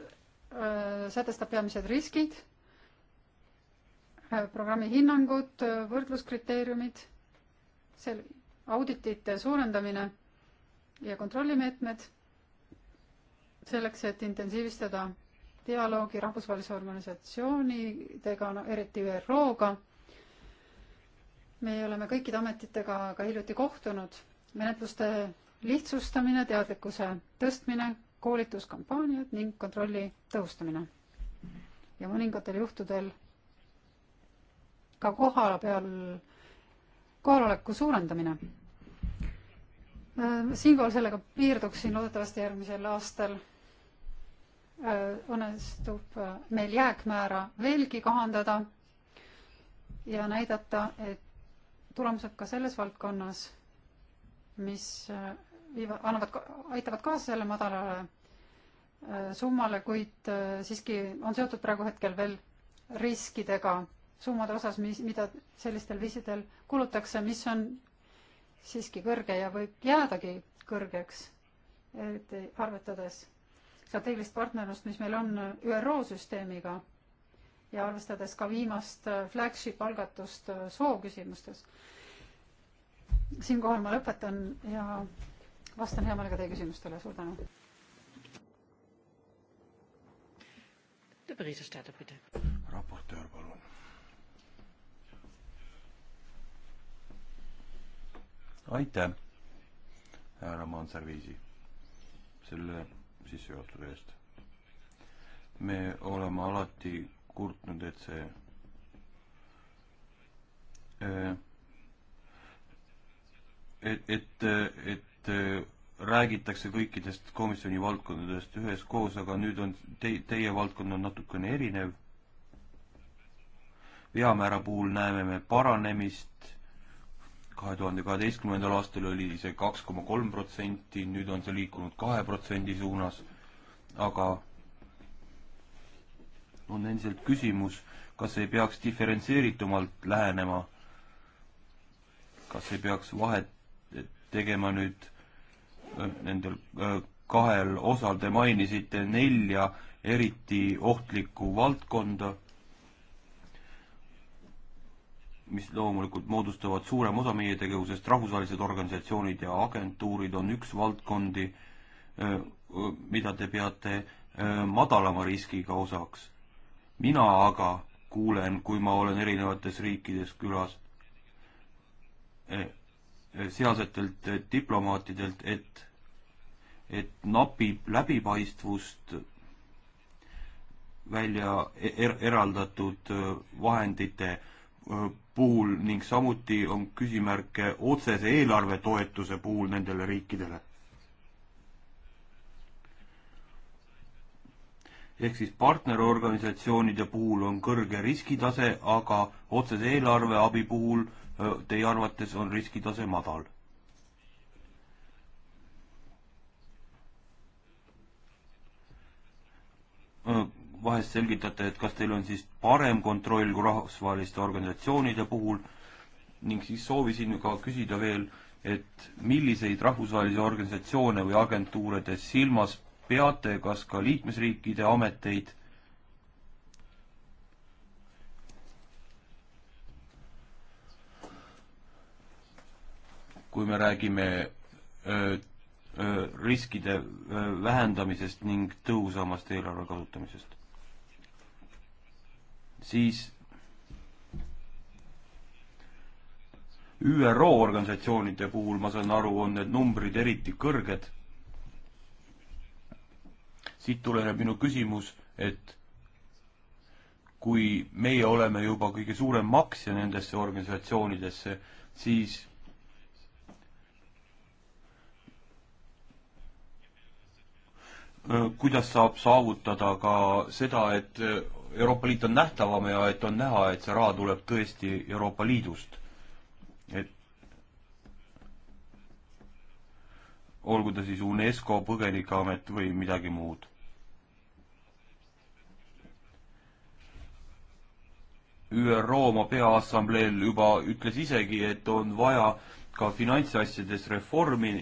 S1: äh, sätestab peamised riskid äh,, programmi hinnangud, võrdluskriteeriumid sel-, auditite suurendamine ja kontrollimeetmed selleks, et intensiivistada dialoogi rahvusvahelise organisatsioonidega, no eriti ÜRO-ga. me oleme kõikide ametitega ka hiljuti kohtunud. menetluste lihtsustamine, teadlikkuse tõstmine, koolituskampaaniad ning kontrolli tõhustamine. ja mõningatel juhtudel ka koha peal kohaloleku suurendamine. Äh, siinkohal sellega piirduksin, loodetavasti järgmisel aastal äh, õnnestub äh, meil jääkmäära veelgi kahandada ja näidata, et tulemused ka selles valdkonnas, mis viivad, annavad, aitavad kaasa selle madalale summale, kuid siiski on seotud praegu hetkel veel riskidega summade osas, mis, mida sellistel viisidel kulutakse, mis on siiski kõrge ja võib jäädagi kõrgeks, eriti arvestades strateegilist partnerlust, mis meil on ÜRO süsteemiga ja arvestades ka viimast flagship algatust sooküsimustes. siinkohal ma lõpetan ja vastan hea meelega teie küsimustele, suur tänu.
S3: raportöör, palun. aitäh, härra Manserviisi, selle sissejuhatuse eest. me oleme alati kurtnud, et see äh, et, et, et äh, räägitakse kõikidest komisjoni valdkondadest üheskoos, aga nüüd on te, teie valdkond on natukene erinev. veamäära puhul näeme me paranemist kahe tuhande kaheteistkümnendal aastal oli see kaks koma kolm protsenti, nüüd on see liikunud kahe protsendi suunas, aga on endiselt küsimus, kas ei peaks diferentseeritumalt lähenema, kas ei peaks vahet tegema nüüd äh, nendel äh, kahel osal, te mainisite nelja eriti ohtlikku valdkonda mis loomulikult moodustavad suurem osa meie tegevusest, rahvusvahelised organisatsioonid ja agentuurid on üks valdkondi, mida te peate madalama riskiga osaks. mina aga kuulen, kui ma olen erinevates riikides külas, e, e, sealsetelt e, diplomaatidelt, et, et napib läbipaistvust välja er, eraldatud vahendite puhul ning samuti on küsimärke otsese eelarvetoetuse puhul nendele riikidele. ehk siis partnerorganisatsioonide puhul on kõrge riskitase, aga otsese eelarveabi puhul teie arvates on riskitase madal vahest selgitate, et kas teil on siis parem kontroll kui rahvusvaheliste organisatsioonide puhul ning siis soovisin ka küsida veel, et milliseid rahvusvahelisi organisatsioone või agentuure te silmas peate, kas ka liikmesriikide ameteid? kui me räägime öö, riskide vähendamisest ning tõhusamast eelarve kasutamisest siis ÜRO organisatsioonide puhul, ma saan aru, on need numbrid eriti kõrged. siit tuleneb minu küsimus, et kui meie oleme juba kõige suurem maksja nendesse organisatsioonidesse, siis kuidas saab saavutada ka seda, et Euroopa Liit on nähtavam ja et on näha, et see raha tuleb tõesti Euroopa Liidust. et olgu ta siis UNESCO põgenikeamet või midagi muud. ÜRO oma peaassambleel juba ütles isegi, et on vaja ka finantsasjades reformi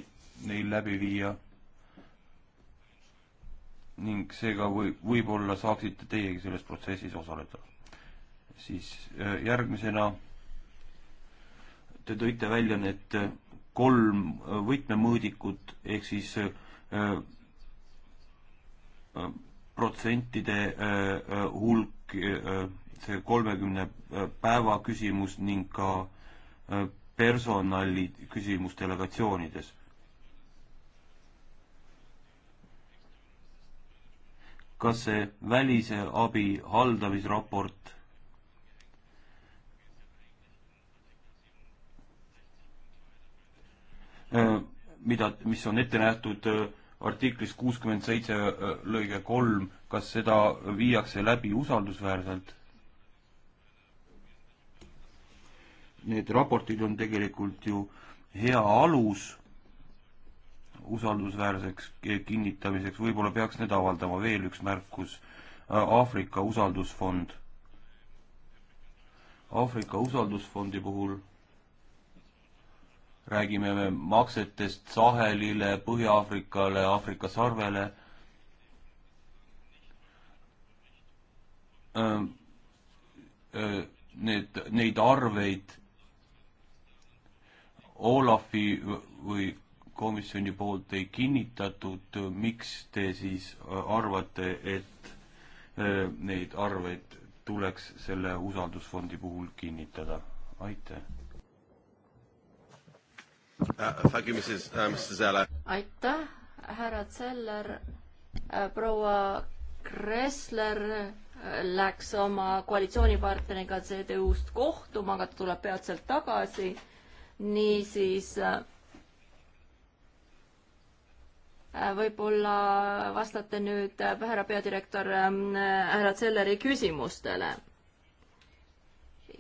S3: neil läbi viia ning seega või, võib-olla saaksite teiegi selles protsessis osaleda. siis äh, järgmisena te tõite välja need äh, kolm äh, võtmemõõdikut ehk siis protsentide hulk, see kolmekümne päeva küsimus ning ka personali küsimus delegatsioonides. kas see välise abi haldamisraport äh, mida, mis on ette nähtud äh, artiklis kuuskümmend seitse äh, lõige kolm, kas seda viiakse läbi usaldusväärselt? Need raportid on tegelikult ju hea alus usaldusväärseks kinnitamiseks, võib-olla peaks need avaldama, veel üks märkus, Aafrika usaldusfond. Aafrika usaldusfondi puhul räägime me maksetest Sahelile, Põhja-Aafrikale, Aafrika sarvele. Need, neid arveid Olafi või komisjoni poolt ei kinnitatud, miks te siis äh, arvate, et äh, neid arveid tuleks selle usaldusfondi puhul kinnitada? aitäh. Uh, uh,
S5: aitäh, härra Zeller. Äh, proua Kressler läks oma koalitsioonipartneriga CDU-st kohtuma, aga ta tuleb peatselt tagasi. niisiis äh, võib-olla vastate nüüd äh, härra peadirektor ähm, äh, härra Zelleri küsimustele.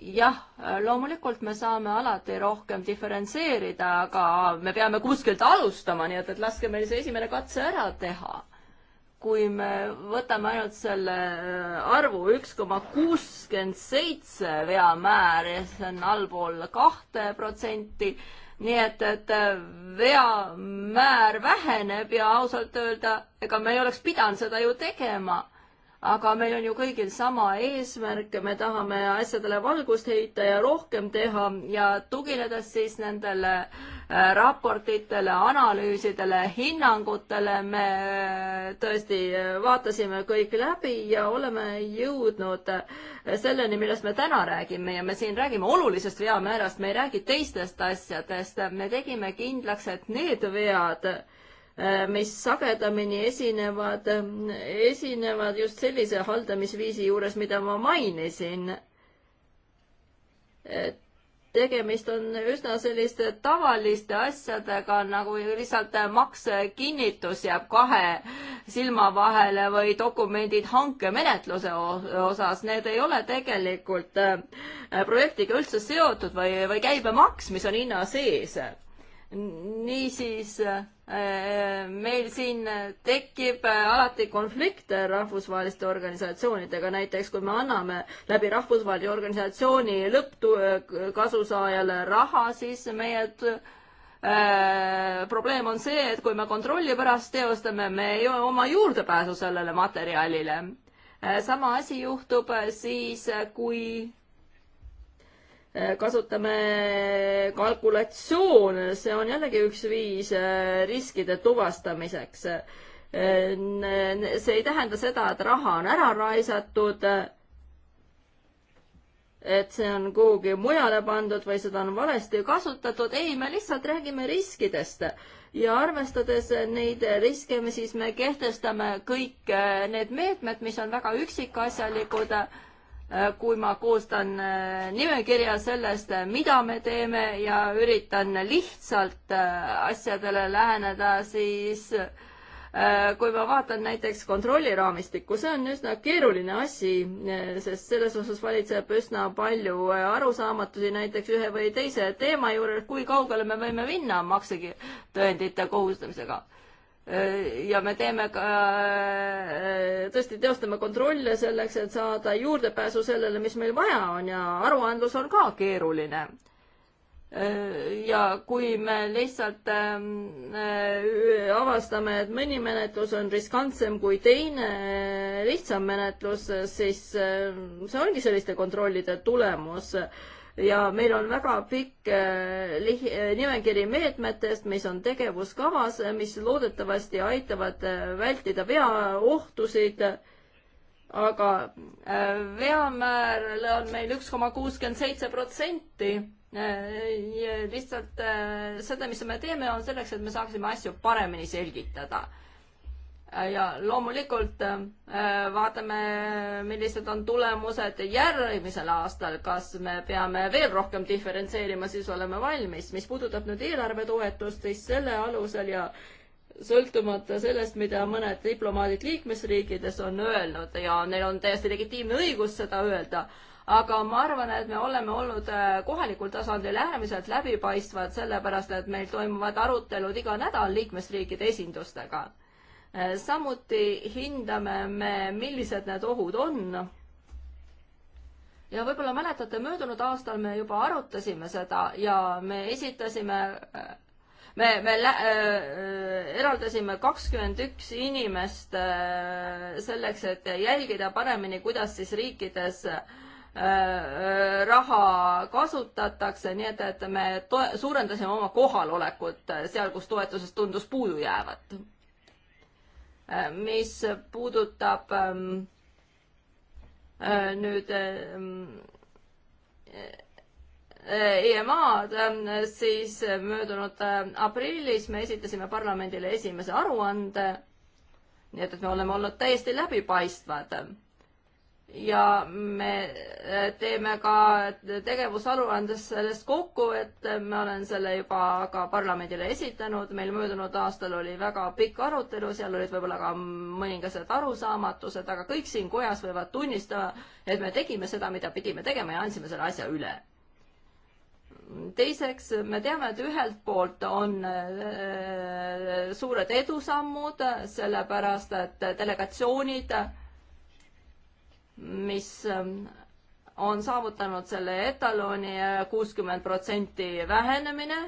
S5: jah, loomulikult me saame alati rohkem diferentseerida, aga me peame kuskilt alustama, nii et, et laske meil see esimene katse ära teha kui me võtame ainult selle äh, arvu üks koma kuuskümmend seitse veamäär ja see on allpool kahte protsenti, nii et, et äh, veamäär väheneb ja ausalt öelda, ega me ei oleks pidanud seda ju tegema aga meil on ju kõigil sama eesmärk, me tahame asjadele valgust heita ja rohkem teha ja tuginedes siis nendele äh, raportitele, analüüsidele, hinnangutele, me äh, tõesti äh, vaatasime kõik läbi ja oleme jõudnud selleni, millest me täna räägime ja me siin räägime olulisest veamäärast, me ei räägi teistest asjadest, me tegime kindlaks, et need vead, Äh, mis sagedamini esinevad, esinevad just sellise haldamisviisi juures, mida ma mainisin. tegemist on üsna selliste tavaliste asjadega, nagu lihtsalt maksekinnitus jääb kahe silma vahele või dokumendid hankemenetluse osas, need ei ole tegelikult äh, projektiga üldse seotud või, või käibemaks, mis on hinna sees niisiis äh, meil siin tekib äh, alati konflikte rahvusvaheliste organisatsioonidega, näiteks kui me anname läbi rahvusvahelise organisatsiooni lõppkasusaajale äh, raha, siis meie probleem on see, et kui me kontrolli pärast teostame, me ei oma juurdepääsu sellele materjalile. sama asi juhtub siis, kui Äh, kasutame kalkulatsioone, see on jällegi üks viis äh, riskide tuvastamiseks. Äh, see ei tähenda seda, et raha on ära raisatud, et see on kuhugi mujale pandud või seda on valesti kasutatud, ei, me lihtsalt räägime riskidest ja arvestades neid riske, siis me kehtestame kõik need meetmed, mis on väga üksikasjalikud kui ma koostan äh, nimekirja sellest, äh, mida me teeme ja üritan lihtsalt äh, asjadele läheneda, siis kui ma vaatan näiteks kontrolliraamistikku, see on üsna keeruline asi, sest selles osas valitseb üsna palju arusaamatusi näiteks ühe või teise teema juures, kui kaugele me võime minna maksetõendite kohustamisega Äh, ja me teeme ka, äh, tõesti teostame kontrolle selleks, et saada juurdepääsu sellele, mis meil vaja on ja aruandlus on ka keeruline. Äh, ja kui me lihtsalt ähm, avastame, et mõni menetlus on riskantsem kui teine lihtsam menetlus, siis see ongi selliste kontrollide tulemus ja meil on väga pikk äh, äh, nimekiri meetmetest, mis on tegevuskavas, äh, mis loodetavasti aitavad vältida veaohtusid aga veamäärale on meil üks koma kuuskümmend seitse protsenti. lihtsalt seda, mis me teeme, on selleks, et me saaksime asju paremini selgitada. Äh, ja loomulikult äh, vaatame, millised on tulemused järgmisel aastal, kas me peame veel rohkem diferentseerima, siis oleme valmis. mis puudutab nüüd eelarvetoetust, siis selle alusel ja sõltumata sellest, mida mõned diplomaadid liikmesriikides on öelnud ja neil on täiesti legitiimne õigus seda öelda, aga ma arvan, et me oleme olnud äh, kohalikul tasandil äärmiselt läbipaistvad, sellepärast et meil toimuvad arutelud iga nädal liikmesriikide esindustega Äh, samuti hindame me, millised need ohud on. ja võib-olla mäletate, möödunud aastal me juba arutasime seda ja me esitasime äh, me, me lä- äh, äh,, eraldasime kakskümmend üks inimest äh, selleks, et jälgida paremini, kuidas siis riikides äh, raha kasutatakse, nii et, et me to-, suurendasime oma kohalolekut seal, kus toetusest tundus puudu jäävat mis puudutab ähm, äh, nüüd ähm, äh, EMA-d, ähm, siis möödunud äh, aprillis me esitasime parlamendile esimese aruande, nii et, et me oleme olnud täiesti läbipaistvad ja me teeme ka tegevusaruandes sellest kokku, et ma olen selle juba ka parlamendile esitanud, meil möödunud aastal oli väga pikk arutelu, seal olid võib-olla ka mõningased arusaamatused, aga kõik siin kojas võivad tunnistada, et me tegime seda, mida pidime tegema ja andsime selle asja üle. teiseks, me teame, et ühelt poolt on äh, suured edusammud, sellepärast et delegatsioonid äh, mis ähm, on saavutanud selle etaloni äh, kuuskümmend protsenti vähenemine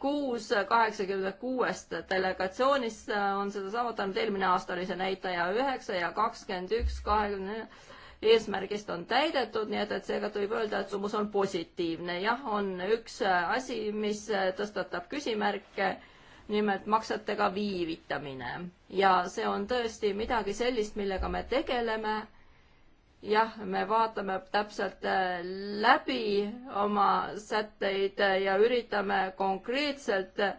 S5: kuus kaheksakümne kuuest delegatsioonist äh, on seda saavutanud, eelmine aasta oli see näitaja üheksa ja kakskümmend üks, kahekümne eesmärgist on täidetud, nii et, et seega võib öelda, et sumus on positiivne. jah, on üks äh, asi, mis tõstatab küsimärke nimelt maksetega viivitamine ja see on tõesti midagi sellist, millega me tegeleme. jah, me vaatame täpselt äh, läbi oma sätteid ja üritame konkreetselt äh,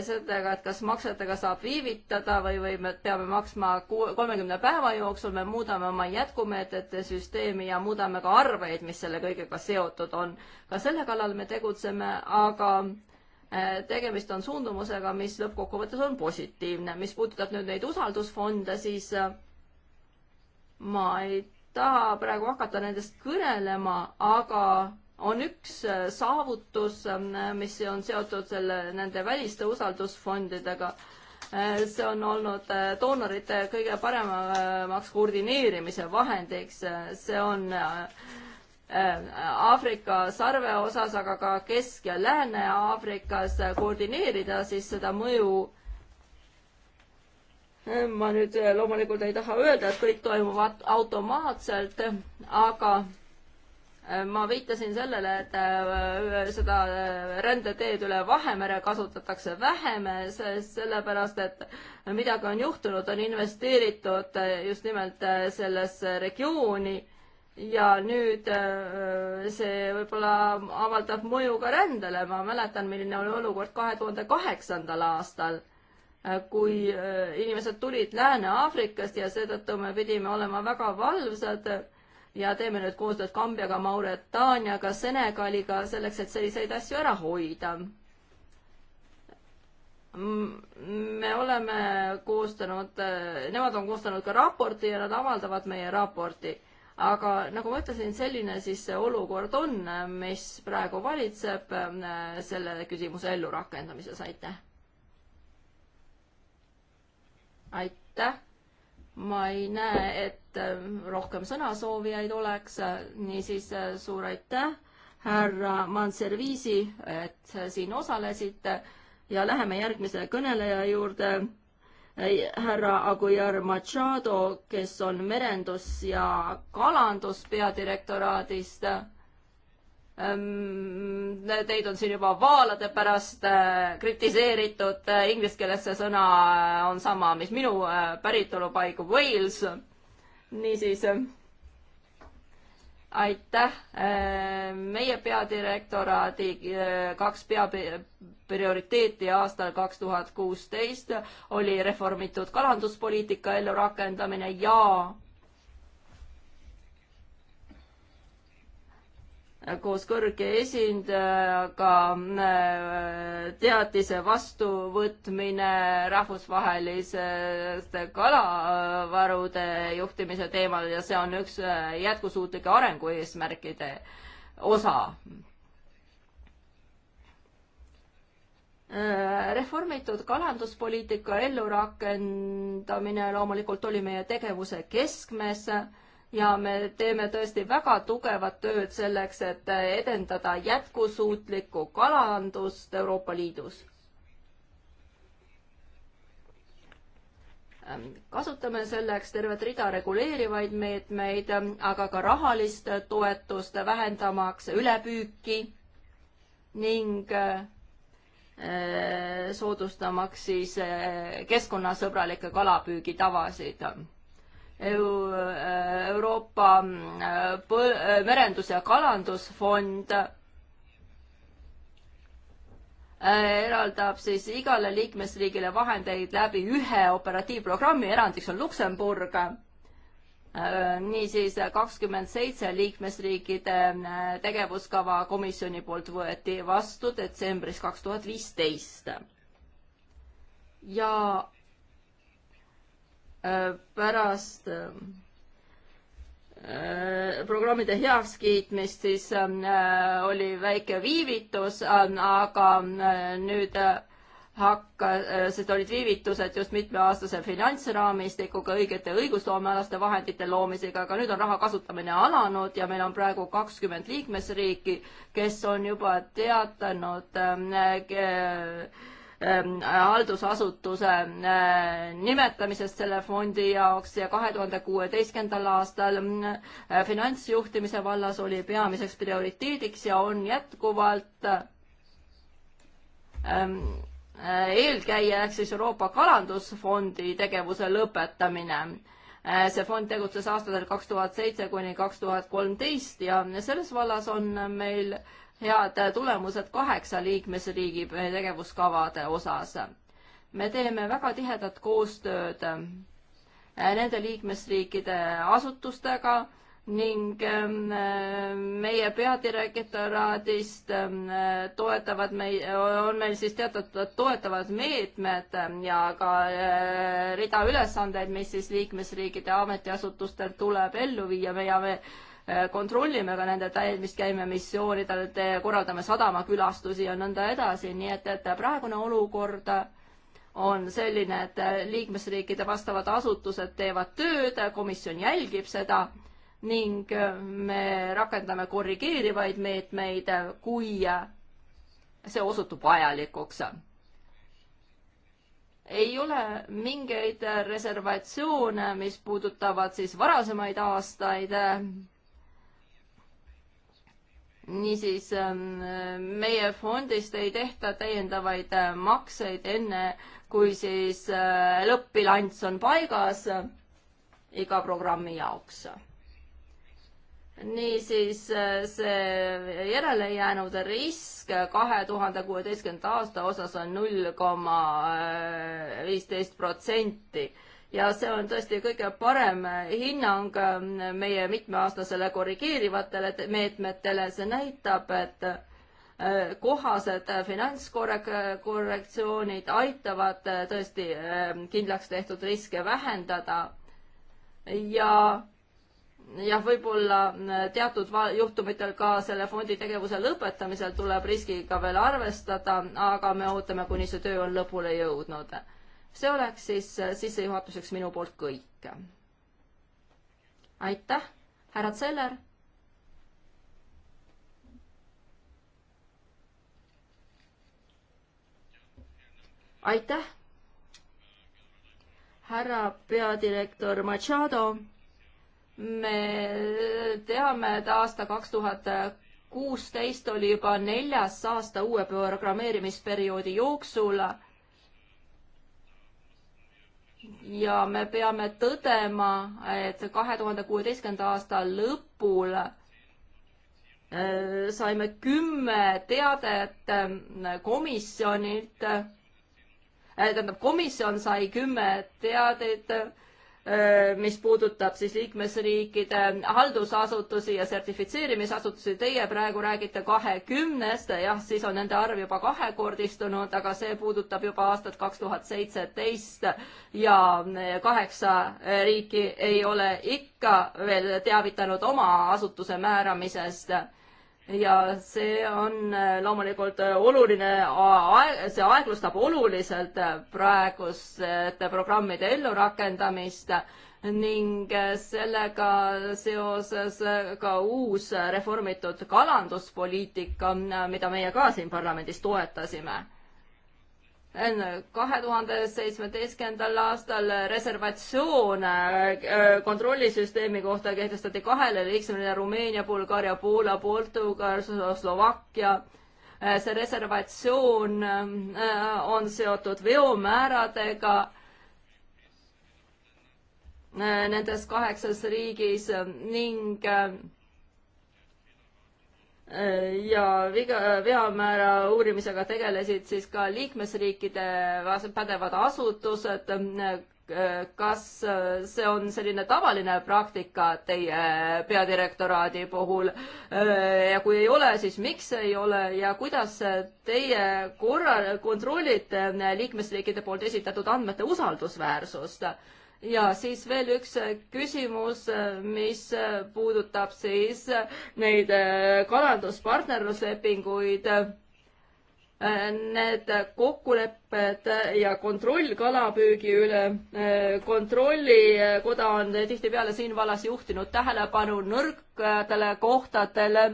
S5: sellega, et kas maksetega saab viivitada või, või me peame maksma kolmekümne päeva jooksul, me muudame oma jätkumeetmete süsteemi ja muudame ka arveid, mis selle kõigega seotud on. ka selle kallal me tegutseme, aga Äh, tegemist on suundumusega, mis lõppkokkuvõttes on positiivne. mis puudutab nüüd neid usaldusfonde, siis äh, ma ei taha praegu hakata nendest kõnelema, aga on üks äh, saavutus, mis on seotud selle, nende väliste usaldusfondidega. see on olnud doonorite kõige paremaks koordineerimise vahendiks. see on äh, Äh, Aafrika sarve osas, aga ka Kesk- ja Lääne-Aafrikas koordineerida siis seda mõju. Äh, ma nüüd äh, loomulikult ei taha öelda, et kõik toimub automaatselt, aga ma viitasin sellele, et seda rändeteed üle Vahemere kasutatakse vähem, sellepärast et midagi on juhtunud, on investeeritud just nimelt sellesse regiooni ja nüüd äh, see võib-olla avaldab mõju ka rändele, ma mäletan, milline oli olukord kahe tuhande kaheksandal aastal, äh, kui äh, inimesed tulid Lääne-Aafrikast ja seetõttu me pidime olema väga valvsad ja teeme nüüd koostööd Kambjaga, Mauretaaniaga, Senegaliga selleks, et selliseid asju ära hoida. me oleme koostanud, nemad on koostanud ka raporti ja nad avaldavad meie raporti aga nagu ma ütlesin, selline siis see olukord on, mis praegu valitseb äh, selle küsimuse ellurakendamises, aitäh. aitäh. ma ei näe, et äh, rohkem sõnasoovijaid oleks, niisiis äh, suur aitäh, härra Manserviisi, et siin osalesite ja läheme järgmise kõneleja juurde härra Aguiar Machado, kes on merendus- ja kalanduspeadirektoraadist. Ähm, teid on siin juba vaalade pärast äh, kritiseeritud, äh, inglise keeles see sõna äh, on sama, mis minu päritolupaigu Wales. niisiis aitäh, äh, meie peadirektoraadi äh, kaks peaprioriteeti aastal kaks tuhat kuusteist oli reformitud kalanduspoliitika ellurakendamine ja koos kõrge esindajaga äh, teatise vastuvõtmine rahvusvaheliste kalavarude juhtimise teemal ja see on üks äh, jätkusuutlike arengueesmärkide osa.
S4: Äh,
S5: reformitud kalanduspoliitika ellurakendamine loomulikult oli meie tegevuse keskmes ja me teeme tõesti väga tugevat tööd selleks, et edendada jätkusuutlikku kalandust Euroopa Liidus. Ähm, kasutame selleks tervet rida reguleerivaid meetmeid, aga ka rahalist toetust, vähendamaks ülepüüki ning äh, soodustamaks siis äh, keskkonnasõbralikke kalapüügitavasid Äh, Euroopa äh, äh, Merendus- ja Kalandusfond eraldab siis igale liikmesriigile vahendeid läbi ühe operatiivprogrammi, erandiks on Luksemburg. niisiis kakskümmend seitse liikmesriikide tegevuskava komisjoni poolt võeti vastu detsembris kaks tuhat viisteist. ja Äh, pärast ähm, äh, programmide heakskiitmist, siis ähm, äh, oli väike viivitus, ähm, aga nüüd hakka, sest olid viivitused just mitmeaastase finantsraamistikuga, õigete õigusloomealaste vahendite loomisega, aga nüüd on raha kasutamine alanud ja meil on praegu kakskümmend liikmesriiki, kes on juba teatanud äh, Ähm, haldusasutuse äh, nimetamisest selle fondi jaoks ja kahe tuhande kuueteistkümnendal aastal äh, finantsjuhtimise vallas oli peamiseks prioriteediks ja on jätkuvalt ähm, äh, eelkäija ehk siis Euroopa Kalandusfondi tegevuse lõpetamine. see fond tegutses aastatel kaks tuhat seitse kuni kaks tuhat kolmteist ja selles vallas on meil head tulemused kaheksa liikmesriigi tegevuskavade osas. me teeme väga tihedat koostööd eh, nende liikmesriikide asutustega ning eh, meie peadirektoraadist eh, toetavad mei-, on meil siis teatud toetavad meetmed ja ka rida ülesandeid, mis siis liikmesriikide ametiasutustel tuleb ellu viia ja me, me Äh, kontrollime ka nende täitmist, käime missioonidel, korraldame sadamakülastusi ja nõnda edasi, nii et, et praegune olukord on selline, et äh, liikmesriikide vastavad asutused teevad tööd, komisjon jälgib seda ning äh, me rakendame korrigeerivaid meetmeid, kui see osutub vajalikuks. ei ole mingeid reservatsioone, mis puudutavad siis varasemaid aastaid niisiis ähm, meie fondist ei tehta täiendavaid äh, makseid enne, kui siis äh, lõppbilanss on paigas äh, iga programmi jaoks. niisiis see järelejäänud risk kahe tuhande kuueteistkümnenda aasta osas on null koma viisteist protsenti ja see on tõesti kõige parem hinnang äh, meie mitmeaastasele korrigeerivatele meetmetele, see näitab, et äh, kohased finantskorrektsioonid aitavad äh, tõesti kindlaks tehtud riske vähendada ja jah, võib-olla teatud juhtumitel ka selle fondi tegevuse lõpetamisel tuleb riskiga veel arvestada, aga me ootame, kuni see töö on lõpule jõudnud see oleks siis äh, sissejuhatuseks minu poolt kõik. aitäh, härra Zeller. aitäh, härra peadirektor Machado. me teame, et aasta kaks tuhat kuusteist oli juba neljas aasta uue programmeerimisperioodi jooksul ja me peame tõdema, et kahe tuhande kuueteistkümnenda aasta lõpul äh, saime kümme teadet äh, komisjonilt, äh, tähendab, komisjon sai kümme teadet mis puudutab siis liikmesriikide haldusasutusi ja sertifitseerimisasutusi, teie praegu räägite kahekümnest, jah, siis on nende arv juba kahekordistunud, aga see puudutab juba aastat kaks tuhat seitseteist ja e, kaheksa riiki ei ole ikka veel teavitanud oma asutuse määramisest ja see on äh, loomulikult äh, oluline, see aeglustab oluliselt äh, praeguste programmide ellurakendamist ning sellega seoses ka uus reformitud kalanduspoliitika, mida meie ka siin parlamendis toetasime kahe tuhande seitsmeteistkümnendal aastal reservatsioon äh, kontrollisüsteemi kohta kehtestati kahele liiksemale Rumeenia, Bulgaaria, Poola, Portugal, Slovakkia. Äh, see reservatsioon äh, on seotud veomääradega nendes kaheksas riigis ning ja viga, veamäära uurimisega tegelesid siis ka liikmesriikide pädevad asutused. kas see on selline tavaline praktika teie peadirektoraadi puhul ja kui ei ole, siis miks ei ole ja kuidas teie korra, kontrollite liikmesriikide poolt esitatud andmete usaldusväärsust? ja siis veel üks äh, küsimus, äh, mis äh, puudutab siis neid kalanduspartnerluslepinguid. Need kokkulepped ja kontroll kalapüügi üle, kontrollikoda on tihtipeale siin vallas juhtinud tähelepanu nõrkadele kohtadele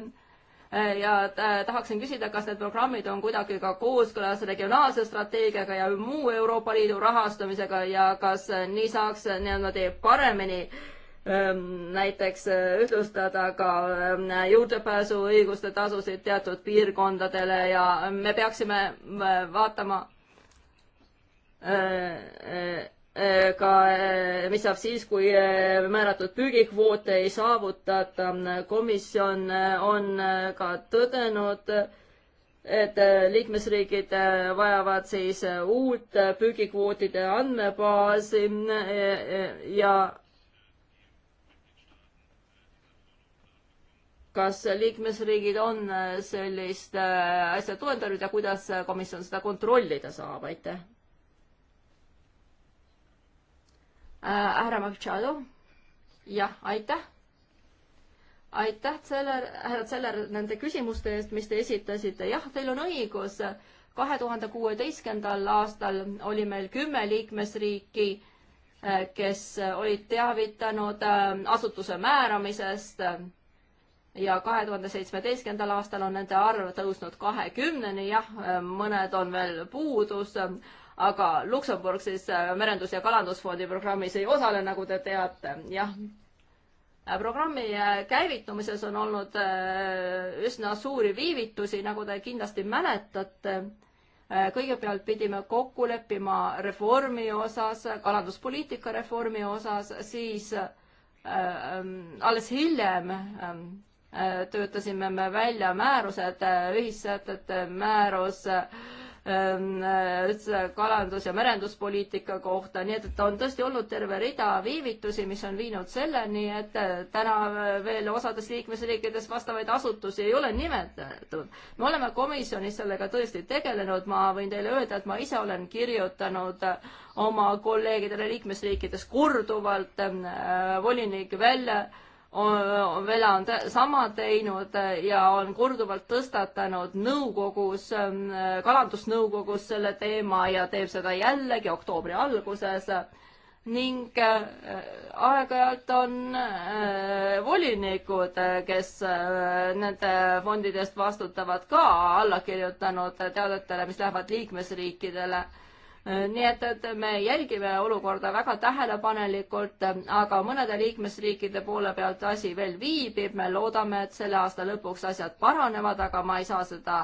S5: Äh, ja äh, tahaksin küsida, kas need programmid on kuidagi ka kooskõlas regionaalse strateegiaga ja muu Euroopa Liidu rahastamisega ja kas äh, nii saaks niimoodi paremini ähm, näiteks ühtlustada ka ähm, juurdepääsuõiguste tasusid teatud piirkondadele ja me peaksime vaatama ka, eh, mis saab siis, kui eh, määratud püügikvoote ei saavutata. komisjon eh, on ka tõdenud, et liikmesriigid vajavad siis uut püügikvootide andmebaasi ja kas liikmesriigid on sellist asja toetanud ja kuidas komisjon seda kontrollida saab, aitäh Äh, härra Machado. jah, aitäh. aitäh, Zeller, härra äh, Zeller, nende küsimuste eest, mis te esitasite. jah, teil on õigus. kahe tuhande kuueteistkümnendal aastal oli meil kümme liikmesriiki, äh, kes olid teavitanud asutuse määramisest ja kahe tuhande seitsmeteistkümnendal aastal on nende arv tõusnud kahekümneni, jah, mõned on veel puudus, aga Luksemburg siis äh, merendus- ja kalandusfondi programmis ei osale, nagu te teate, jah. Äh, programmi äh, käivitumises on olnud üsna suuri viivitusi, nagu te kindlasti mäletate. kõigepealt pidime kokku leppima reformi osas, kalanduspoliitika reformi osas, siis ähm, alles hiljem ähm, töötasime me välja määrused, ühissätete määrus Ähm, üldse kalandus- ja merenduspoliitika kohta, nii et, et on tõesti olnud terve rida viivitusi, mis on viinud selleni, et äh, täna äh, veel osades liikmesriikides vastavaid asutusi ei ole nimetatud. me oleme komisjonis sellega tõesti tegelenud, ma võin teile öelda, et ma ise olen kirjutanud äh, oma kolleegidele liikmesriikides korduvalt äh, volinik välja äh, Vela on sama teinud ja on korduvalt tõstatanud nõukogus, ähm, kalandusnõukogus selle teema ja teeb seda jällegi oktoobri alguses ning äh, aeg-ajalt on äh, volinikud, äh, kes nende fondidest vastutavad, ka alla kirjutanud teadetele, mis lähevad liikmesriikidele Äh, nii et, et me jälgime olukorda väga tähelepanelikult, aga mõnede liikmesriikide poole pealt asi veel viibib, me loodame, et selle aasta lõpuks asjad paranevad, aga ma ei saa seda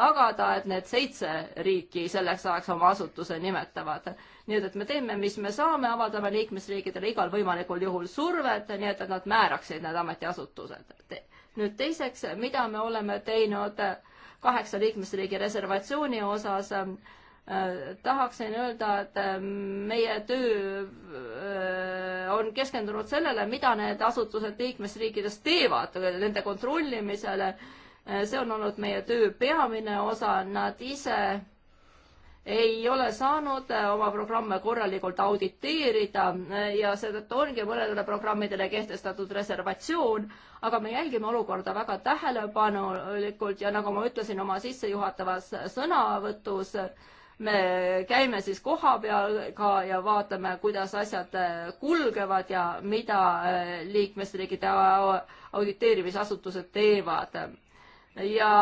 S5: tagada, et need seitse riiki selleks ajaks oma asutuse nimetavad. nii et, et me teeme, mis me saame, avaldame liikmesriikidele igal võimalikul juhul survet, nii et, et nad määraksid need ametiasutused Te. nüüd teiseks, mida me oleme teinud kaheksa liikmesriigi reservatsiooni osas tahaksin öelda, et ähm, meie töö äh, on keskendunud sellele, mida need asutused liikmesriikides teevad, nende kontrollimisele. Äh, see on olnud meie töö peamine osa, nad ise ei ole saanud äh, oma programme korralikult auditeerida ja seetõttu ongi mõnedele programmidele kehtestatud reservatsioon, aga me jälgime olukorda väga tähelepanulikult ja nagu ma ütlesin oma sissejuhatavas sõnavõtus, me käime siis koha peal ka ja vaatame, kuidas asjad äh, kulgevad ja mida äh, liikmesriigid auditeerimisasutused teevad ja,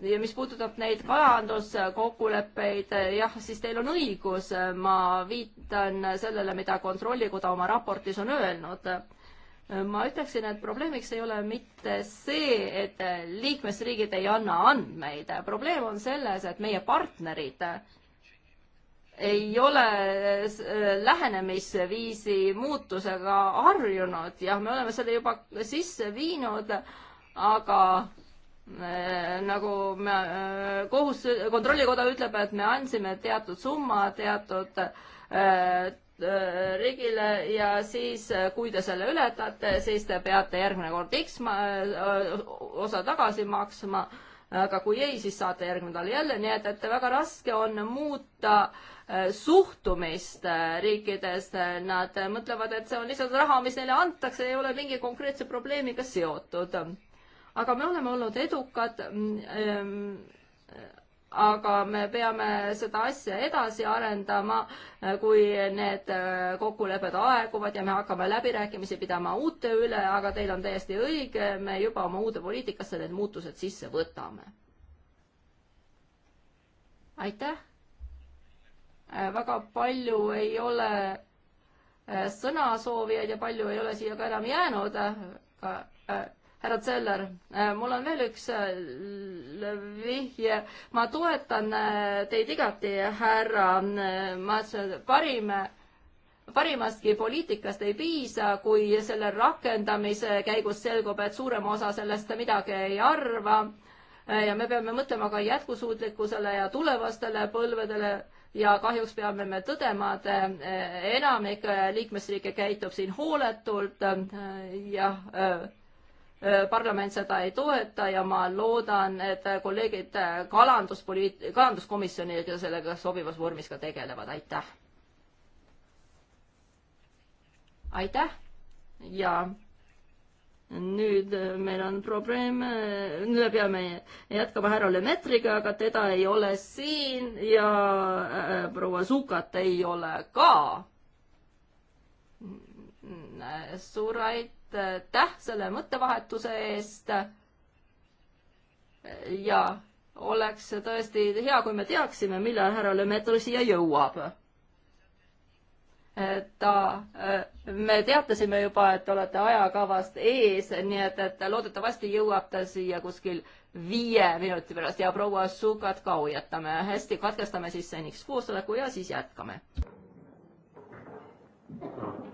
S5: ja mis puudutab neid kajanduskokkuleppeid, jah, siis teil on õigus, ma viitan sellele, mida Kontrollikoda oma raportis on öelnud. ma ütleksin, et probleemiks ei ole mitte see, et liikmesriigid ei anna andmeid, probleem on selles, et meie partnerid
S3: ei ole
S5: äh, lähenemisviisi muutusega harjunud, jah, me oleme selle juba sisse viinud, aga äh, nagu me, äh, kohus, kontrollikoda ütleb, et me andsime teatud summa teatud riigile ja siis, kui te selle ületate, siis te peate järgmine kord X osa tagasi maksma, aga kui ei, siis saate järgmine nädal jälle, nii et, et väga raske on muuta äh, Äh, suhtumist äh, riikides, äh, nad mõtlevad, et see on lihtsalt raha, mis neile antakse, ei ole mingi konkreetse probleemiga seotud. aga me oleme olnud edukad mm, ähm, aga me peame seda asja edasi arendama, kui need kokkulepped aeguvad ja me hakkame läbirääkimisi pidama uute üle, aga teil on täiesti õige, me juba oma uude poliitikasse need muutused sisse võtame. aitäh Äh, väga palju ei ole äh, sõnasoovijaid ja palju ei ole siia ka enam jäänud. Äh, härra Zeller, mul on veel üks vihje. ma toetan teid igati, härra Mats, parim, parimastki poliitikast ei piisa, kui selle rakendamise käigus selgub, et suurem osa sellest midagi ei arva. ja me peame mõtlema ka jätkusuutlikkusele ja tulevastele põlvedele ja kahjuks peame me tõdema, et eh, enamik eh, liikmesriike käitub siin hooletult eh, ja parlament seda ei toeta ja ma loodan, et kolleegid kalanduspoliit-, kalanduskomisjoniga sellega sobivas vormis ka tegelevad, aitäh! aitäh ja nüüd äh, meil on probleem, äh, nüüd me peame jätkama härra Lemetriga, aga teda ei ole siin ja äh, proua Sukat ei ole ka. suur aitäh selle mõttevahetuse eest. ja oleks tõesti hea, kui me teaksime, millal härra Lemetri siia jõuab ta, äh, me teatasime juba, et olete ajakavast ees, nii et, et loodetavasti jõuab ta siia kuskil viie minuti pärast ja proua Sukat ka hoiatame. hästi, katkestame siis seniks koosoleku ja siis jätkame.
S2: Ah.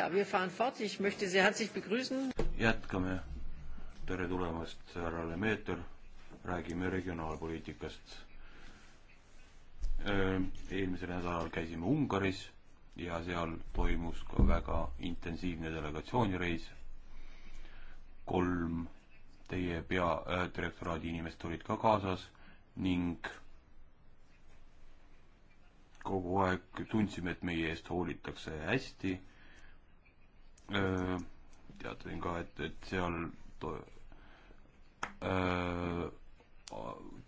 S1: ja, wir fahren fort, ich möchte Sie herzlich begrüßen.
S3: jätkame. tere tulemast, härra Lemeeter. räägime regionaalpoliitikast. eelmisel nädalal käisime Ungaris ja seal toimus ka väga intensiivne delegatsioonireis. kolm teie peadirektoraadi äh, inimest olid ka kaasas ning kogu aeg tundsime, et meie eest hoolitakse hästi Äh, teatasin ka, et, et seal to, öö, äh,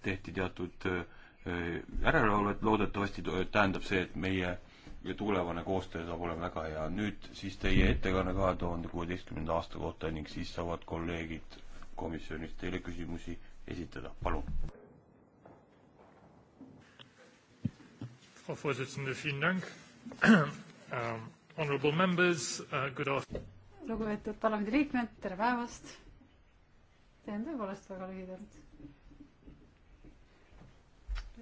S3: tehti teatud äh, järelevalvet, loodetavasti tähendab see, et meie tulevane koostöö saab olema väga hea. nüüd siis teie ettekanne kahe tuhande kuueteistkümnenda aasta kohta ning siis saavad kolleegid komisjonist teile küsimusi esitada, palun.
S2: Frau Vorsitzende, vielen Dank ähm,. Honourable members uh,, good afternoon.
S1: lugupeetud parlamendiliikmed, tere päevast. teen tõepoolest väga lühidalt.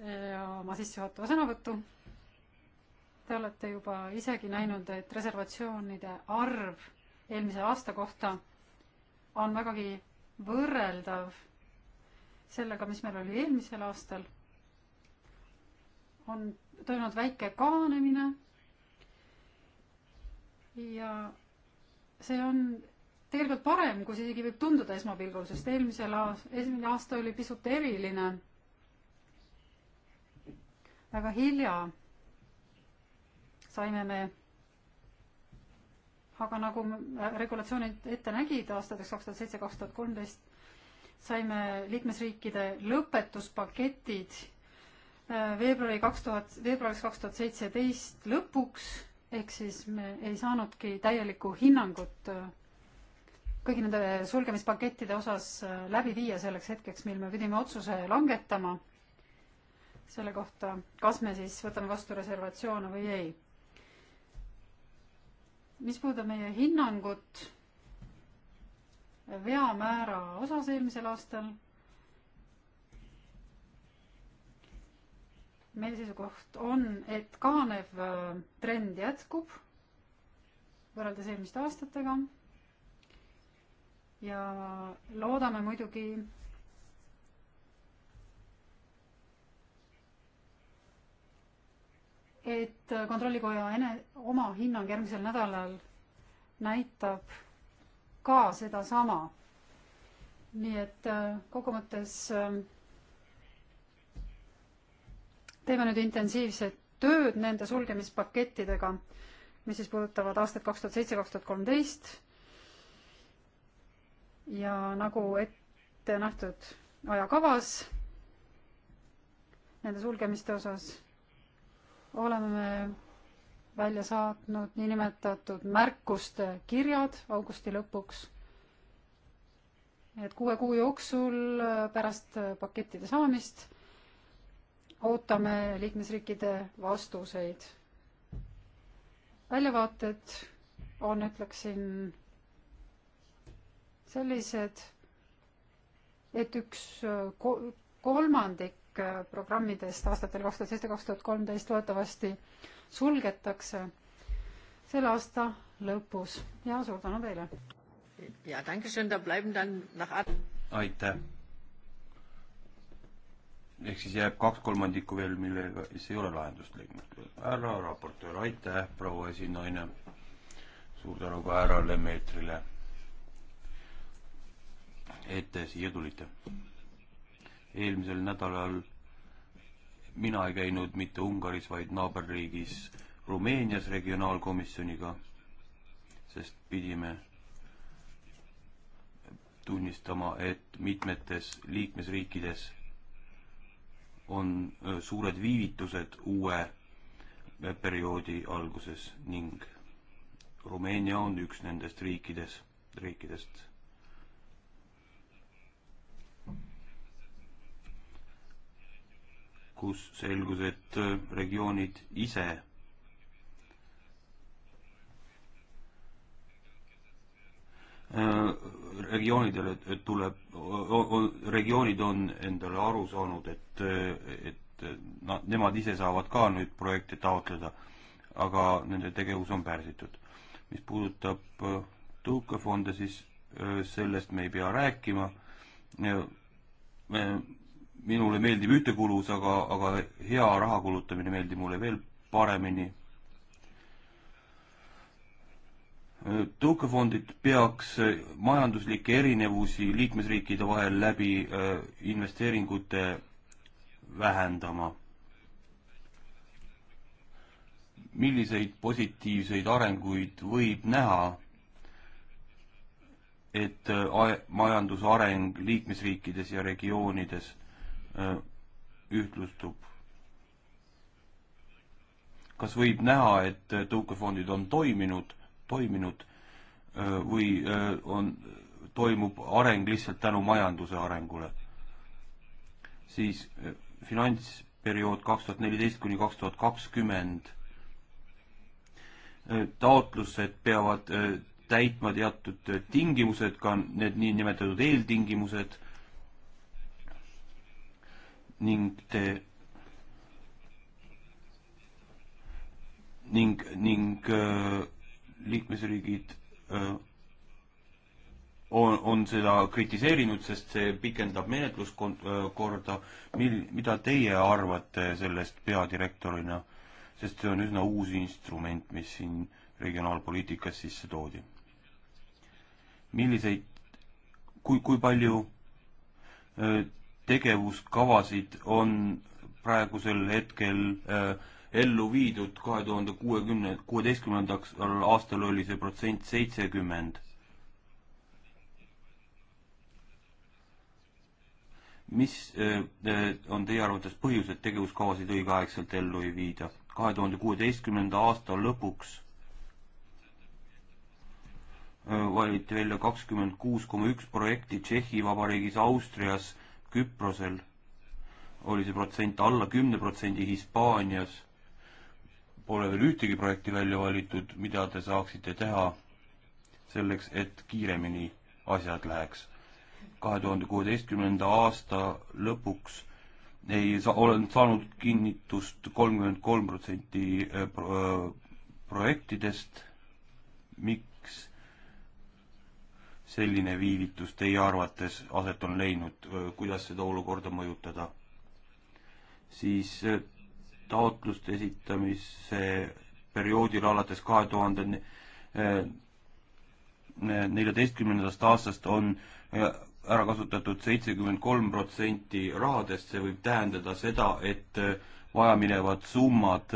S1: ja oma sissejuhatava sõnavõttu. Te olete juba isegi näinud, et reservatsioonide arv eelmise aasta kohta on vägagi võrreldav sellega, mis meil oli eelmisel aastal. on toimunud väike kahanemine ja see on tegelikult parem, kui see isegi võib tunduda esmapilgul, sest eelmisel aas-, esimene aasta oli pisut eriline. väga hilja saime me, aga nagu regulatsioonid ette nägid aastateks kaks tuhat seitse, kaks tuhat kolmteist, saime liikmesriikide lõpetuspaketid äh, veebruari kaks tuhat, veebruariks kaks tuhat seitseteist lõpuks ehk siis me ei saanudki täielikku hinnangut äh, kõigi nende sulgemispakettide osas äh, läbi viia selleks hetkeks, mil me pidime otsuse langetama selle kohta, kas me siis võtame vastu reservatsioone või ei. mis puudutab meie hinnangut veamäära osas eelmisel aastal meie seisukoht on, et kahanev äh, trend jätkub võrreldes eelmiste aastatega. ja loodame muidugi et kontrollikoja ene-, oma hinnang järgmisel nädalal näitab ka sedasama. nii et äh, kokkuvõttes äh, teeme nüüd intensiivset tööd nende sulgemispakettidega, mis siis puudutavad aastat kaks tuhat seitse, kaks tuhat kolmteist. ja nagu ette nähtud ajakavas nende sulgemiste osas oleme välja saatnud niinimetatud märkuste kirjad augusti lõpuks. et kuue kuu jooksul pärast pakettide saamist ootame liikmesriikide vastuseid. väljavaated on, ütleksin, sellised, et üks kolmandik programmidest aastatel kaks tuhat seitse, kaks tuhat kolmteist loodetavasti sulgetakse selle aasta lõpus ja suur tänu teile!
S3: aitäh! ehk siis jääb kaks kolmandikku veel, millega siis ei ole lahendust leidnud. härra raportöör, aitäh, proua esinaine. suur tänu ka härra Lemeetrile, et te siia tulite. eelmisel nädalal mina ei käinud mitte Ungaris, vaid naaberriigis Rumeenias regionaalkomisjoniga, sest pidime tunnistama, et mitmetes liikmesriikides on suured viivitused uue perioodi alguses ning Rumeenia on üks nendest riikides, riikidest. kus selgus, et regioonid ise Äh, regioonidele tuleb, regioonid on endale aru saanud, et, et no nemad ise saavad ka nüüd projekte taotleda, aga nende tegevus on pärsitud. mis puudutab äh, tõukefonde, siis äh, sellest me ei pea rääkima. minule meeldib ühtekulus, aga, aga hea raha kulutamine meeldib mulle veel paremini tõukefondid peaks majanduslikke erinevusi liikmesriikide vahel läbi äh, investeeringute vähendama. milliseid positiivseid arenguid võib näha, et äh, majanduse areng liikmesriikides ja regioonides äh, ühtlustub? kas võib näha, et tõukefondid on toiminud toiminud või on, toimub areng lihtsalt tänu majanduse arengule. siis finantsperiood kaks tuhat neliteist kuni kaks tuhat kakskümmend, taotlused peavad täitma teatud tingimused, ka need niinimetatud eeltingimused ning te ning, ning öö, liikmesriigid öö, on, on seda kritiseerinud, sest see pikendab menetluskorda, mil, mida teie arvate sellest peadirektorina, sest see on üsna uus instrument, mis siin regionaalpoliitikas sisse toodi. milliseid, kui, kui palju öö, tegevuskavasid on praegusel hetkel öö, ellu viidud, kahe tuhande kuuekümne, kuueteistkümnendaks aastal oli see protsent seitsekümmend. mis eh, eh, on teie arvates põhjus, et tegevuskavasid õigeaegselt ellu ei viida? kahe tuhande kuueteistkümnenda aasta lõpuks eh, valiti välja kakskümmend kuus koma üks projekti Tšehhi Vabariigis, Austrias, Küprosel oli see protsent alla kümne protsendi, Hispaanias pole veel ühtegi projekti välja valitud, mida te saaksite teha selleks, et kiiremini asjad läheks. kahe tuhande kuueteistkümnenda aasta lõpuks ei sa-, olen saanud kinnitust kolmkümmend kolm protsenti eh, eh, projektidest, miks selline viivitus teie arvates aset on leidnud, kuidas seda olukorda mõjutada? siis eh, taotluste esitamise perioodil alates kahe tuhande eh, neljateistkümnendast aastast on eh, ära kasutatud seitsekümmend kolm protsenti rahadest, see võib tähendada seda, et eh, vajaminevad summad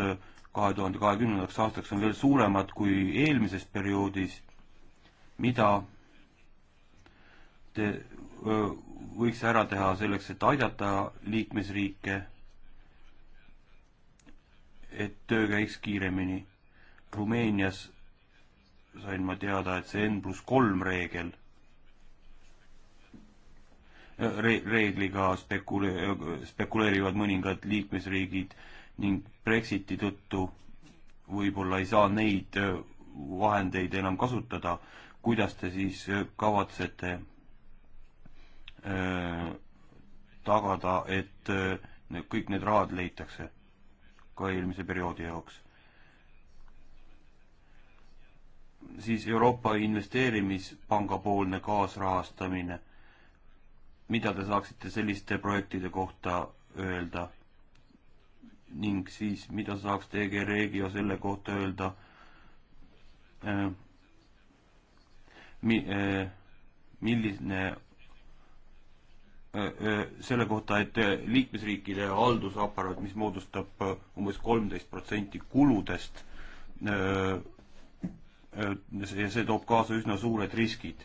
S3: kahe tuhande kahekümnendaks aastaks on veel suuremad kui eelmises perioodis, mida te võiks ära teha selleks, et aidata liikmesriike et töö käiks kiiremini. Rumeenias sain ma teada, et see N pluss kolm reegel äh, re-, reegliga spekule-, spekuleerivad mõningad liikmesriigid ning Brexiti tõttu võib-olla ei saa neid äh, vahendeid enam kasutada, kuidas te siis äh, kavatsete öö, tagada, et öö, kõik need rahad leitakse? ka eelmise perioodi jaoks. siis Euroopa Investeerimispanga poolne kaasrahastamine. mida te saaksite selliste projektide kohta öelda? ning siis, mida saaks TG Regio selle kohta öelda äh,? Mi, äh, milline Äh, äh, selle kohta, et äh, liikmesriikide haldusaparaat, mis moodustab umbes kolmteist protsenti kuludest, ja see toob kaasa üsna suured riskid.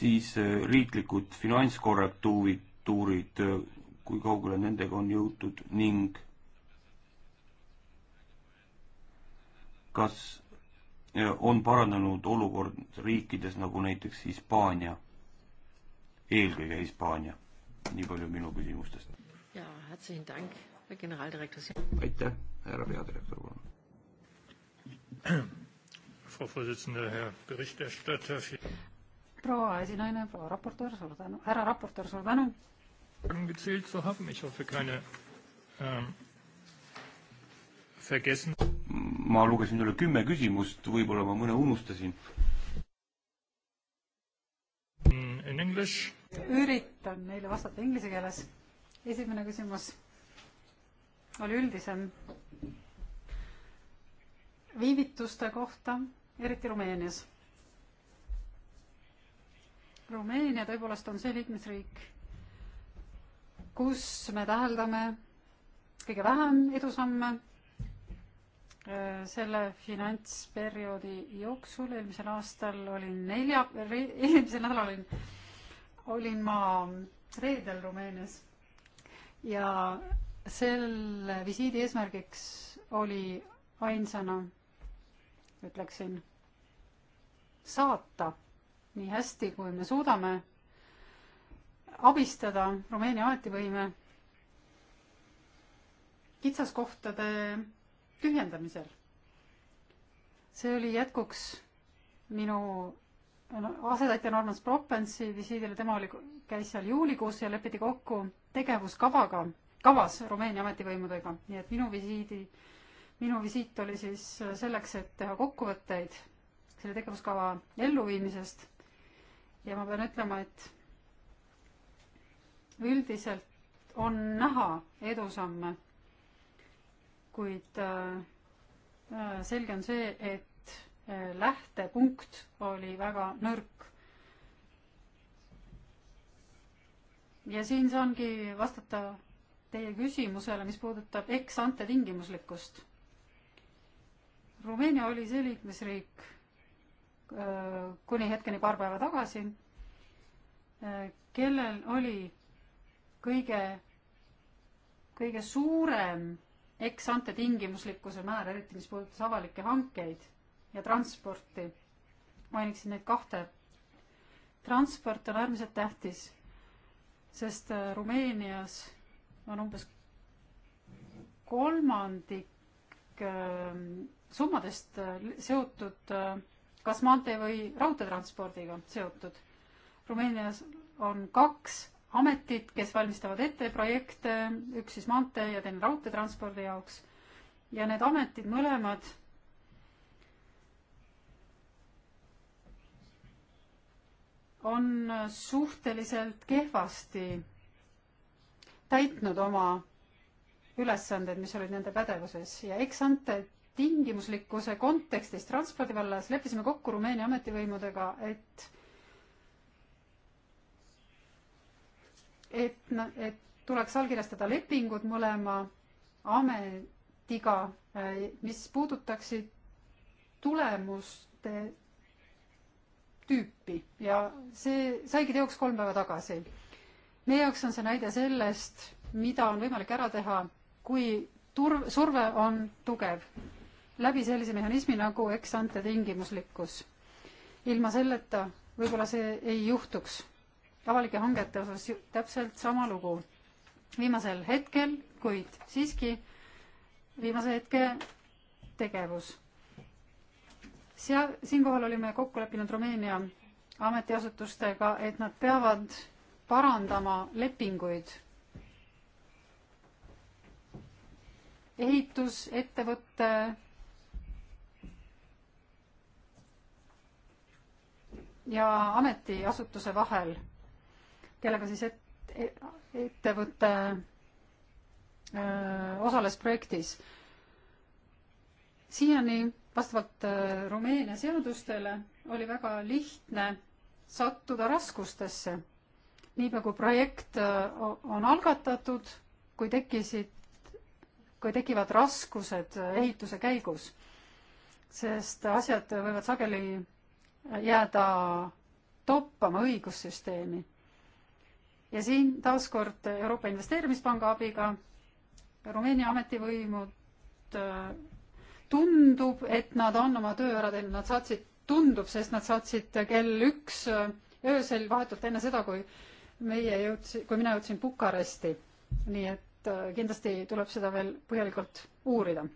S3: siis riiklikud finantskorrektuurid, kui kaugele nendega on jõutud ning kas Äh, on paranenud olukord riikides nagu näiteks Hispaania, eelkõige Hispaania. nii palju minu küsimustest. aitäh, härra peadirektor, palun.
S1: proua esinaine, proua raportöör, suur tänu, härra raportöör, suur tänu
S4: vergessen.
S3: ma lugesin üle kümme küsimust, võib-olla ma mõne unustasin.
S4: In English.
S1: üritan neile vastata inglise keeles. esimene küsimus oli üldisem. viivituste kohta, eriti Rumeenias. Rumeenia tõepoolest on see liikmesriik, kus me täheldame kõige vähem edusamme Äh, selle finantsperioodi jooksul, eelmisel aastal olin nelja, eelmisel nädalal olin, olin ma reedel Rumeenias ja selle visiidi eesmärgiks oli ainsana, ütleksin, saata nii hästi, kui me suudame abistada Rumeenia ametivõime kitsaskohtade tühjendamisel. see oli jätkuks minu asetäitja Norman Propensi visiidile, tema oli, käis seal juulikuus ja lepiti kokku tegevuskavaga, kavas Rumeenia ametivõimudega, nii et minu visiidi, minu visiit oli siis selleks, et teha kokkuvõtteid selle tegevuskava elluviimisest. ja ma pean ütlema, et üldiselt on näha edusamme kuid äh, äh, selge on see, et äh, lähtepunkt oli väga nõrk. ja siin saangi vastata teie küsimusele, mis puudutab ex-ante tingimuslikkust. Rumeenia oli see liikmesriik kuni hetkeni paar päeva tagasi, kellel oli kõige, kõige suurem eks ante tingimuslikkuse määr, eriti mis puudutas avalikke hankeid ja transporti. mainiksin neid kahte. transport on äärmiselt tähtis, sest äh, Rumeenias on umbes kolmandik äh, summadest äh, seotud äh, kas maantee või raudteetranspordiga seotud. Rumeenias on kaks ametid, kes valmistavad ette projekte, üks siis maantee ja teine raudteetranspordi jaoks. ja need ametid mõlemad on suhteliselt kehvasti täitnud oma ülesanded, mis olid nende pädevuses ja eks ante tingimuslikkuse kontekstis transpordi vallas leppisime kokku Rumeenia ametivõimudega, et et, et tuleks allkirjastada lepingud mõlema ametiga, äh, mis puudutaksid tulemuste tüüpi ja see saigi teoks kolm päeva tagasi. meie jaoks on see näide sellest, mida on võimalik ära teha, kui turv, surve on tugev läbi sellise mehhanismi nagu ex-ante tingimuslikkus. ilma selleta võib-olla see ei juhtuks avalike hangete osas täpselt sama lugu. viimasel hetkel, kuid siiski viimase hetke tegevus. seal, siinkohal olime kokku leppinud Rumeenia ametiasutustega, et nad peavad parandama lepinguid ehitusettevõtte ja ametiasutuse vahel kellega siis et, e-, ettevõte osales projektis. siiani vastavalt Rumeenia seadustele oli väga lihtne sattuda raskustesse. niipea nagu kui projekt on algatatud, kui tekkisid, kui tekivad raskused ehituse käigus, sest asjad võivad sageli jääda toppama õigussüsteemi ja siin taaskord Euroopa Investeerimispanga abiga Rumeenia ametivõimud äh, tundub, et nad on oma töö ära teinud, nad saatsid, tundub, sest nad saatsid kell üks äh, öösel vahetult enne seda, kui meie jõudsi-, kui mina jõudsin Bukaresti. nii et äh, kindlasti tuleb seda veel põhjalikult uurida.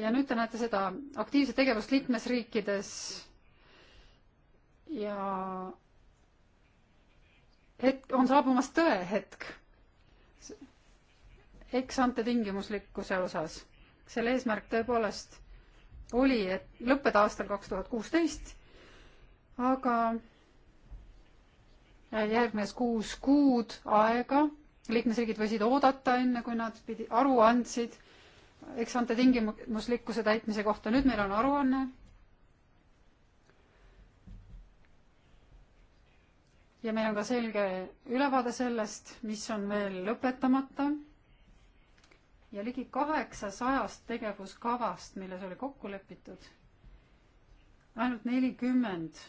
S1: ja nüüd te näete seda aktiivset tegevust liikmesriikides ja hetk, on saabumas tõehetk eksante tingimuslikkuse osas. selle eesmärk tõepoolest oli, et lõppeda aastal kaks tuhat kuusteist, aga järgnes kuus kuud aega, liikmesriigid võisid oodata, enne kui nad pidi, aru andsid eksante tingimuslikkuse täitmise kohta, nüüd meil on aruanne ja meil on ka selge ülevaade sellest, mis on veel lõpetamata ja ligi kaheksasajast tegevuskavast, milles oli kokku lepitud, ainult nelikümmend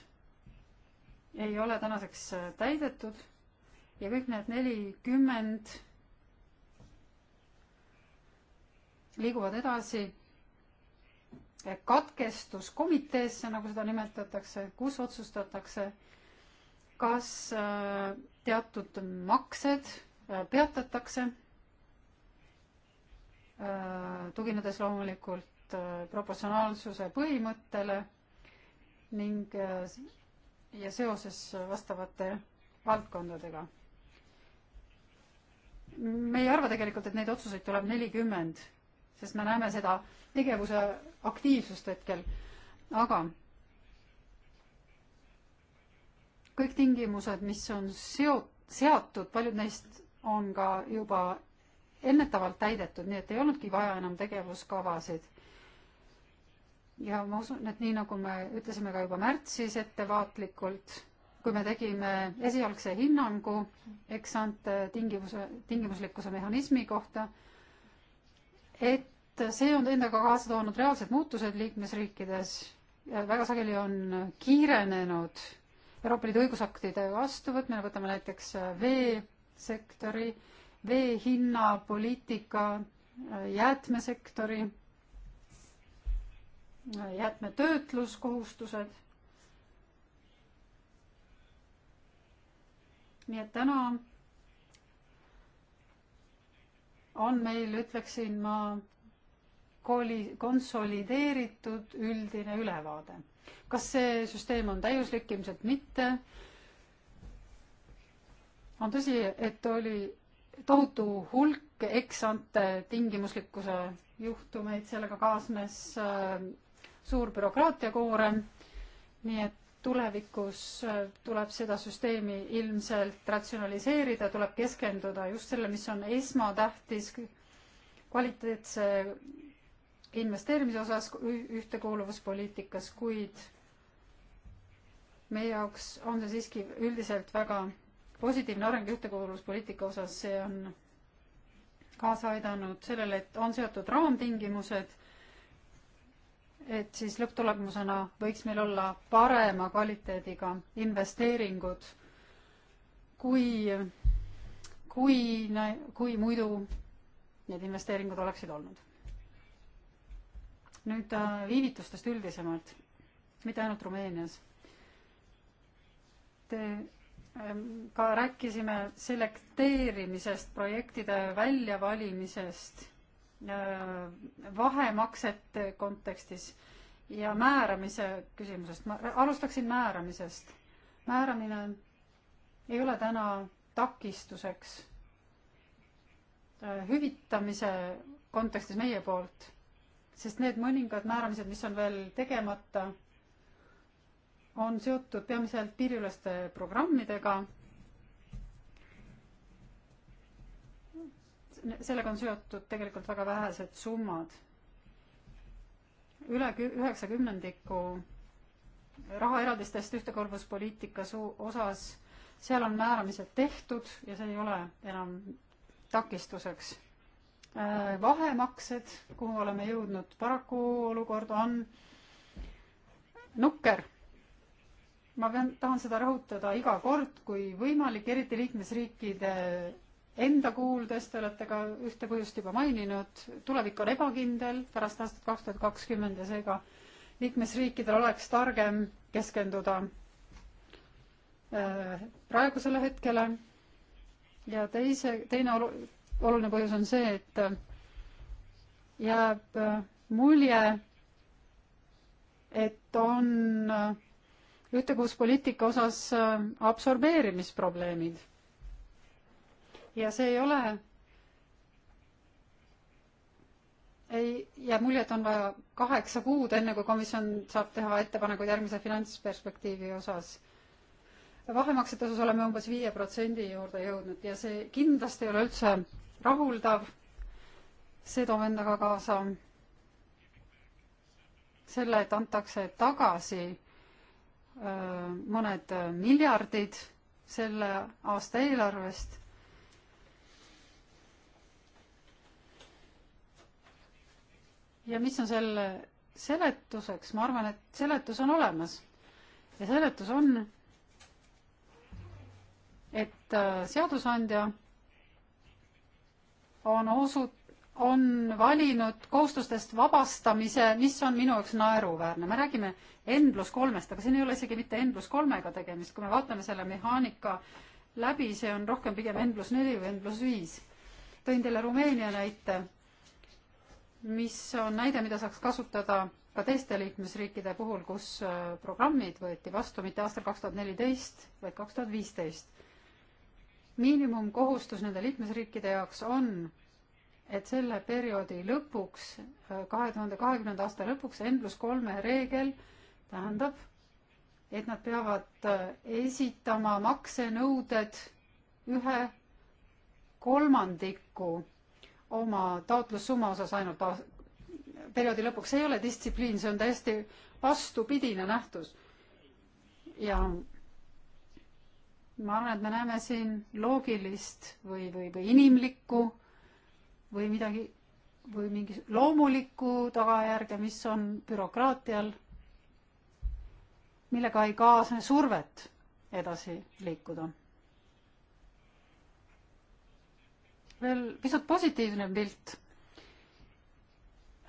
S1: ei ole tänaseks äh, täidetud ja kõik need nelikümmend liiguvad edasi äh, katkestuskomiteesse, nagu seda nimetatakse, kus otsustatakse kas äh, teatud maksed äh, peatatakse, äh, tuginedes loomulikult proportsionaalsuse põhimõttele ning ja seoses vastavate valdkondadega. me ei arva tegelikult, et neid otsuseid tuleb nelikümmend, sest me näeme seda tegevuse aktiivsust hetkel, aga kõik tingimused, mis on seo-, seatud, paljud neist on ka juba ennetavalt täidetud, nii et ei olnudki vaja enam tegevuskavasid. ja ma usun, et nii nagu me ütlesime ka juba märtsis ettevaatlikult, kui me tegime esialgse hinnangu eksante tingimuse, tingimuslikkuse mehhanismi kohta, et see on endaga kaasa toonud reaalsed muutused liikmesriikides ja väga sageli on kiirenenud Euroopa Liidu õigusaktide vastuvõtmine, võtame näiteks äh, veesektori, vee hinnapoliitika, äh, jäätmesektori, äh, jäätmetöötluskohustused. nii et täna on meil, ütleksin ma, koli-, konsolideeritud üldine ülevaade kas see süsteem on täiuslik, ilmselt mitte. on tõsi, et oli tohutu hulk eksante tingimuslikkuse juhtumeid, sellega kaasnes äh, suur bürokraatiakoorem, nii et tulevikus äh, tuleb seda süsteemi ilmselt ratsionaliseerida, tuleb keskenduda just sellele, mis on esmatähtis kvaliteetse investeerimise osas ühtekuuluvuspoliitikas, kuid meie jaoks on see siiski üldiselt väga positiivne areng ühtekuuluvuspoliitika osas, see on kaasa aidanud sellele, et on seatud raamtingimused, et siis lõpptulemusena võiks meil olla parema kvaliteediga investeeringud, kui, kui, kui muidu need investeeringud oleksid olnud nüüd äh, viivitustest üldisemalt, mitte ainult Rumeenias. Te ähm, ka rääkisime selekteerimisest, projektide väljavalimisest, äh, vahemaksete kontekstis ja määramise küsimusest. ma alustaksin määramisest. määramine ei ole täna takistuseks äh, hüvitamise kontekstis meie poolt sest need mõningad määramised, mis on veel tegemata, on seotud peamiselt piiriüleste programmidega. sellega on seotud tegelikult väga vähesed summad üle üheksa kümnendiku
S4: rahaeraldistest
S1: ühtekorralduspoliitika osas, seal on määramised tehtud ja see ei ole enam takistuseks Äh, vahemaksed, kuhu oleme jõudnud, paraku olukord on nukker. ma pean, tahan seda rõhutada iga kord, kui võimalik, eriti liikmesriikide enda kuuldes, te olete ka ühte põhjust juba maininud, tulevik on ebakindel pärast aastat kaks tuhat kakskümmend ja seega liikmesriikidel oleks targem keskenduda äh, praegusele hetkele ja teise, teine olu-, oluline põhjus on see, et jääb mulje, et on ühtekuuspoliitika osas absorbeerimisprobleemid. ja see ei ole, ei, jääb mulje, et on vaja kaheksa kuud, enne kui komisjon saab teha ettepanekuid järgmise finantsperspektiivi osas vahemaksete osas oleme umbes viie protsendi juurde jõudnud ja see kindlasti ei ole üldse rahuldav, see toob endaga kaasa selle, et antakse tagasi mõned miljardid selle aasta eelarvest. ja mis on selle seletuseks, ma arvan, et seletus on olemas ja seletus on, et seadusandja on osu-, on valinud kohustustest vabastamise, mis on minu jaoks naeruväärne. me räägime N pluss kolmest, aga siin ei ole isegi mitte N pluss kolmega tegemist, kui me vaatame selle mehaanika läbi, see on rohkem pigem N pluss neli või N pluss viis. tõin teile Rumeenia näite, mis on näide, mida saaks kasutada ka teiste liikmesriikide puhul, kus äh, programmid võeti vastu mitte aastal kaks tuhat neliteist, vaid kaks tuhat viisteist miinimumkohustus nende liikmesriikide jaoks on, et selle perioodi lõpuks, kahe tuhande kahekümnenda aasta lõpuks, N pluss kolme reegel tähendab, et nad peavad äh, esitama maksenõuded ühe kolmandiku oma taotlussumma osas ainult perioodi lõpuks, see ei ole distsipliin, see on täiesti vastupidine nähtus. ja ma arvan, et me näeme siin loogilist või, või, või inimlikku või midagi või mingi loomulikku tagajärge, mis on bürokraatial, millega ei kaasne survet edasi liikuda. veel pisut positiivne pilt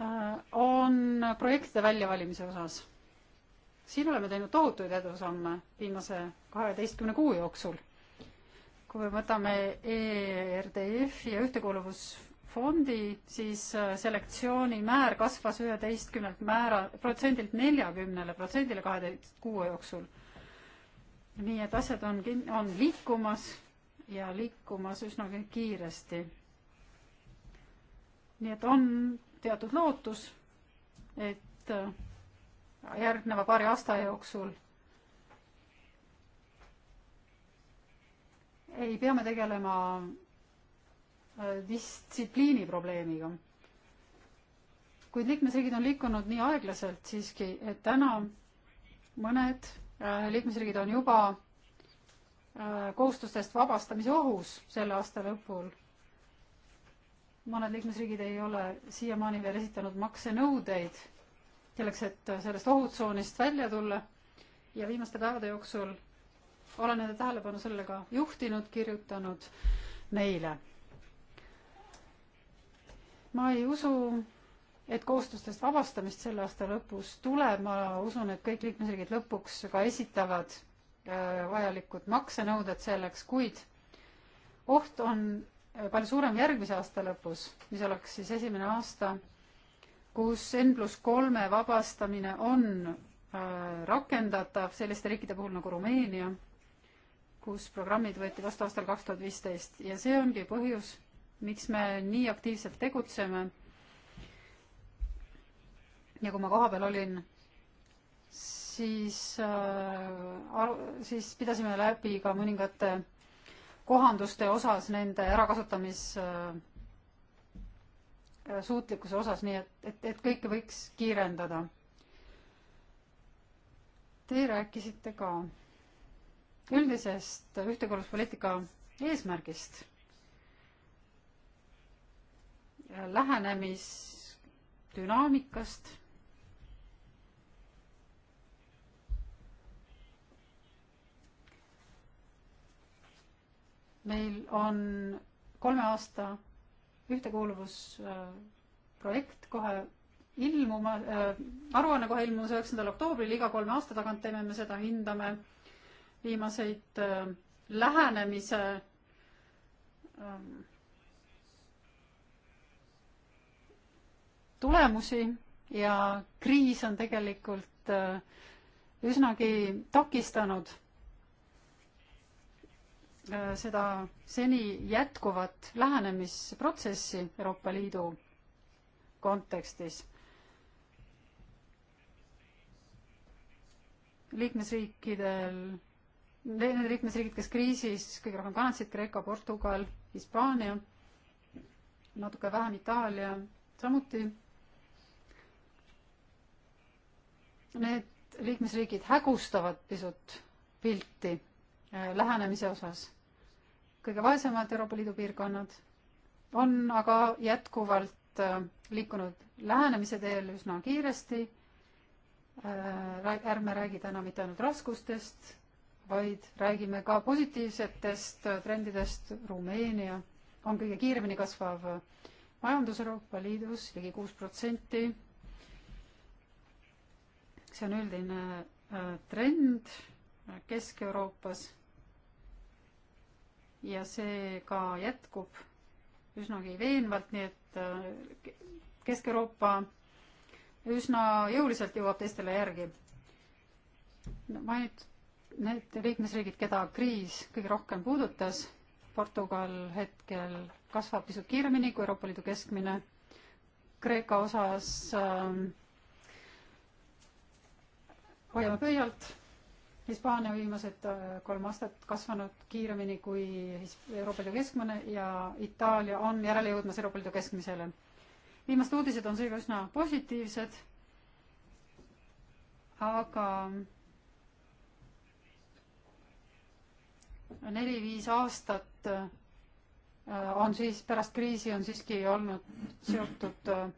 S1: äh, on projektide väljavalimise osas siin oleme teinud tohutuid edusamme viimase kaheteistkümne kuu jooksul. kui võtame ERDF-i ja Ühtekuuluvusfondi, siis äh, selektsiooni määr kasvas üheteistkümnelt määra, protsendilt neljakümnele protsendile kaheteist kuu jooksul. nii et asjad on, on liikumas ja liikumas üsnagi kiiresti. nii et on teatud lootus, et äh, järgneva paari aasta jooksul. ei pea me tegelema äh, distsipliini probleemiga. kuid liikmesriigid on liikunud nii aeglaselt siiski, et täna mõned äh, liikmesriigid on juba äh, kohustustest vabastamise ohus selle aasta lõpul. mõned liikmesriigid ei ole siiamaani veel esitanud maksenõudeid selleks, et sellest ohutsoonist välja tulla ja viimaste päevade jooksul olen nende tähelepanu sellega juhtinud, kirjutanud neile. ma ei usu, et kohustustest vabastamist selle aasta lõpus tuleb, ma usun, et kõik liikmesriigid lõpuks ka esitavad äh, vajalikud maksenõuded selleks, kuid oht on palju suurem järgmise aasta lõpus, mis oleks siis esimene aasta, kus N pluss kolme vabastamine on äh, rakendatav selliste riikide puhul nagu Rumeenia, kus programmid võeti vastu aastal kaks tuhat viisteist ja see ongi põhjus, miks me nii aktiivselt tegutseme. ja kui ma kohapeal olin, siis äh,, siis pidasime läbi ka mõningate kohanduste osas nende ärakasutamis äh, Äh, suutlikkuse osas, nii et, et, et kõike võiks kiirendada. Te rääkisite ka üldisest ühtekorralduspoliitika eesmärgist. lähenemisdünaamikast. meil on kolme aasta ühtekuuluvusprojekt kohe ilmuma äh,, aruanne kohe ilmus üheksandal oktoobril, iga kolme aasta tagant teeme me seda, hindame viimaseid äh, lähenemise äh, tulemusi ja kriis on tegelikult äh, üsnagi takistanud Äh, seda seni jätkuvat lähenemisprotsessi Euroopa Liidu kontekstis. liikmesriikidel, need liikmesriigid, kes kriisis kõige rohkem kannatasid, Kreeka, Portugal, Hispaania, natuke vähem Itaalia, samuti need liikmesriigid hägustavad pisut pilti Äh, lähenemise osas. kõige vaesemad Euroopa Liidu piirkonnad on aga jätkuvalt äh, liikunud lähenemise teel üsna kiiresti. Äh, ärme räägi täna mitte ainult raskustest, vaid räägime ka positiivsetest trendidest. Rumeenia on kõige kiiremini kasvav majandus Euroopa Liidus, ligi kuus protsenti. see on üldine trend Kesk-Euroopas ja see ka jätkub üsnagi veenvalt, nii et äh, Kesk-Euroopa üsna jõuliselt jõuab teistele järgi. mainid need liikmesriigid, keda kriis kõige rohkem puudutas, Portugal hetkel kasvab pisut kiiremini kui Euroopa Liidu keskmine, Kreeka osas äh, hoiame pöialt Hispaania viimased äh, kolm aastat kasvanud kiiremini kui Euroopa Liidu keskmine ja Itaalia on järele jõudmas Euroopa Liidu keskmisele. viimased uudised on seega üsna positiivsed, aga neli-viis aastat äh, on siis pärast kriisi on siiski olnud seotud äh,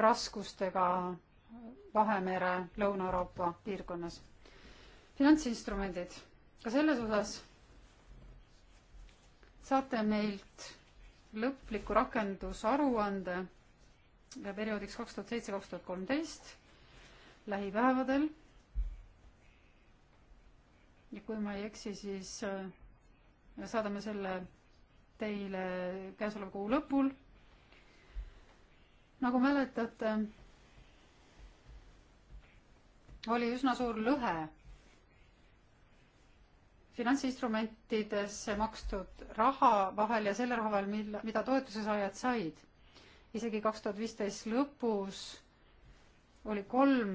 S1: raskustega Vahemere Lõuna-Euroopa piirkonnas finantsinstrumendid, ka selles osas saate meilt lõpliku rakendusaruande ja perioodiks kaks tuhat seitse, kaks tuhat kolmteist lähipäevadel. ja kui ma ei eksi, siis äh, saadame selle teile käesoleva kuu lõpul. nagu mäletate, oli üsna suur lõhe finantsinstrumentidesse makstud raha vahel ja selle raha vahel, mille, mida toetuse saajad said. isegi kaks tuhat viisteist lõpus oli kolm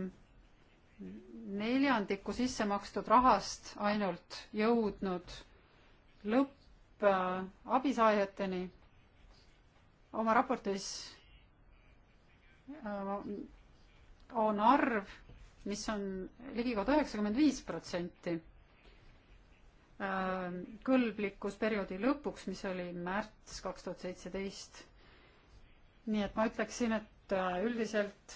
S1: neljandikku sisse makstud rahast ainult jõudnud lõpp abisaajateni. oma raportis äh, on arv, mis on ligikaudu üheksakümmend viis protsenti Ähm, kõlblikkusperioodi lõpuks, mis oli märts kaks tuhat seitseteist. nii et ma ütleksin, et äh, üldiselt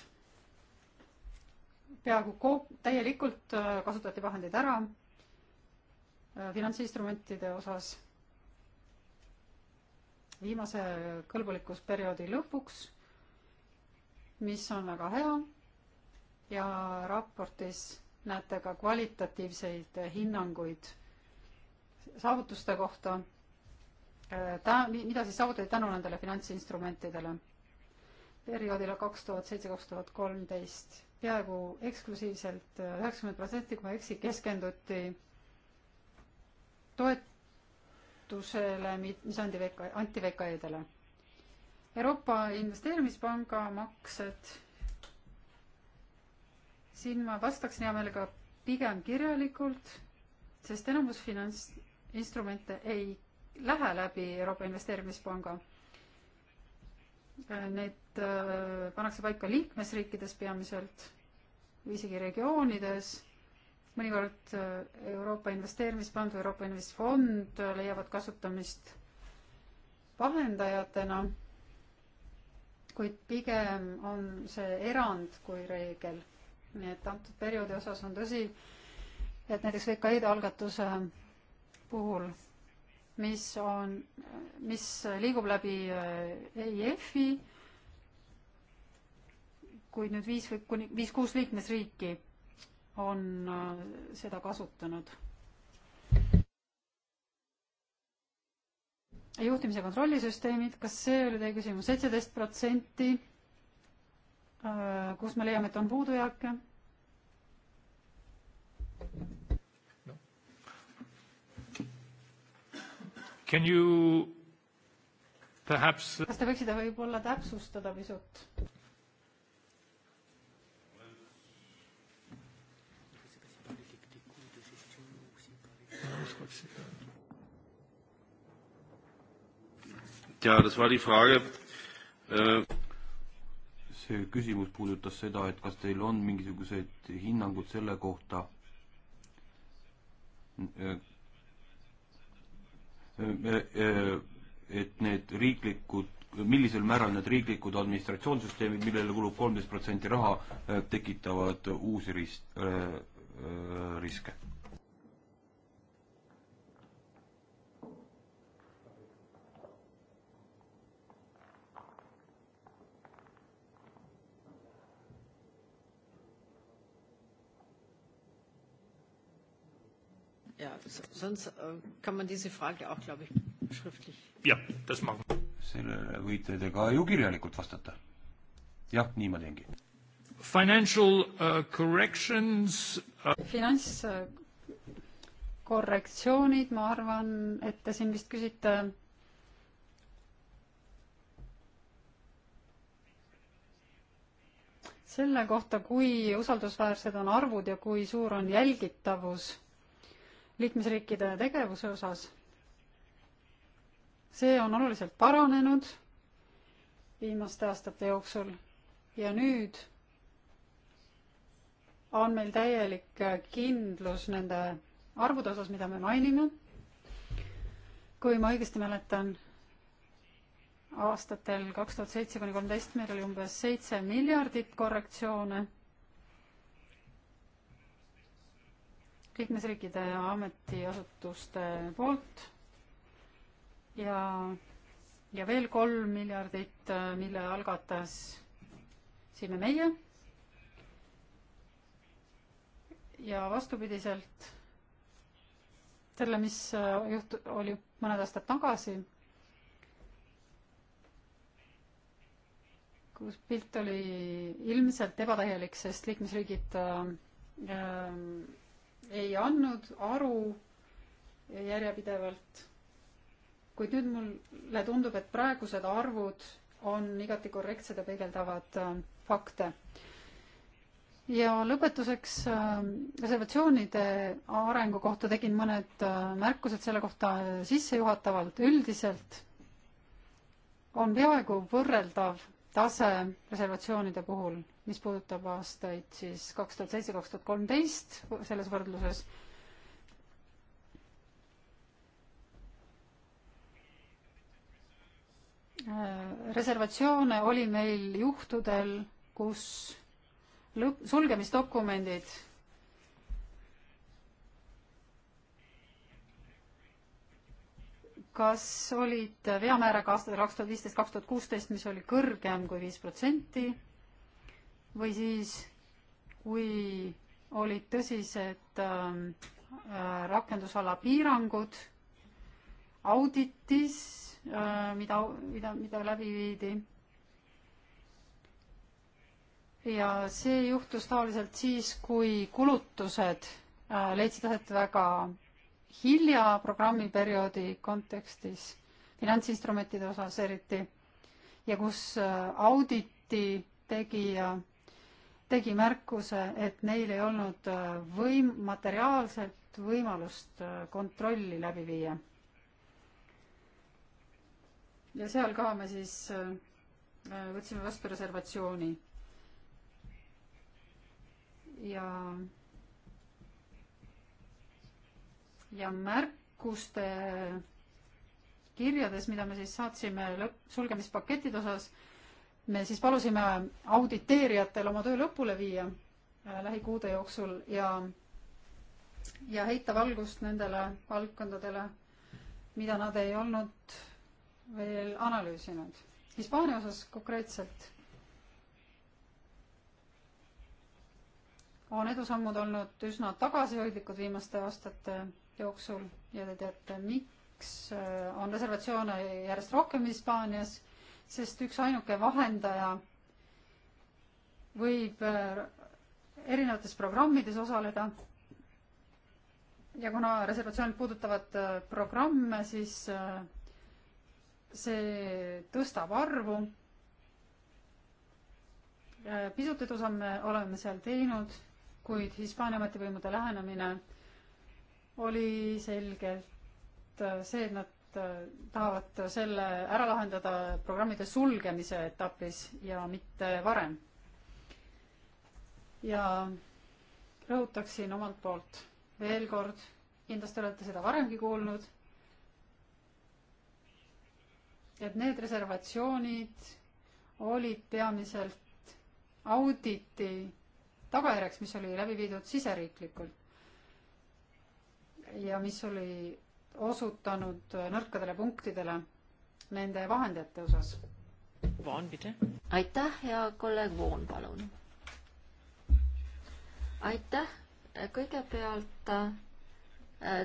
S1: peaaegu ko-, täielikult äh, kasutati vahendeid ära äh, finantsinstrumentide osas viimase kõlbulikkusperioodi lõpuks, mis on väga hea ja raportis näete ka kvalitatiivseid hinnanguid saavutuste kohta, äh, ta-, mida siis saavutati tänu nendele finantsinstrumentidele perioodil kaks tuhat seitse, kaks tuhat kolmteist. peaaegu eksklusiivselt äh, üheksakümmend protsenti, kui ma ei eksi, keskenduti toetusele, mis andi VK, anti VKE-dele. Euroopa Investeerimispanga maksed, siin ma vastaksin hea meelega pigem kirjalikult, sest enamus finants, instrumente ei lähe läbi Euroopa Investeerimispanga. Need äh, pannakse paika liikmesriikides peamiselt või isegi regioonides, mõnikord äh, Euroopa Investeerimispank või Euroopa Investfond äh, leiavad kasutamist vahendajatena, kuid pigem on see erand kui reegel. nii et antud perioodi osas on tõsi, et näiteks VKI-de algatuse puhul, mis on, mis liigub läbi äh, EIF-i, kuid nüüd viis või kuni viis-kuus liikmesriiki on äh, seda kasutanud. juhtimise kontrollisüsteemid, kas see oli teie küsimus, seitseteist protsenti, äh, kus me leiame, et on puudujääke
S2: Can you perhaps uh, kas te
S1: võiksite võib-olla täpsustada pisut?
S3: ja das war die Frage äh.... see küsimus puudutas seda, et kas teil on mingisugused hinnangud selle kohta, äh, Äh, äh, et need riiklikud, millisel määral need riiklikud administratsioonsüsteemid, millele kulub kolmteist protsenti raha, äh, tekitavad uusi ris-, riske
S1: Ja, sonst äh, kann man diese Frage auch, glaube ich, schriftlich.
S3: jah, das ma. sellele võite te ka ju kirjalikult vastata. jah, nii ma teengi. Financial uh, corrections uh....
S1: finantskorrektsioonid, ma arvan, et te siin vist küsite selle kohta, kui usaldusväärsed on arvud ja kui suur on jälgitavus liikmesriikide tegevuse osas. see on oluliselt paranenud viimaste aastate jooksul ja nüüd on meil täielik kindlus nende arvude osas, mida me mainime. kui ma õigesti mäletan, aastatel kaks tuhat seitse kuni kolmteist meil oli umbes seitse miljardit korrektsioone liikmesriikide ametiasutuste poolt ja, ja veel kolm miljardit, äh, mille algatas siin meie ja vastupidiselt selle, mis äh, juht-, oli mõned aastad tagasi, kus pilt oli ilmselt ebatäielik, sest liikmesriigid äh, äh ei andnud aru järjepidevalt. kuid nüüd mulle tundub, et praegused arvud on igati korrektsed ja peegeldavad äh, fakte. ja lõpetuseks äh, reservatsioonide arengu kohta tegin mõned äh, märkused selle kohta sissejuhatavalt. üldiselt on peaaegu võrreldav tase reservatsioonide puhul mis puudutab aastaid siis kaks tuhat seitse, kaks tuhat kolmteist selles võrdluses. Äh, reservatsioone oli meil juhtudel, kus lõpp, sulgemisdokumendid kas olid veamääraga aastatel kaks tuhat viisteist, kaks tuhat kuusteist, mis oli kõrgem kui viis protsenti või siis, kui olid tõsised ähm, äh, rakendusala piirangud auditis, äh, mida, mida, mida läbi viidi. ja see juhtus tavaliselt siis, kui kulutused äh, leidsid aset väga hilja programmiperioodi kontekstis, finantsinstrumentide osas eriti, ja kus auditi tegija tegi märkuse, et neil ei olnud äh, võim-, materiaalset võimalust äh, kontrolli läbi viia. ja seal ka me siis äh, võtsime vastu reservatsiooni. ja ja märkuste kirjades, mida me siis saatsime lõpp, sulgemispakettide osas, me siis palusime auditeerijatel oma töö lõpule viia äh, lähikuude jooksul ja, ja heita valgust nendele valdkondadele, mida nad ei olnud veel analüüsinud. Hispaania osas konkreetselt on edusammud olnud üsna tagasihoidlikud viimaste aastate jooksul ja te teate, miks äh, on reservatsioone järjest rohkem Hispaanias sest üksainuke vahendaja võib äh, erinevates programmides osaleda. ja kuna reservatsioonid puudutavad äh, programme, siis äh, see tõstab arvu. pisut edu samme oleme seal teinud, kuid Hispaania ametivõimude lähenemine oli selgelt see, et nad Äh, tahavad selle ära lahendada programmide sulgemise etapis ja mitte varem. ja rõhutaksin omalt poolt veel kord, kindlasti olete seda varemgi kuulnud, et need reservatsioonid olid peamiselt auditi tagajärjeks, mis oli läbi viidud siseriiklikult ja mis oli osutanud nõrkadele punktidele nende vahendajate osas. aitäh, hea kolleeg Voon, palun.
S5: aitäh, kõigepealt äh,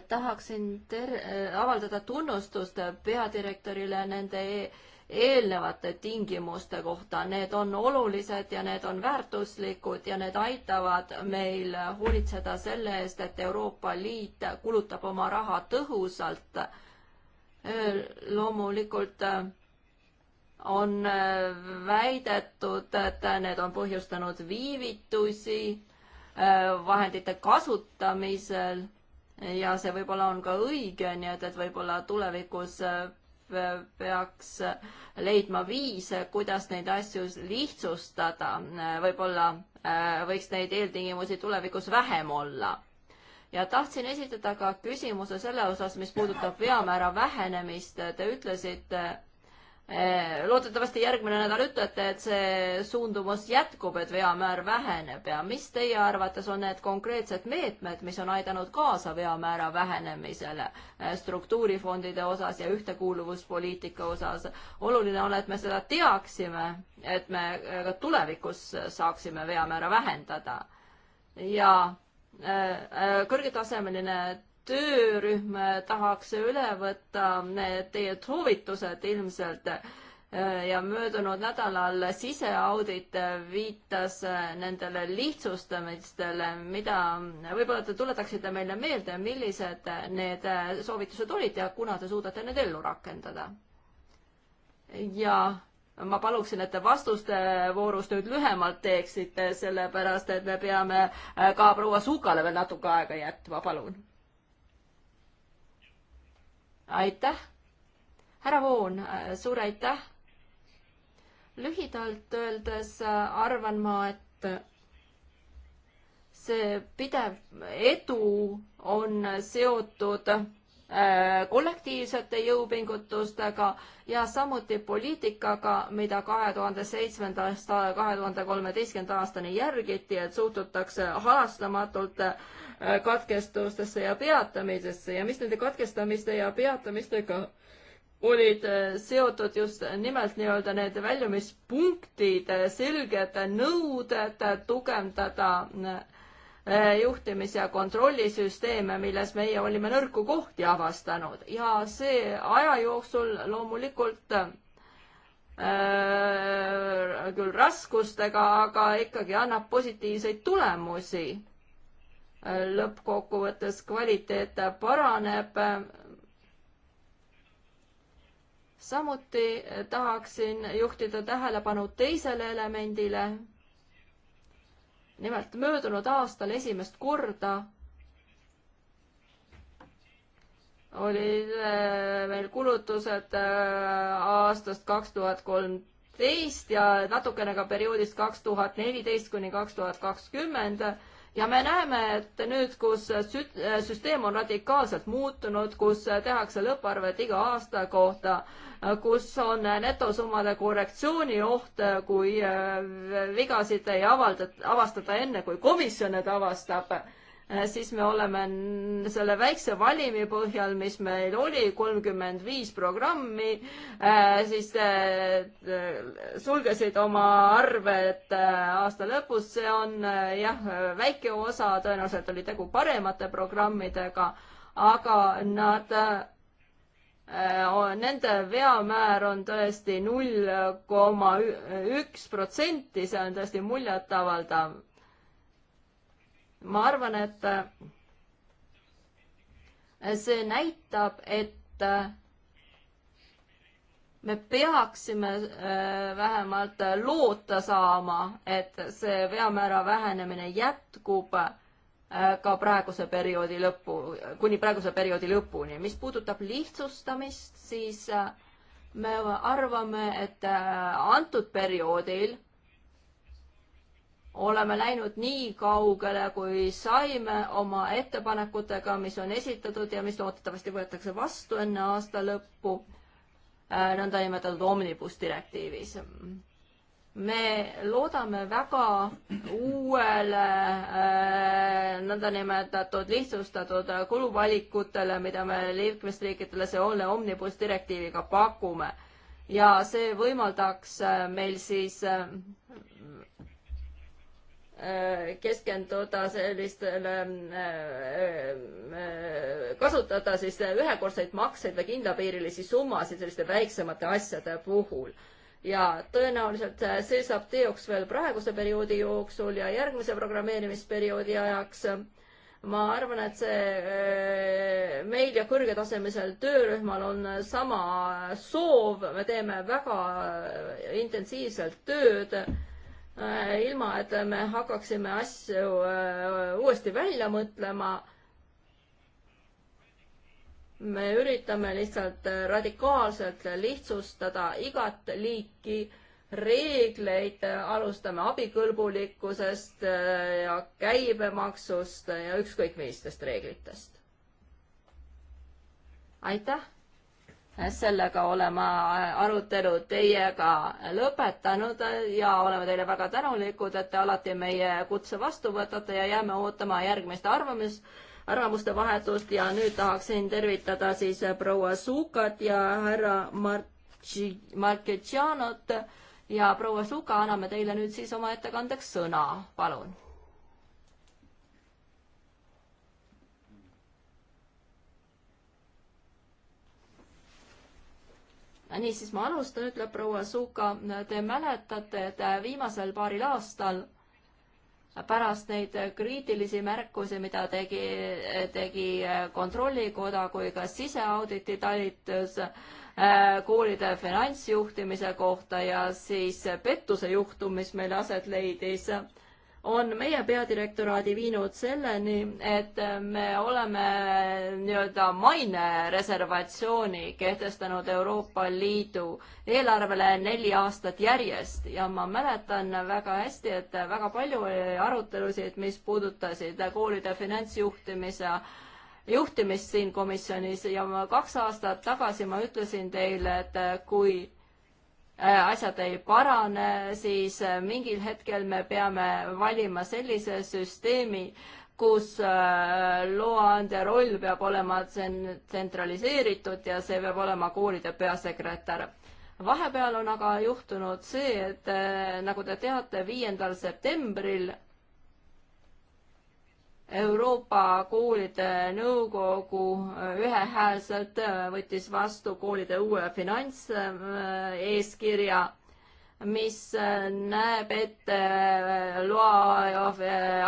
S5: tahaksin ter-, äh, avaldada tunnustust peadirektorile nende e eelnevate tingimuste kohta. Need on olulised ja need on väärtuslikud ja need aitavad meil hoolitseda selle eest, et Euroopa Liit kulutab oma raha tõhusalt. loomulikult on väidetud, et need on põhjustanud viivitusi vahendite kasutamisel ja see võib-olla on ka õige, nii et, et võib-olla tulevikus peaks leidma viise, kuidas neid asju lihtsustada. võib-olla äh, võiks neid eeltingimusi tulevikus vähem olla. ja tahtsin esitada ka küsimuse selle osas, mis puudutab veamäära vähenemist. Te ütlesite, Eh, loodetavasti järgmine nädal ütlete, et see suundumus jätkub, et veamäär väheneb ja mis teie arvates on need konkreetsed meetmed, mis on aidanud kaasa veamäära vähenemisele eh, struktuurifondide osas ja ühtekuuluvuspoliitika osas? oluline on, et me seda teaksime, et me eh, ka tulevikus saaksime veamäära vähendada ja kõrgetasemeline töörühm tahaks üle võtta need teie soovitused ilmselt ja möödunud nädalal siseaudit viitas nendele lihtsustamistele, mida, võib-olla te tuletaksite meile meelde, millised need soovitused olid ja kuna te suudate need ellu rakendada? ja ma paluksin, et te vastuste voorus nüüd lühemalt teeksite, sellepärast et me peame ka proua Sukale veel natuke aega jätma, palun aitäh, härra Voon, äh, suur aitäh. lühidalt öeldes äh, arvan ma, et see pidev edu on seotud äh, kollektiivsete jõupingutustega ja samuti poliitikaga, mida kahe tuhande seitsmendast kahe tuhande kolmeteistkümnenda aastani järgiti, et suhtutakse halastamatult Äh, katkestustesse ja peatamisesse ja mis nende katkestamiste ja peatamistega olid äh, seotud just nimelt nii-öelda need väljumispunktid, äh, selged nõuded tugevdada juhtimis- ja kontrollisüsteeme, milles meie olime nõrku kohti avastanud ja see aja jooksul loomulikult äh, küll raskustega, aga ikkagi annab positiivseid tulemusi lõppkokkuvõttes kvaliteet paraneb. samuti tahaksin juhtida tähelepanu teisele elemendile. nimelt möödunud aastal esimest korda olid äh, meil kulutused äh, aastast kaks tuhat kolmteist ja natukene ka perioodist kaks tuhat neliteist kuni kaks tuhat kakskümmend ja me näeme, et nüüd, kus süt-, süsteem on radikaalselt muutunud, kus tehakse lõpparved iga aasta kohta, kus on netosummade korrektsiooni oht, kui äh, vigasid ei avaldata, avastata enne, kui komisjon need avastab Äh, siis me oleme selle väikse valimi põhjal, mis meil oli, kolmkümmend viis programmi, äh, siis äh, sulgesid oma arved aasta lõpus, see on jah, väike osa, tõenäoliselt oli tegu paremate programmidega, aga nad Nende veamäär on tõesti null koma üks protsenti, see on tõesti muljetavaldav ma arvan, et äh, see näitab, et äh, me peaksime äh, vähemalt loota saama, et see veamäära vähenemine jätkub ka praeguse perioodi lõppu, kuni praeguse perioodi lõpuni. mis puudutab lihtsustamist, siis me arvame, et antud perioodil oleme läinud nii kaugele, kui saime oma ettepanekutega, mis on esitatud ja mis loodetavasti võetakse vastu enne aasta lõppu äh, nõndanimetatud omnibus direktiivis. me loodame väga uuele äh, nõndanimetatud lihtsustatud kuluvalikutele, mida me liikmesriikidele selle omnibus direktiiviga pakume ja see võimaldaks äh, meil siis keskenduda sellistele, äh, äh, äh, kasutada siis ühekordseid makseid või kindlapiirilisi summasid selliste väiksemate asjade puhul. ja tõenäoliselt see saab teoks veel praeguse perioodi jooksul ja järgmise programmeerimisperioodi ajaks. ma arvan, et see meil ja kõrgetasemelisel töörühmal on sama soov, me teeme väga intensiivselt tööd Äh, ilma et me hakkaksime asju äh, uuesti välja mõtlema. me üritame lihtsalt äh, radikaalselt lihtsustada igat liiki reegleid, alustame abikõlbulikkusest ja käibemaksust ja ükskõik millistest reeglitest. aitäh sellega olema arutelu teiega lõpetanud ja oleme teile väga tänulikud, et te alati meie kutse vastu võtate ja jääme ootama järgmist arvamus, arvamuste vahetust ja nüüd tahaksin tervitada siis proua Sukat ja härra Martši-, Marketšanot ja proua Suka, anname teile nüüd siis oma ettekandeks sõna, palun Äh, niisiis, ma alustan, ütleb proua Suka, te mäletate, et äh, viimasel paaril aastal äh, pärast neid kriitilisi märkusi, mida tegi, tegi Kontrollikoda kui ka siseauditi talitus koolide finantsjuhtimise kohta ja siis pettuse juhtum, mis meil aset leidis on meie peadirektoraadi viinud selleni, et me oleme nii-öelda mainereservatsiooni kehtestanud Euroopa Liidu eelarvele neli aastat järjest ja ma mäletan väga hästi, et väga palju oli arutelusid, mis puudutasid koolide finantsjuhtimise juhtimist siin komisjonis ja ma kaks aastat tagasi ma ütlesin teile, et kui Äh, asjad ei parane, siis äh, mingil hetkel me peame valima sellise süsteemi, kus äh, loaandja roll peab olema tsentraliseeritud ja see peab olema koolide peasekretär. vahepeal on aga juhtunud see, et nagu te teate, viiendal septembril Euroopa koolide nõukogu ühehäälselt võttis vastu koolide uue finantseeskirja, mis näeb ette loa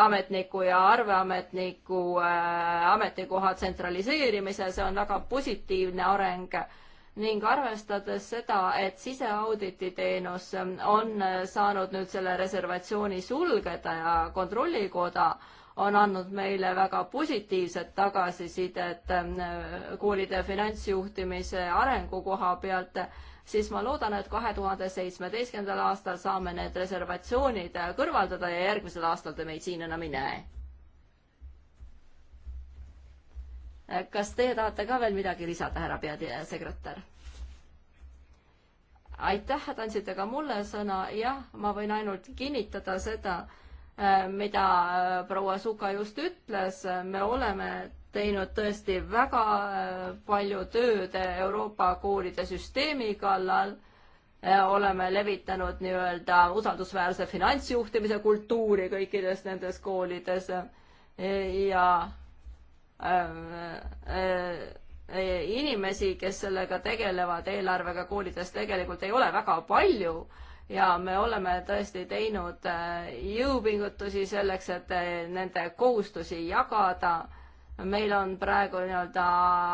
S5: ametniku ja arveametniku äh, ametikoha tsentraliseerimise, see on väga positiivne areng ning arvestades seda, et siseauditi teenus on saanud nüüd selle reservatsiooni sulgeda ja kontrollikoda on andnud meile väga positiivset tagasisidet ähm, koolide finantsjuhtimise arengu koha pealt, siis ma loodan, et kahe tuhande seitsmeteistkümnendal aastal saame need reservatsioonid kõrvaldada ja järgmisel aastal te meid siin enam ei näe. kas teie tahate ka veel midagi lisada, härra peasekretär? aitäh, et andsite ka mulle sõna, jah, ma võin ainult kinnitada seda, Äh, mida äh, proua Suka just ütles, äh, me oleme teinud tõesti väga palju tööd Euroopa koolide süsteemi kallal, oleme levitanud nii-öelda usaldusväärse finantsjuhtimise kultuuri kõikides nendes koolides ja inimesi, kes sellega tegelevad, eelarvega koolides tegelikult ei ole väga palju ja me oleme tõesti teinud äh, jõupingutusi selleks, et äh, nende kohustusi jagada. meil on praegu nii-öelda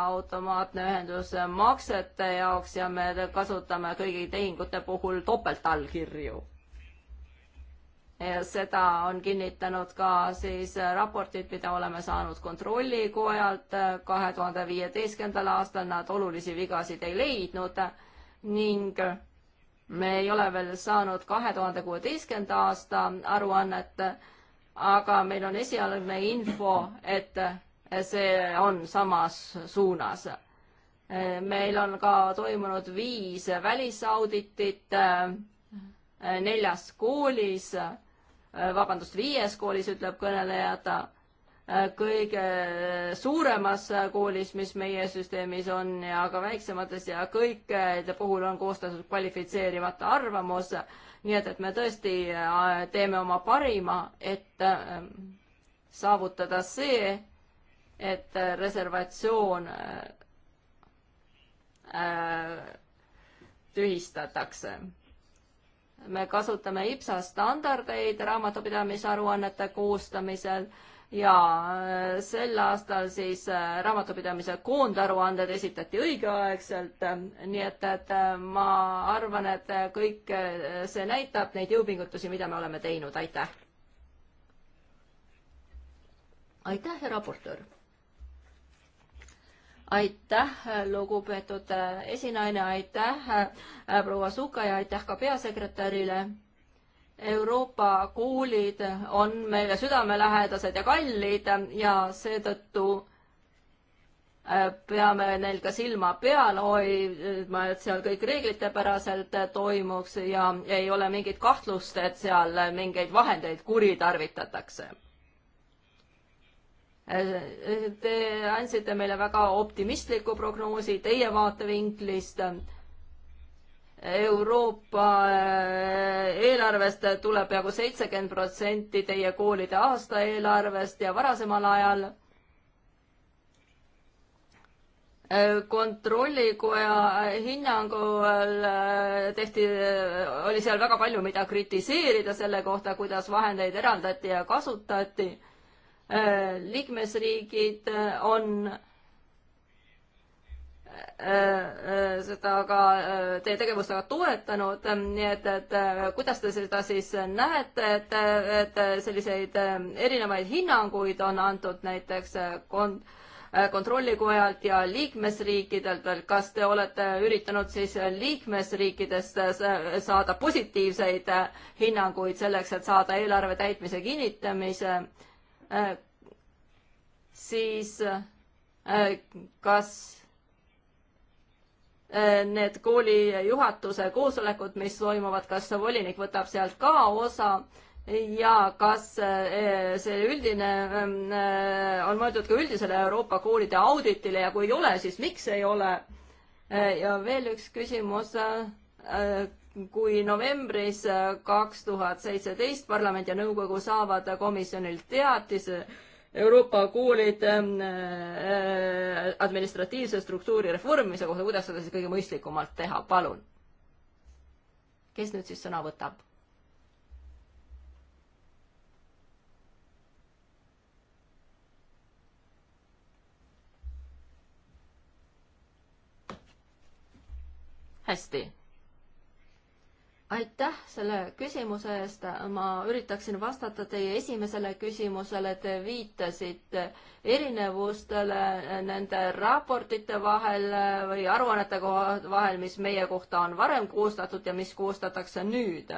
S5: automaatne ühendus maksete jaoks ja me kasutame kõigi tehingute puhul topeltallkirju. ja seda on kinnitanud ka siis raportid, mida oleme saanud Kontrollikojalt äh, kahe tuhande viieteistkümnendal aastal, nad olulisi vigasid ei leidnud ning me ei ole veel saanud kahe tuhande kuueteistkümnenda aasta aruannet, aga meil on esialgne info, et see on samas suunas. meil on ka toimunud viis välisauditit neljas koolis, vabandust, viies koolis, ütleb kõnelejad Äh, kõige suuremas koolis, mis meie süsteemis on ja ka väiksemates ja kõikide puhul on koostatud kvalifitseerimata arvamus. nii et, et me tõesti äh, teeme oma parima, et äh, saavutada see, et reservatsioon tühistatakse me kasutame IPSA standardeid raamatupidamisaruannete koostamisel ja äh, sel aastal siis äh, raamatupidamise koondaruanded esitati õigeaegselt, äh, nii et, et ma arvan, et kõik see näitab neid jõupingutusi, mida me oleme teinud, aitäh! aitäh, raportöör! aitäh, lugupeetud esinaine, aitäh proua Suka ja aitäh ka peasekretärile Euroopa koolid on meile südamelähedased ja kallid ja seetõttu äh, peame neil ka silma peal hoidma, et seal kõik reeglitepäraselt toimuks ja ei ole mingit kahtlust, et seal mingeid vahendeid kuritarvitatakse. Äh, äh, te andsite meile väga optimistliku prognoosi teie vaatevinklist Euroopa äh, eelarvest tuleb peaaegu seitsekümmend protsenti teie koolide aastaeelarvest ja varasemal ajal äh, kontrollikoja hinnangul äh, tehti, oli seal väga palju, mida kritiseerida selle kohta, kuidas vahendeid eraldati ja kasutati. liikmesriigid on Äh, äh, seda ka, äh, teie tegevust aga toetanud, nii et, et kuidas te seda siis näete, et, et selliseid erinevaid hinnanguid on antud näiteks kon-, kontrollikojalt ja liikmesriikidelt veel, kas te olete üritanud siis liikmesriikidest saada positiivseid hinnanguid selleks, et saada eelarve täitmise kinnitamise, siis kas Äh, need kooli juhatuse koosolekud, mis toimuvad, kas volinik võtab sealt ka osa ja kas äh, see üldine äh, on mõeldud ka üldisele Euroopa koolide auditile ja kui ei ole, siis miks ei ole? ja veel üks küsimus. kui novembris kaks tuhat seitseteist parlament ja nõukogu saavad komisjonilt teatise Euroopa koolid ähm, äh, administratiivse struktuuri reformimise kohta, kuidas seda siis kõige mõistlikumalt teha, palun. kes nüüd siis sõna võtab? hästi aitäh selle küsimuse eest, ma üritaksin vastata teie esimesele küsimusele, te viitasite erinevustele nende raportite vahel või aruannete vahel, mis meie kohta on varem koostatud ja mis koostatakse nüüd.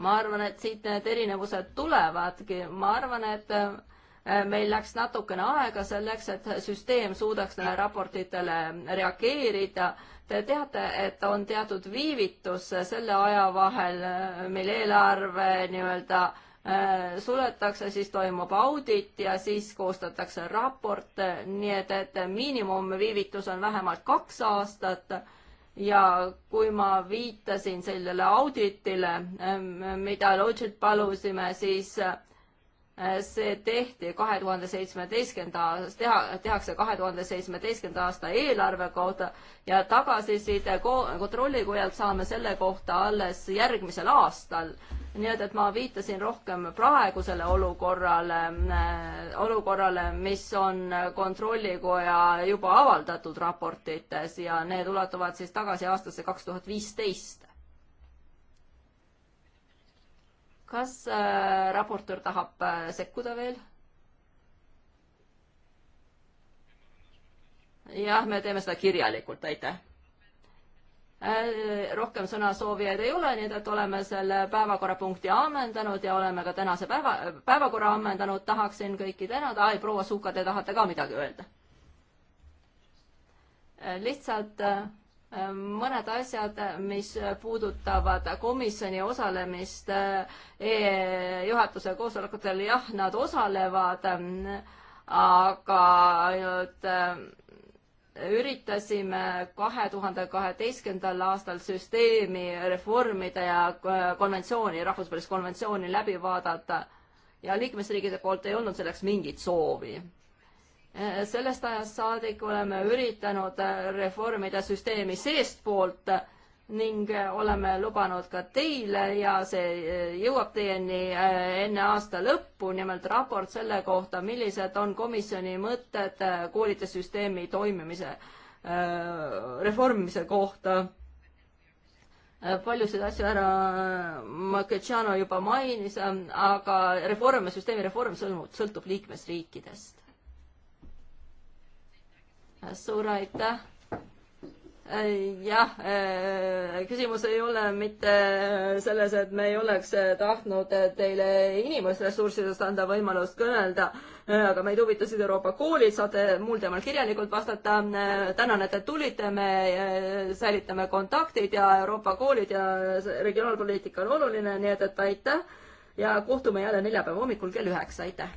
S5: ma arvan, et siit need erinevused tulevadki, ma arvan, et äh, meil läks natukene aega selleks, et süsteem suudaks neile raportitele reageerida Te teate, et on teatud viivitus selle aja vahel, mil eelarve nii-öelda äh, suletakse, siis toimub audit ja siis koostatakse raport, nii et, et miinimumviivitus on vähemalt kaks aastat ja kui ma viitasin sellele auditile, äh, mida Lodžit palusime, siis äh, Äh, see tehti kahe tuhande seitsmeteistkümnenda, teha, tehakse kahe tuhande seitsmeteistkümnenda aasta eelarve kohta ja tagasiside kontrollikojalt saame selle kohta alles järgmisel aastal. nii et, et ma viitasin rohkem praegusele olukorrale, äh, olukorrale, mis on kontrollikoja juba avaldatud raportites ja need ulatuvad siis tagasi aastasse kaks tuhat viisteist kas äh, raportöör tahab äh, sekkuda veel? jah, me teeme seda kirjalikult, aitäh äh,. rohkem sõnasoovijaid ei ole, nii et oleme selle päevakorrapunkti ammendanud ja oleme ka tänase päeva, päevakorra ammendanud, tahaksin kõiki tänada, ai proua Suuka, te tahate ka midagi öelda? Äh, lihtsalt äh, mõned asjad, mis puudutavad komisjoni osalemist e juhatuse koosolekutel, jah, nad osalevad, aga ainult äh, üritasime kahe tuhande kaheteistkümnendal aastal süsteemi reformida ja äh, konventsiooni, rahvusvahelist konventsiooni läbi vaadata ja liikmesriigide poolt ei olnud selleks mingit soovi Eh, sellest ajast saadik oleme üritanud eh, reformida süsteemi seestpoolt ning eh, oleme lubanud ka teile ja see jõuab teieni enne aasta lõppu, nimelt raport selle kohta, millised on komisjoni mõtted koolitussüsteemi toimimise, reformimise kohta. paljusid asju härra Maketšano juba mainis, aga reform, süsteemi reform sõlmub, sõltub liikmesriikidest suur aitäh. Äh, jah, äh, küsimus ei ole mitte selles, et me ei oleks äh, tahtnud teile inimressurssidest anda võimalust kõnelda, aga meid huvitasid Euroopa koolid, saate muul teemal kirjalikult vastata. tänan, et te tulite, me säilitame kontaktid ja Euroopa koolid ja regionaalpoliitika on oluline, nii et, et aitäh ja kohtume jälle neljapäeva hommikul kell üheksa, aitäh.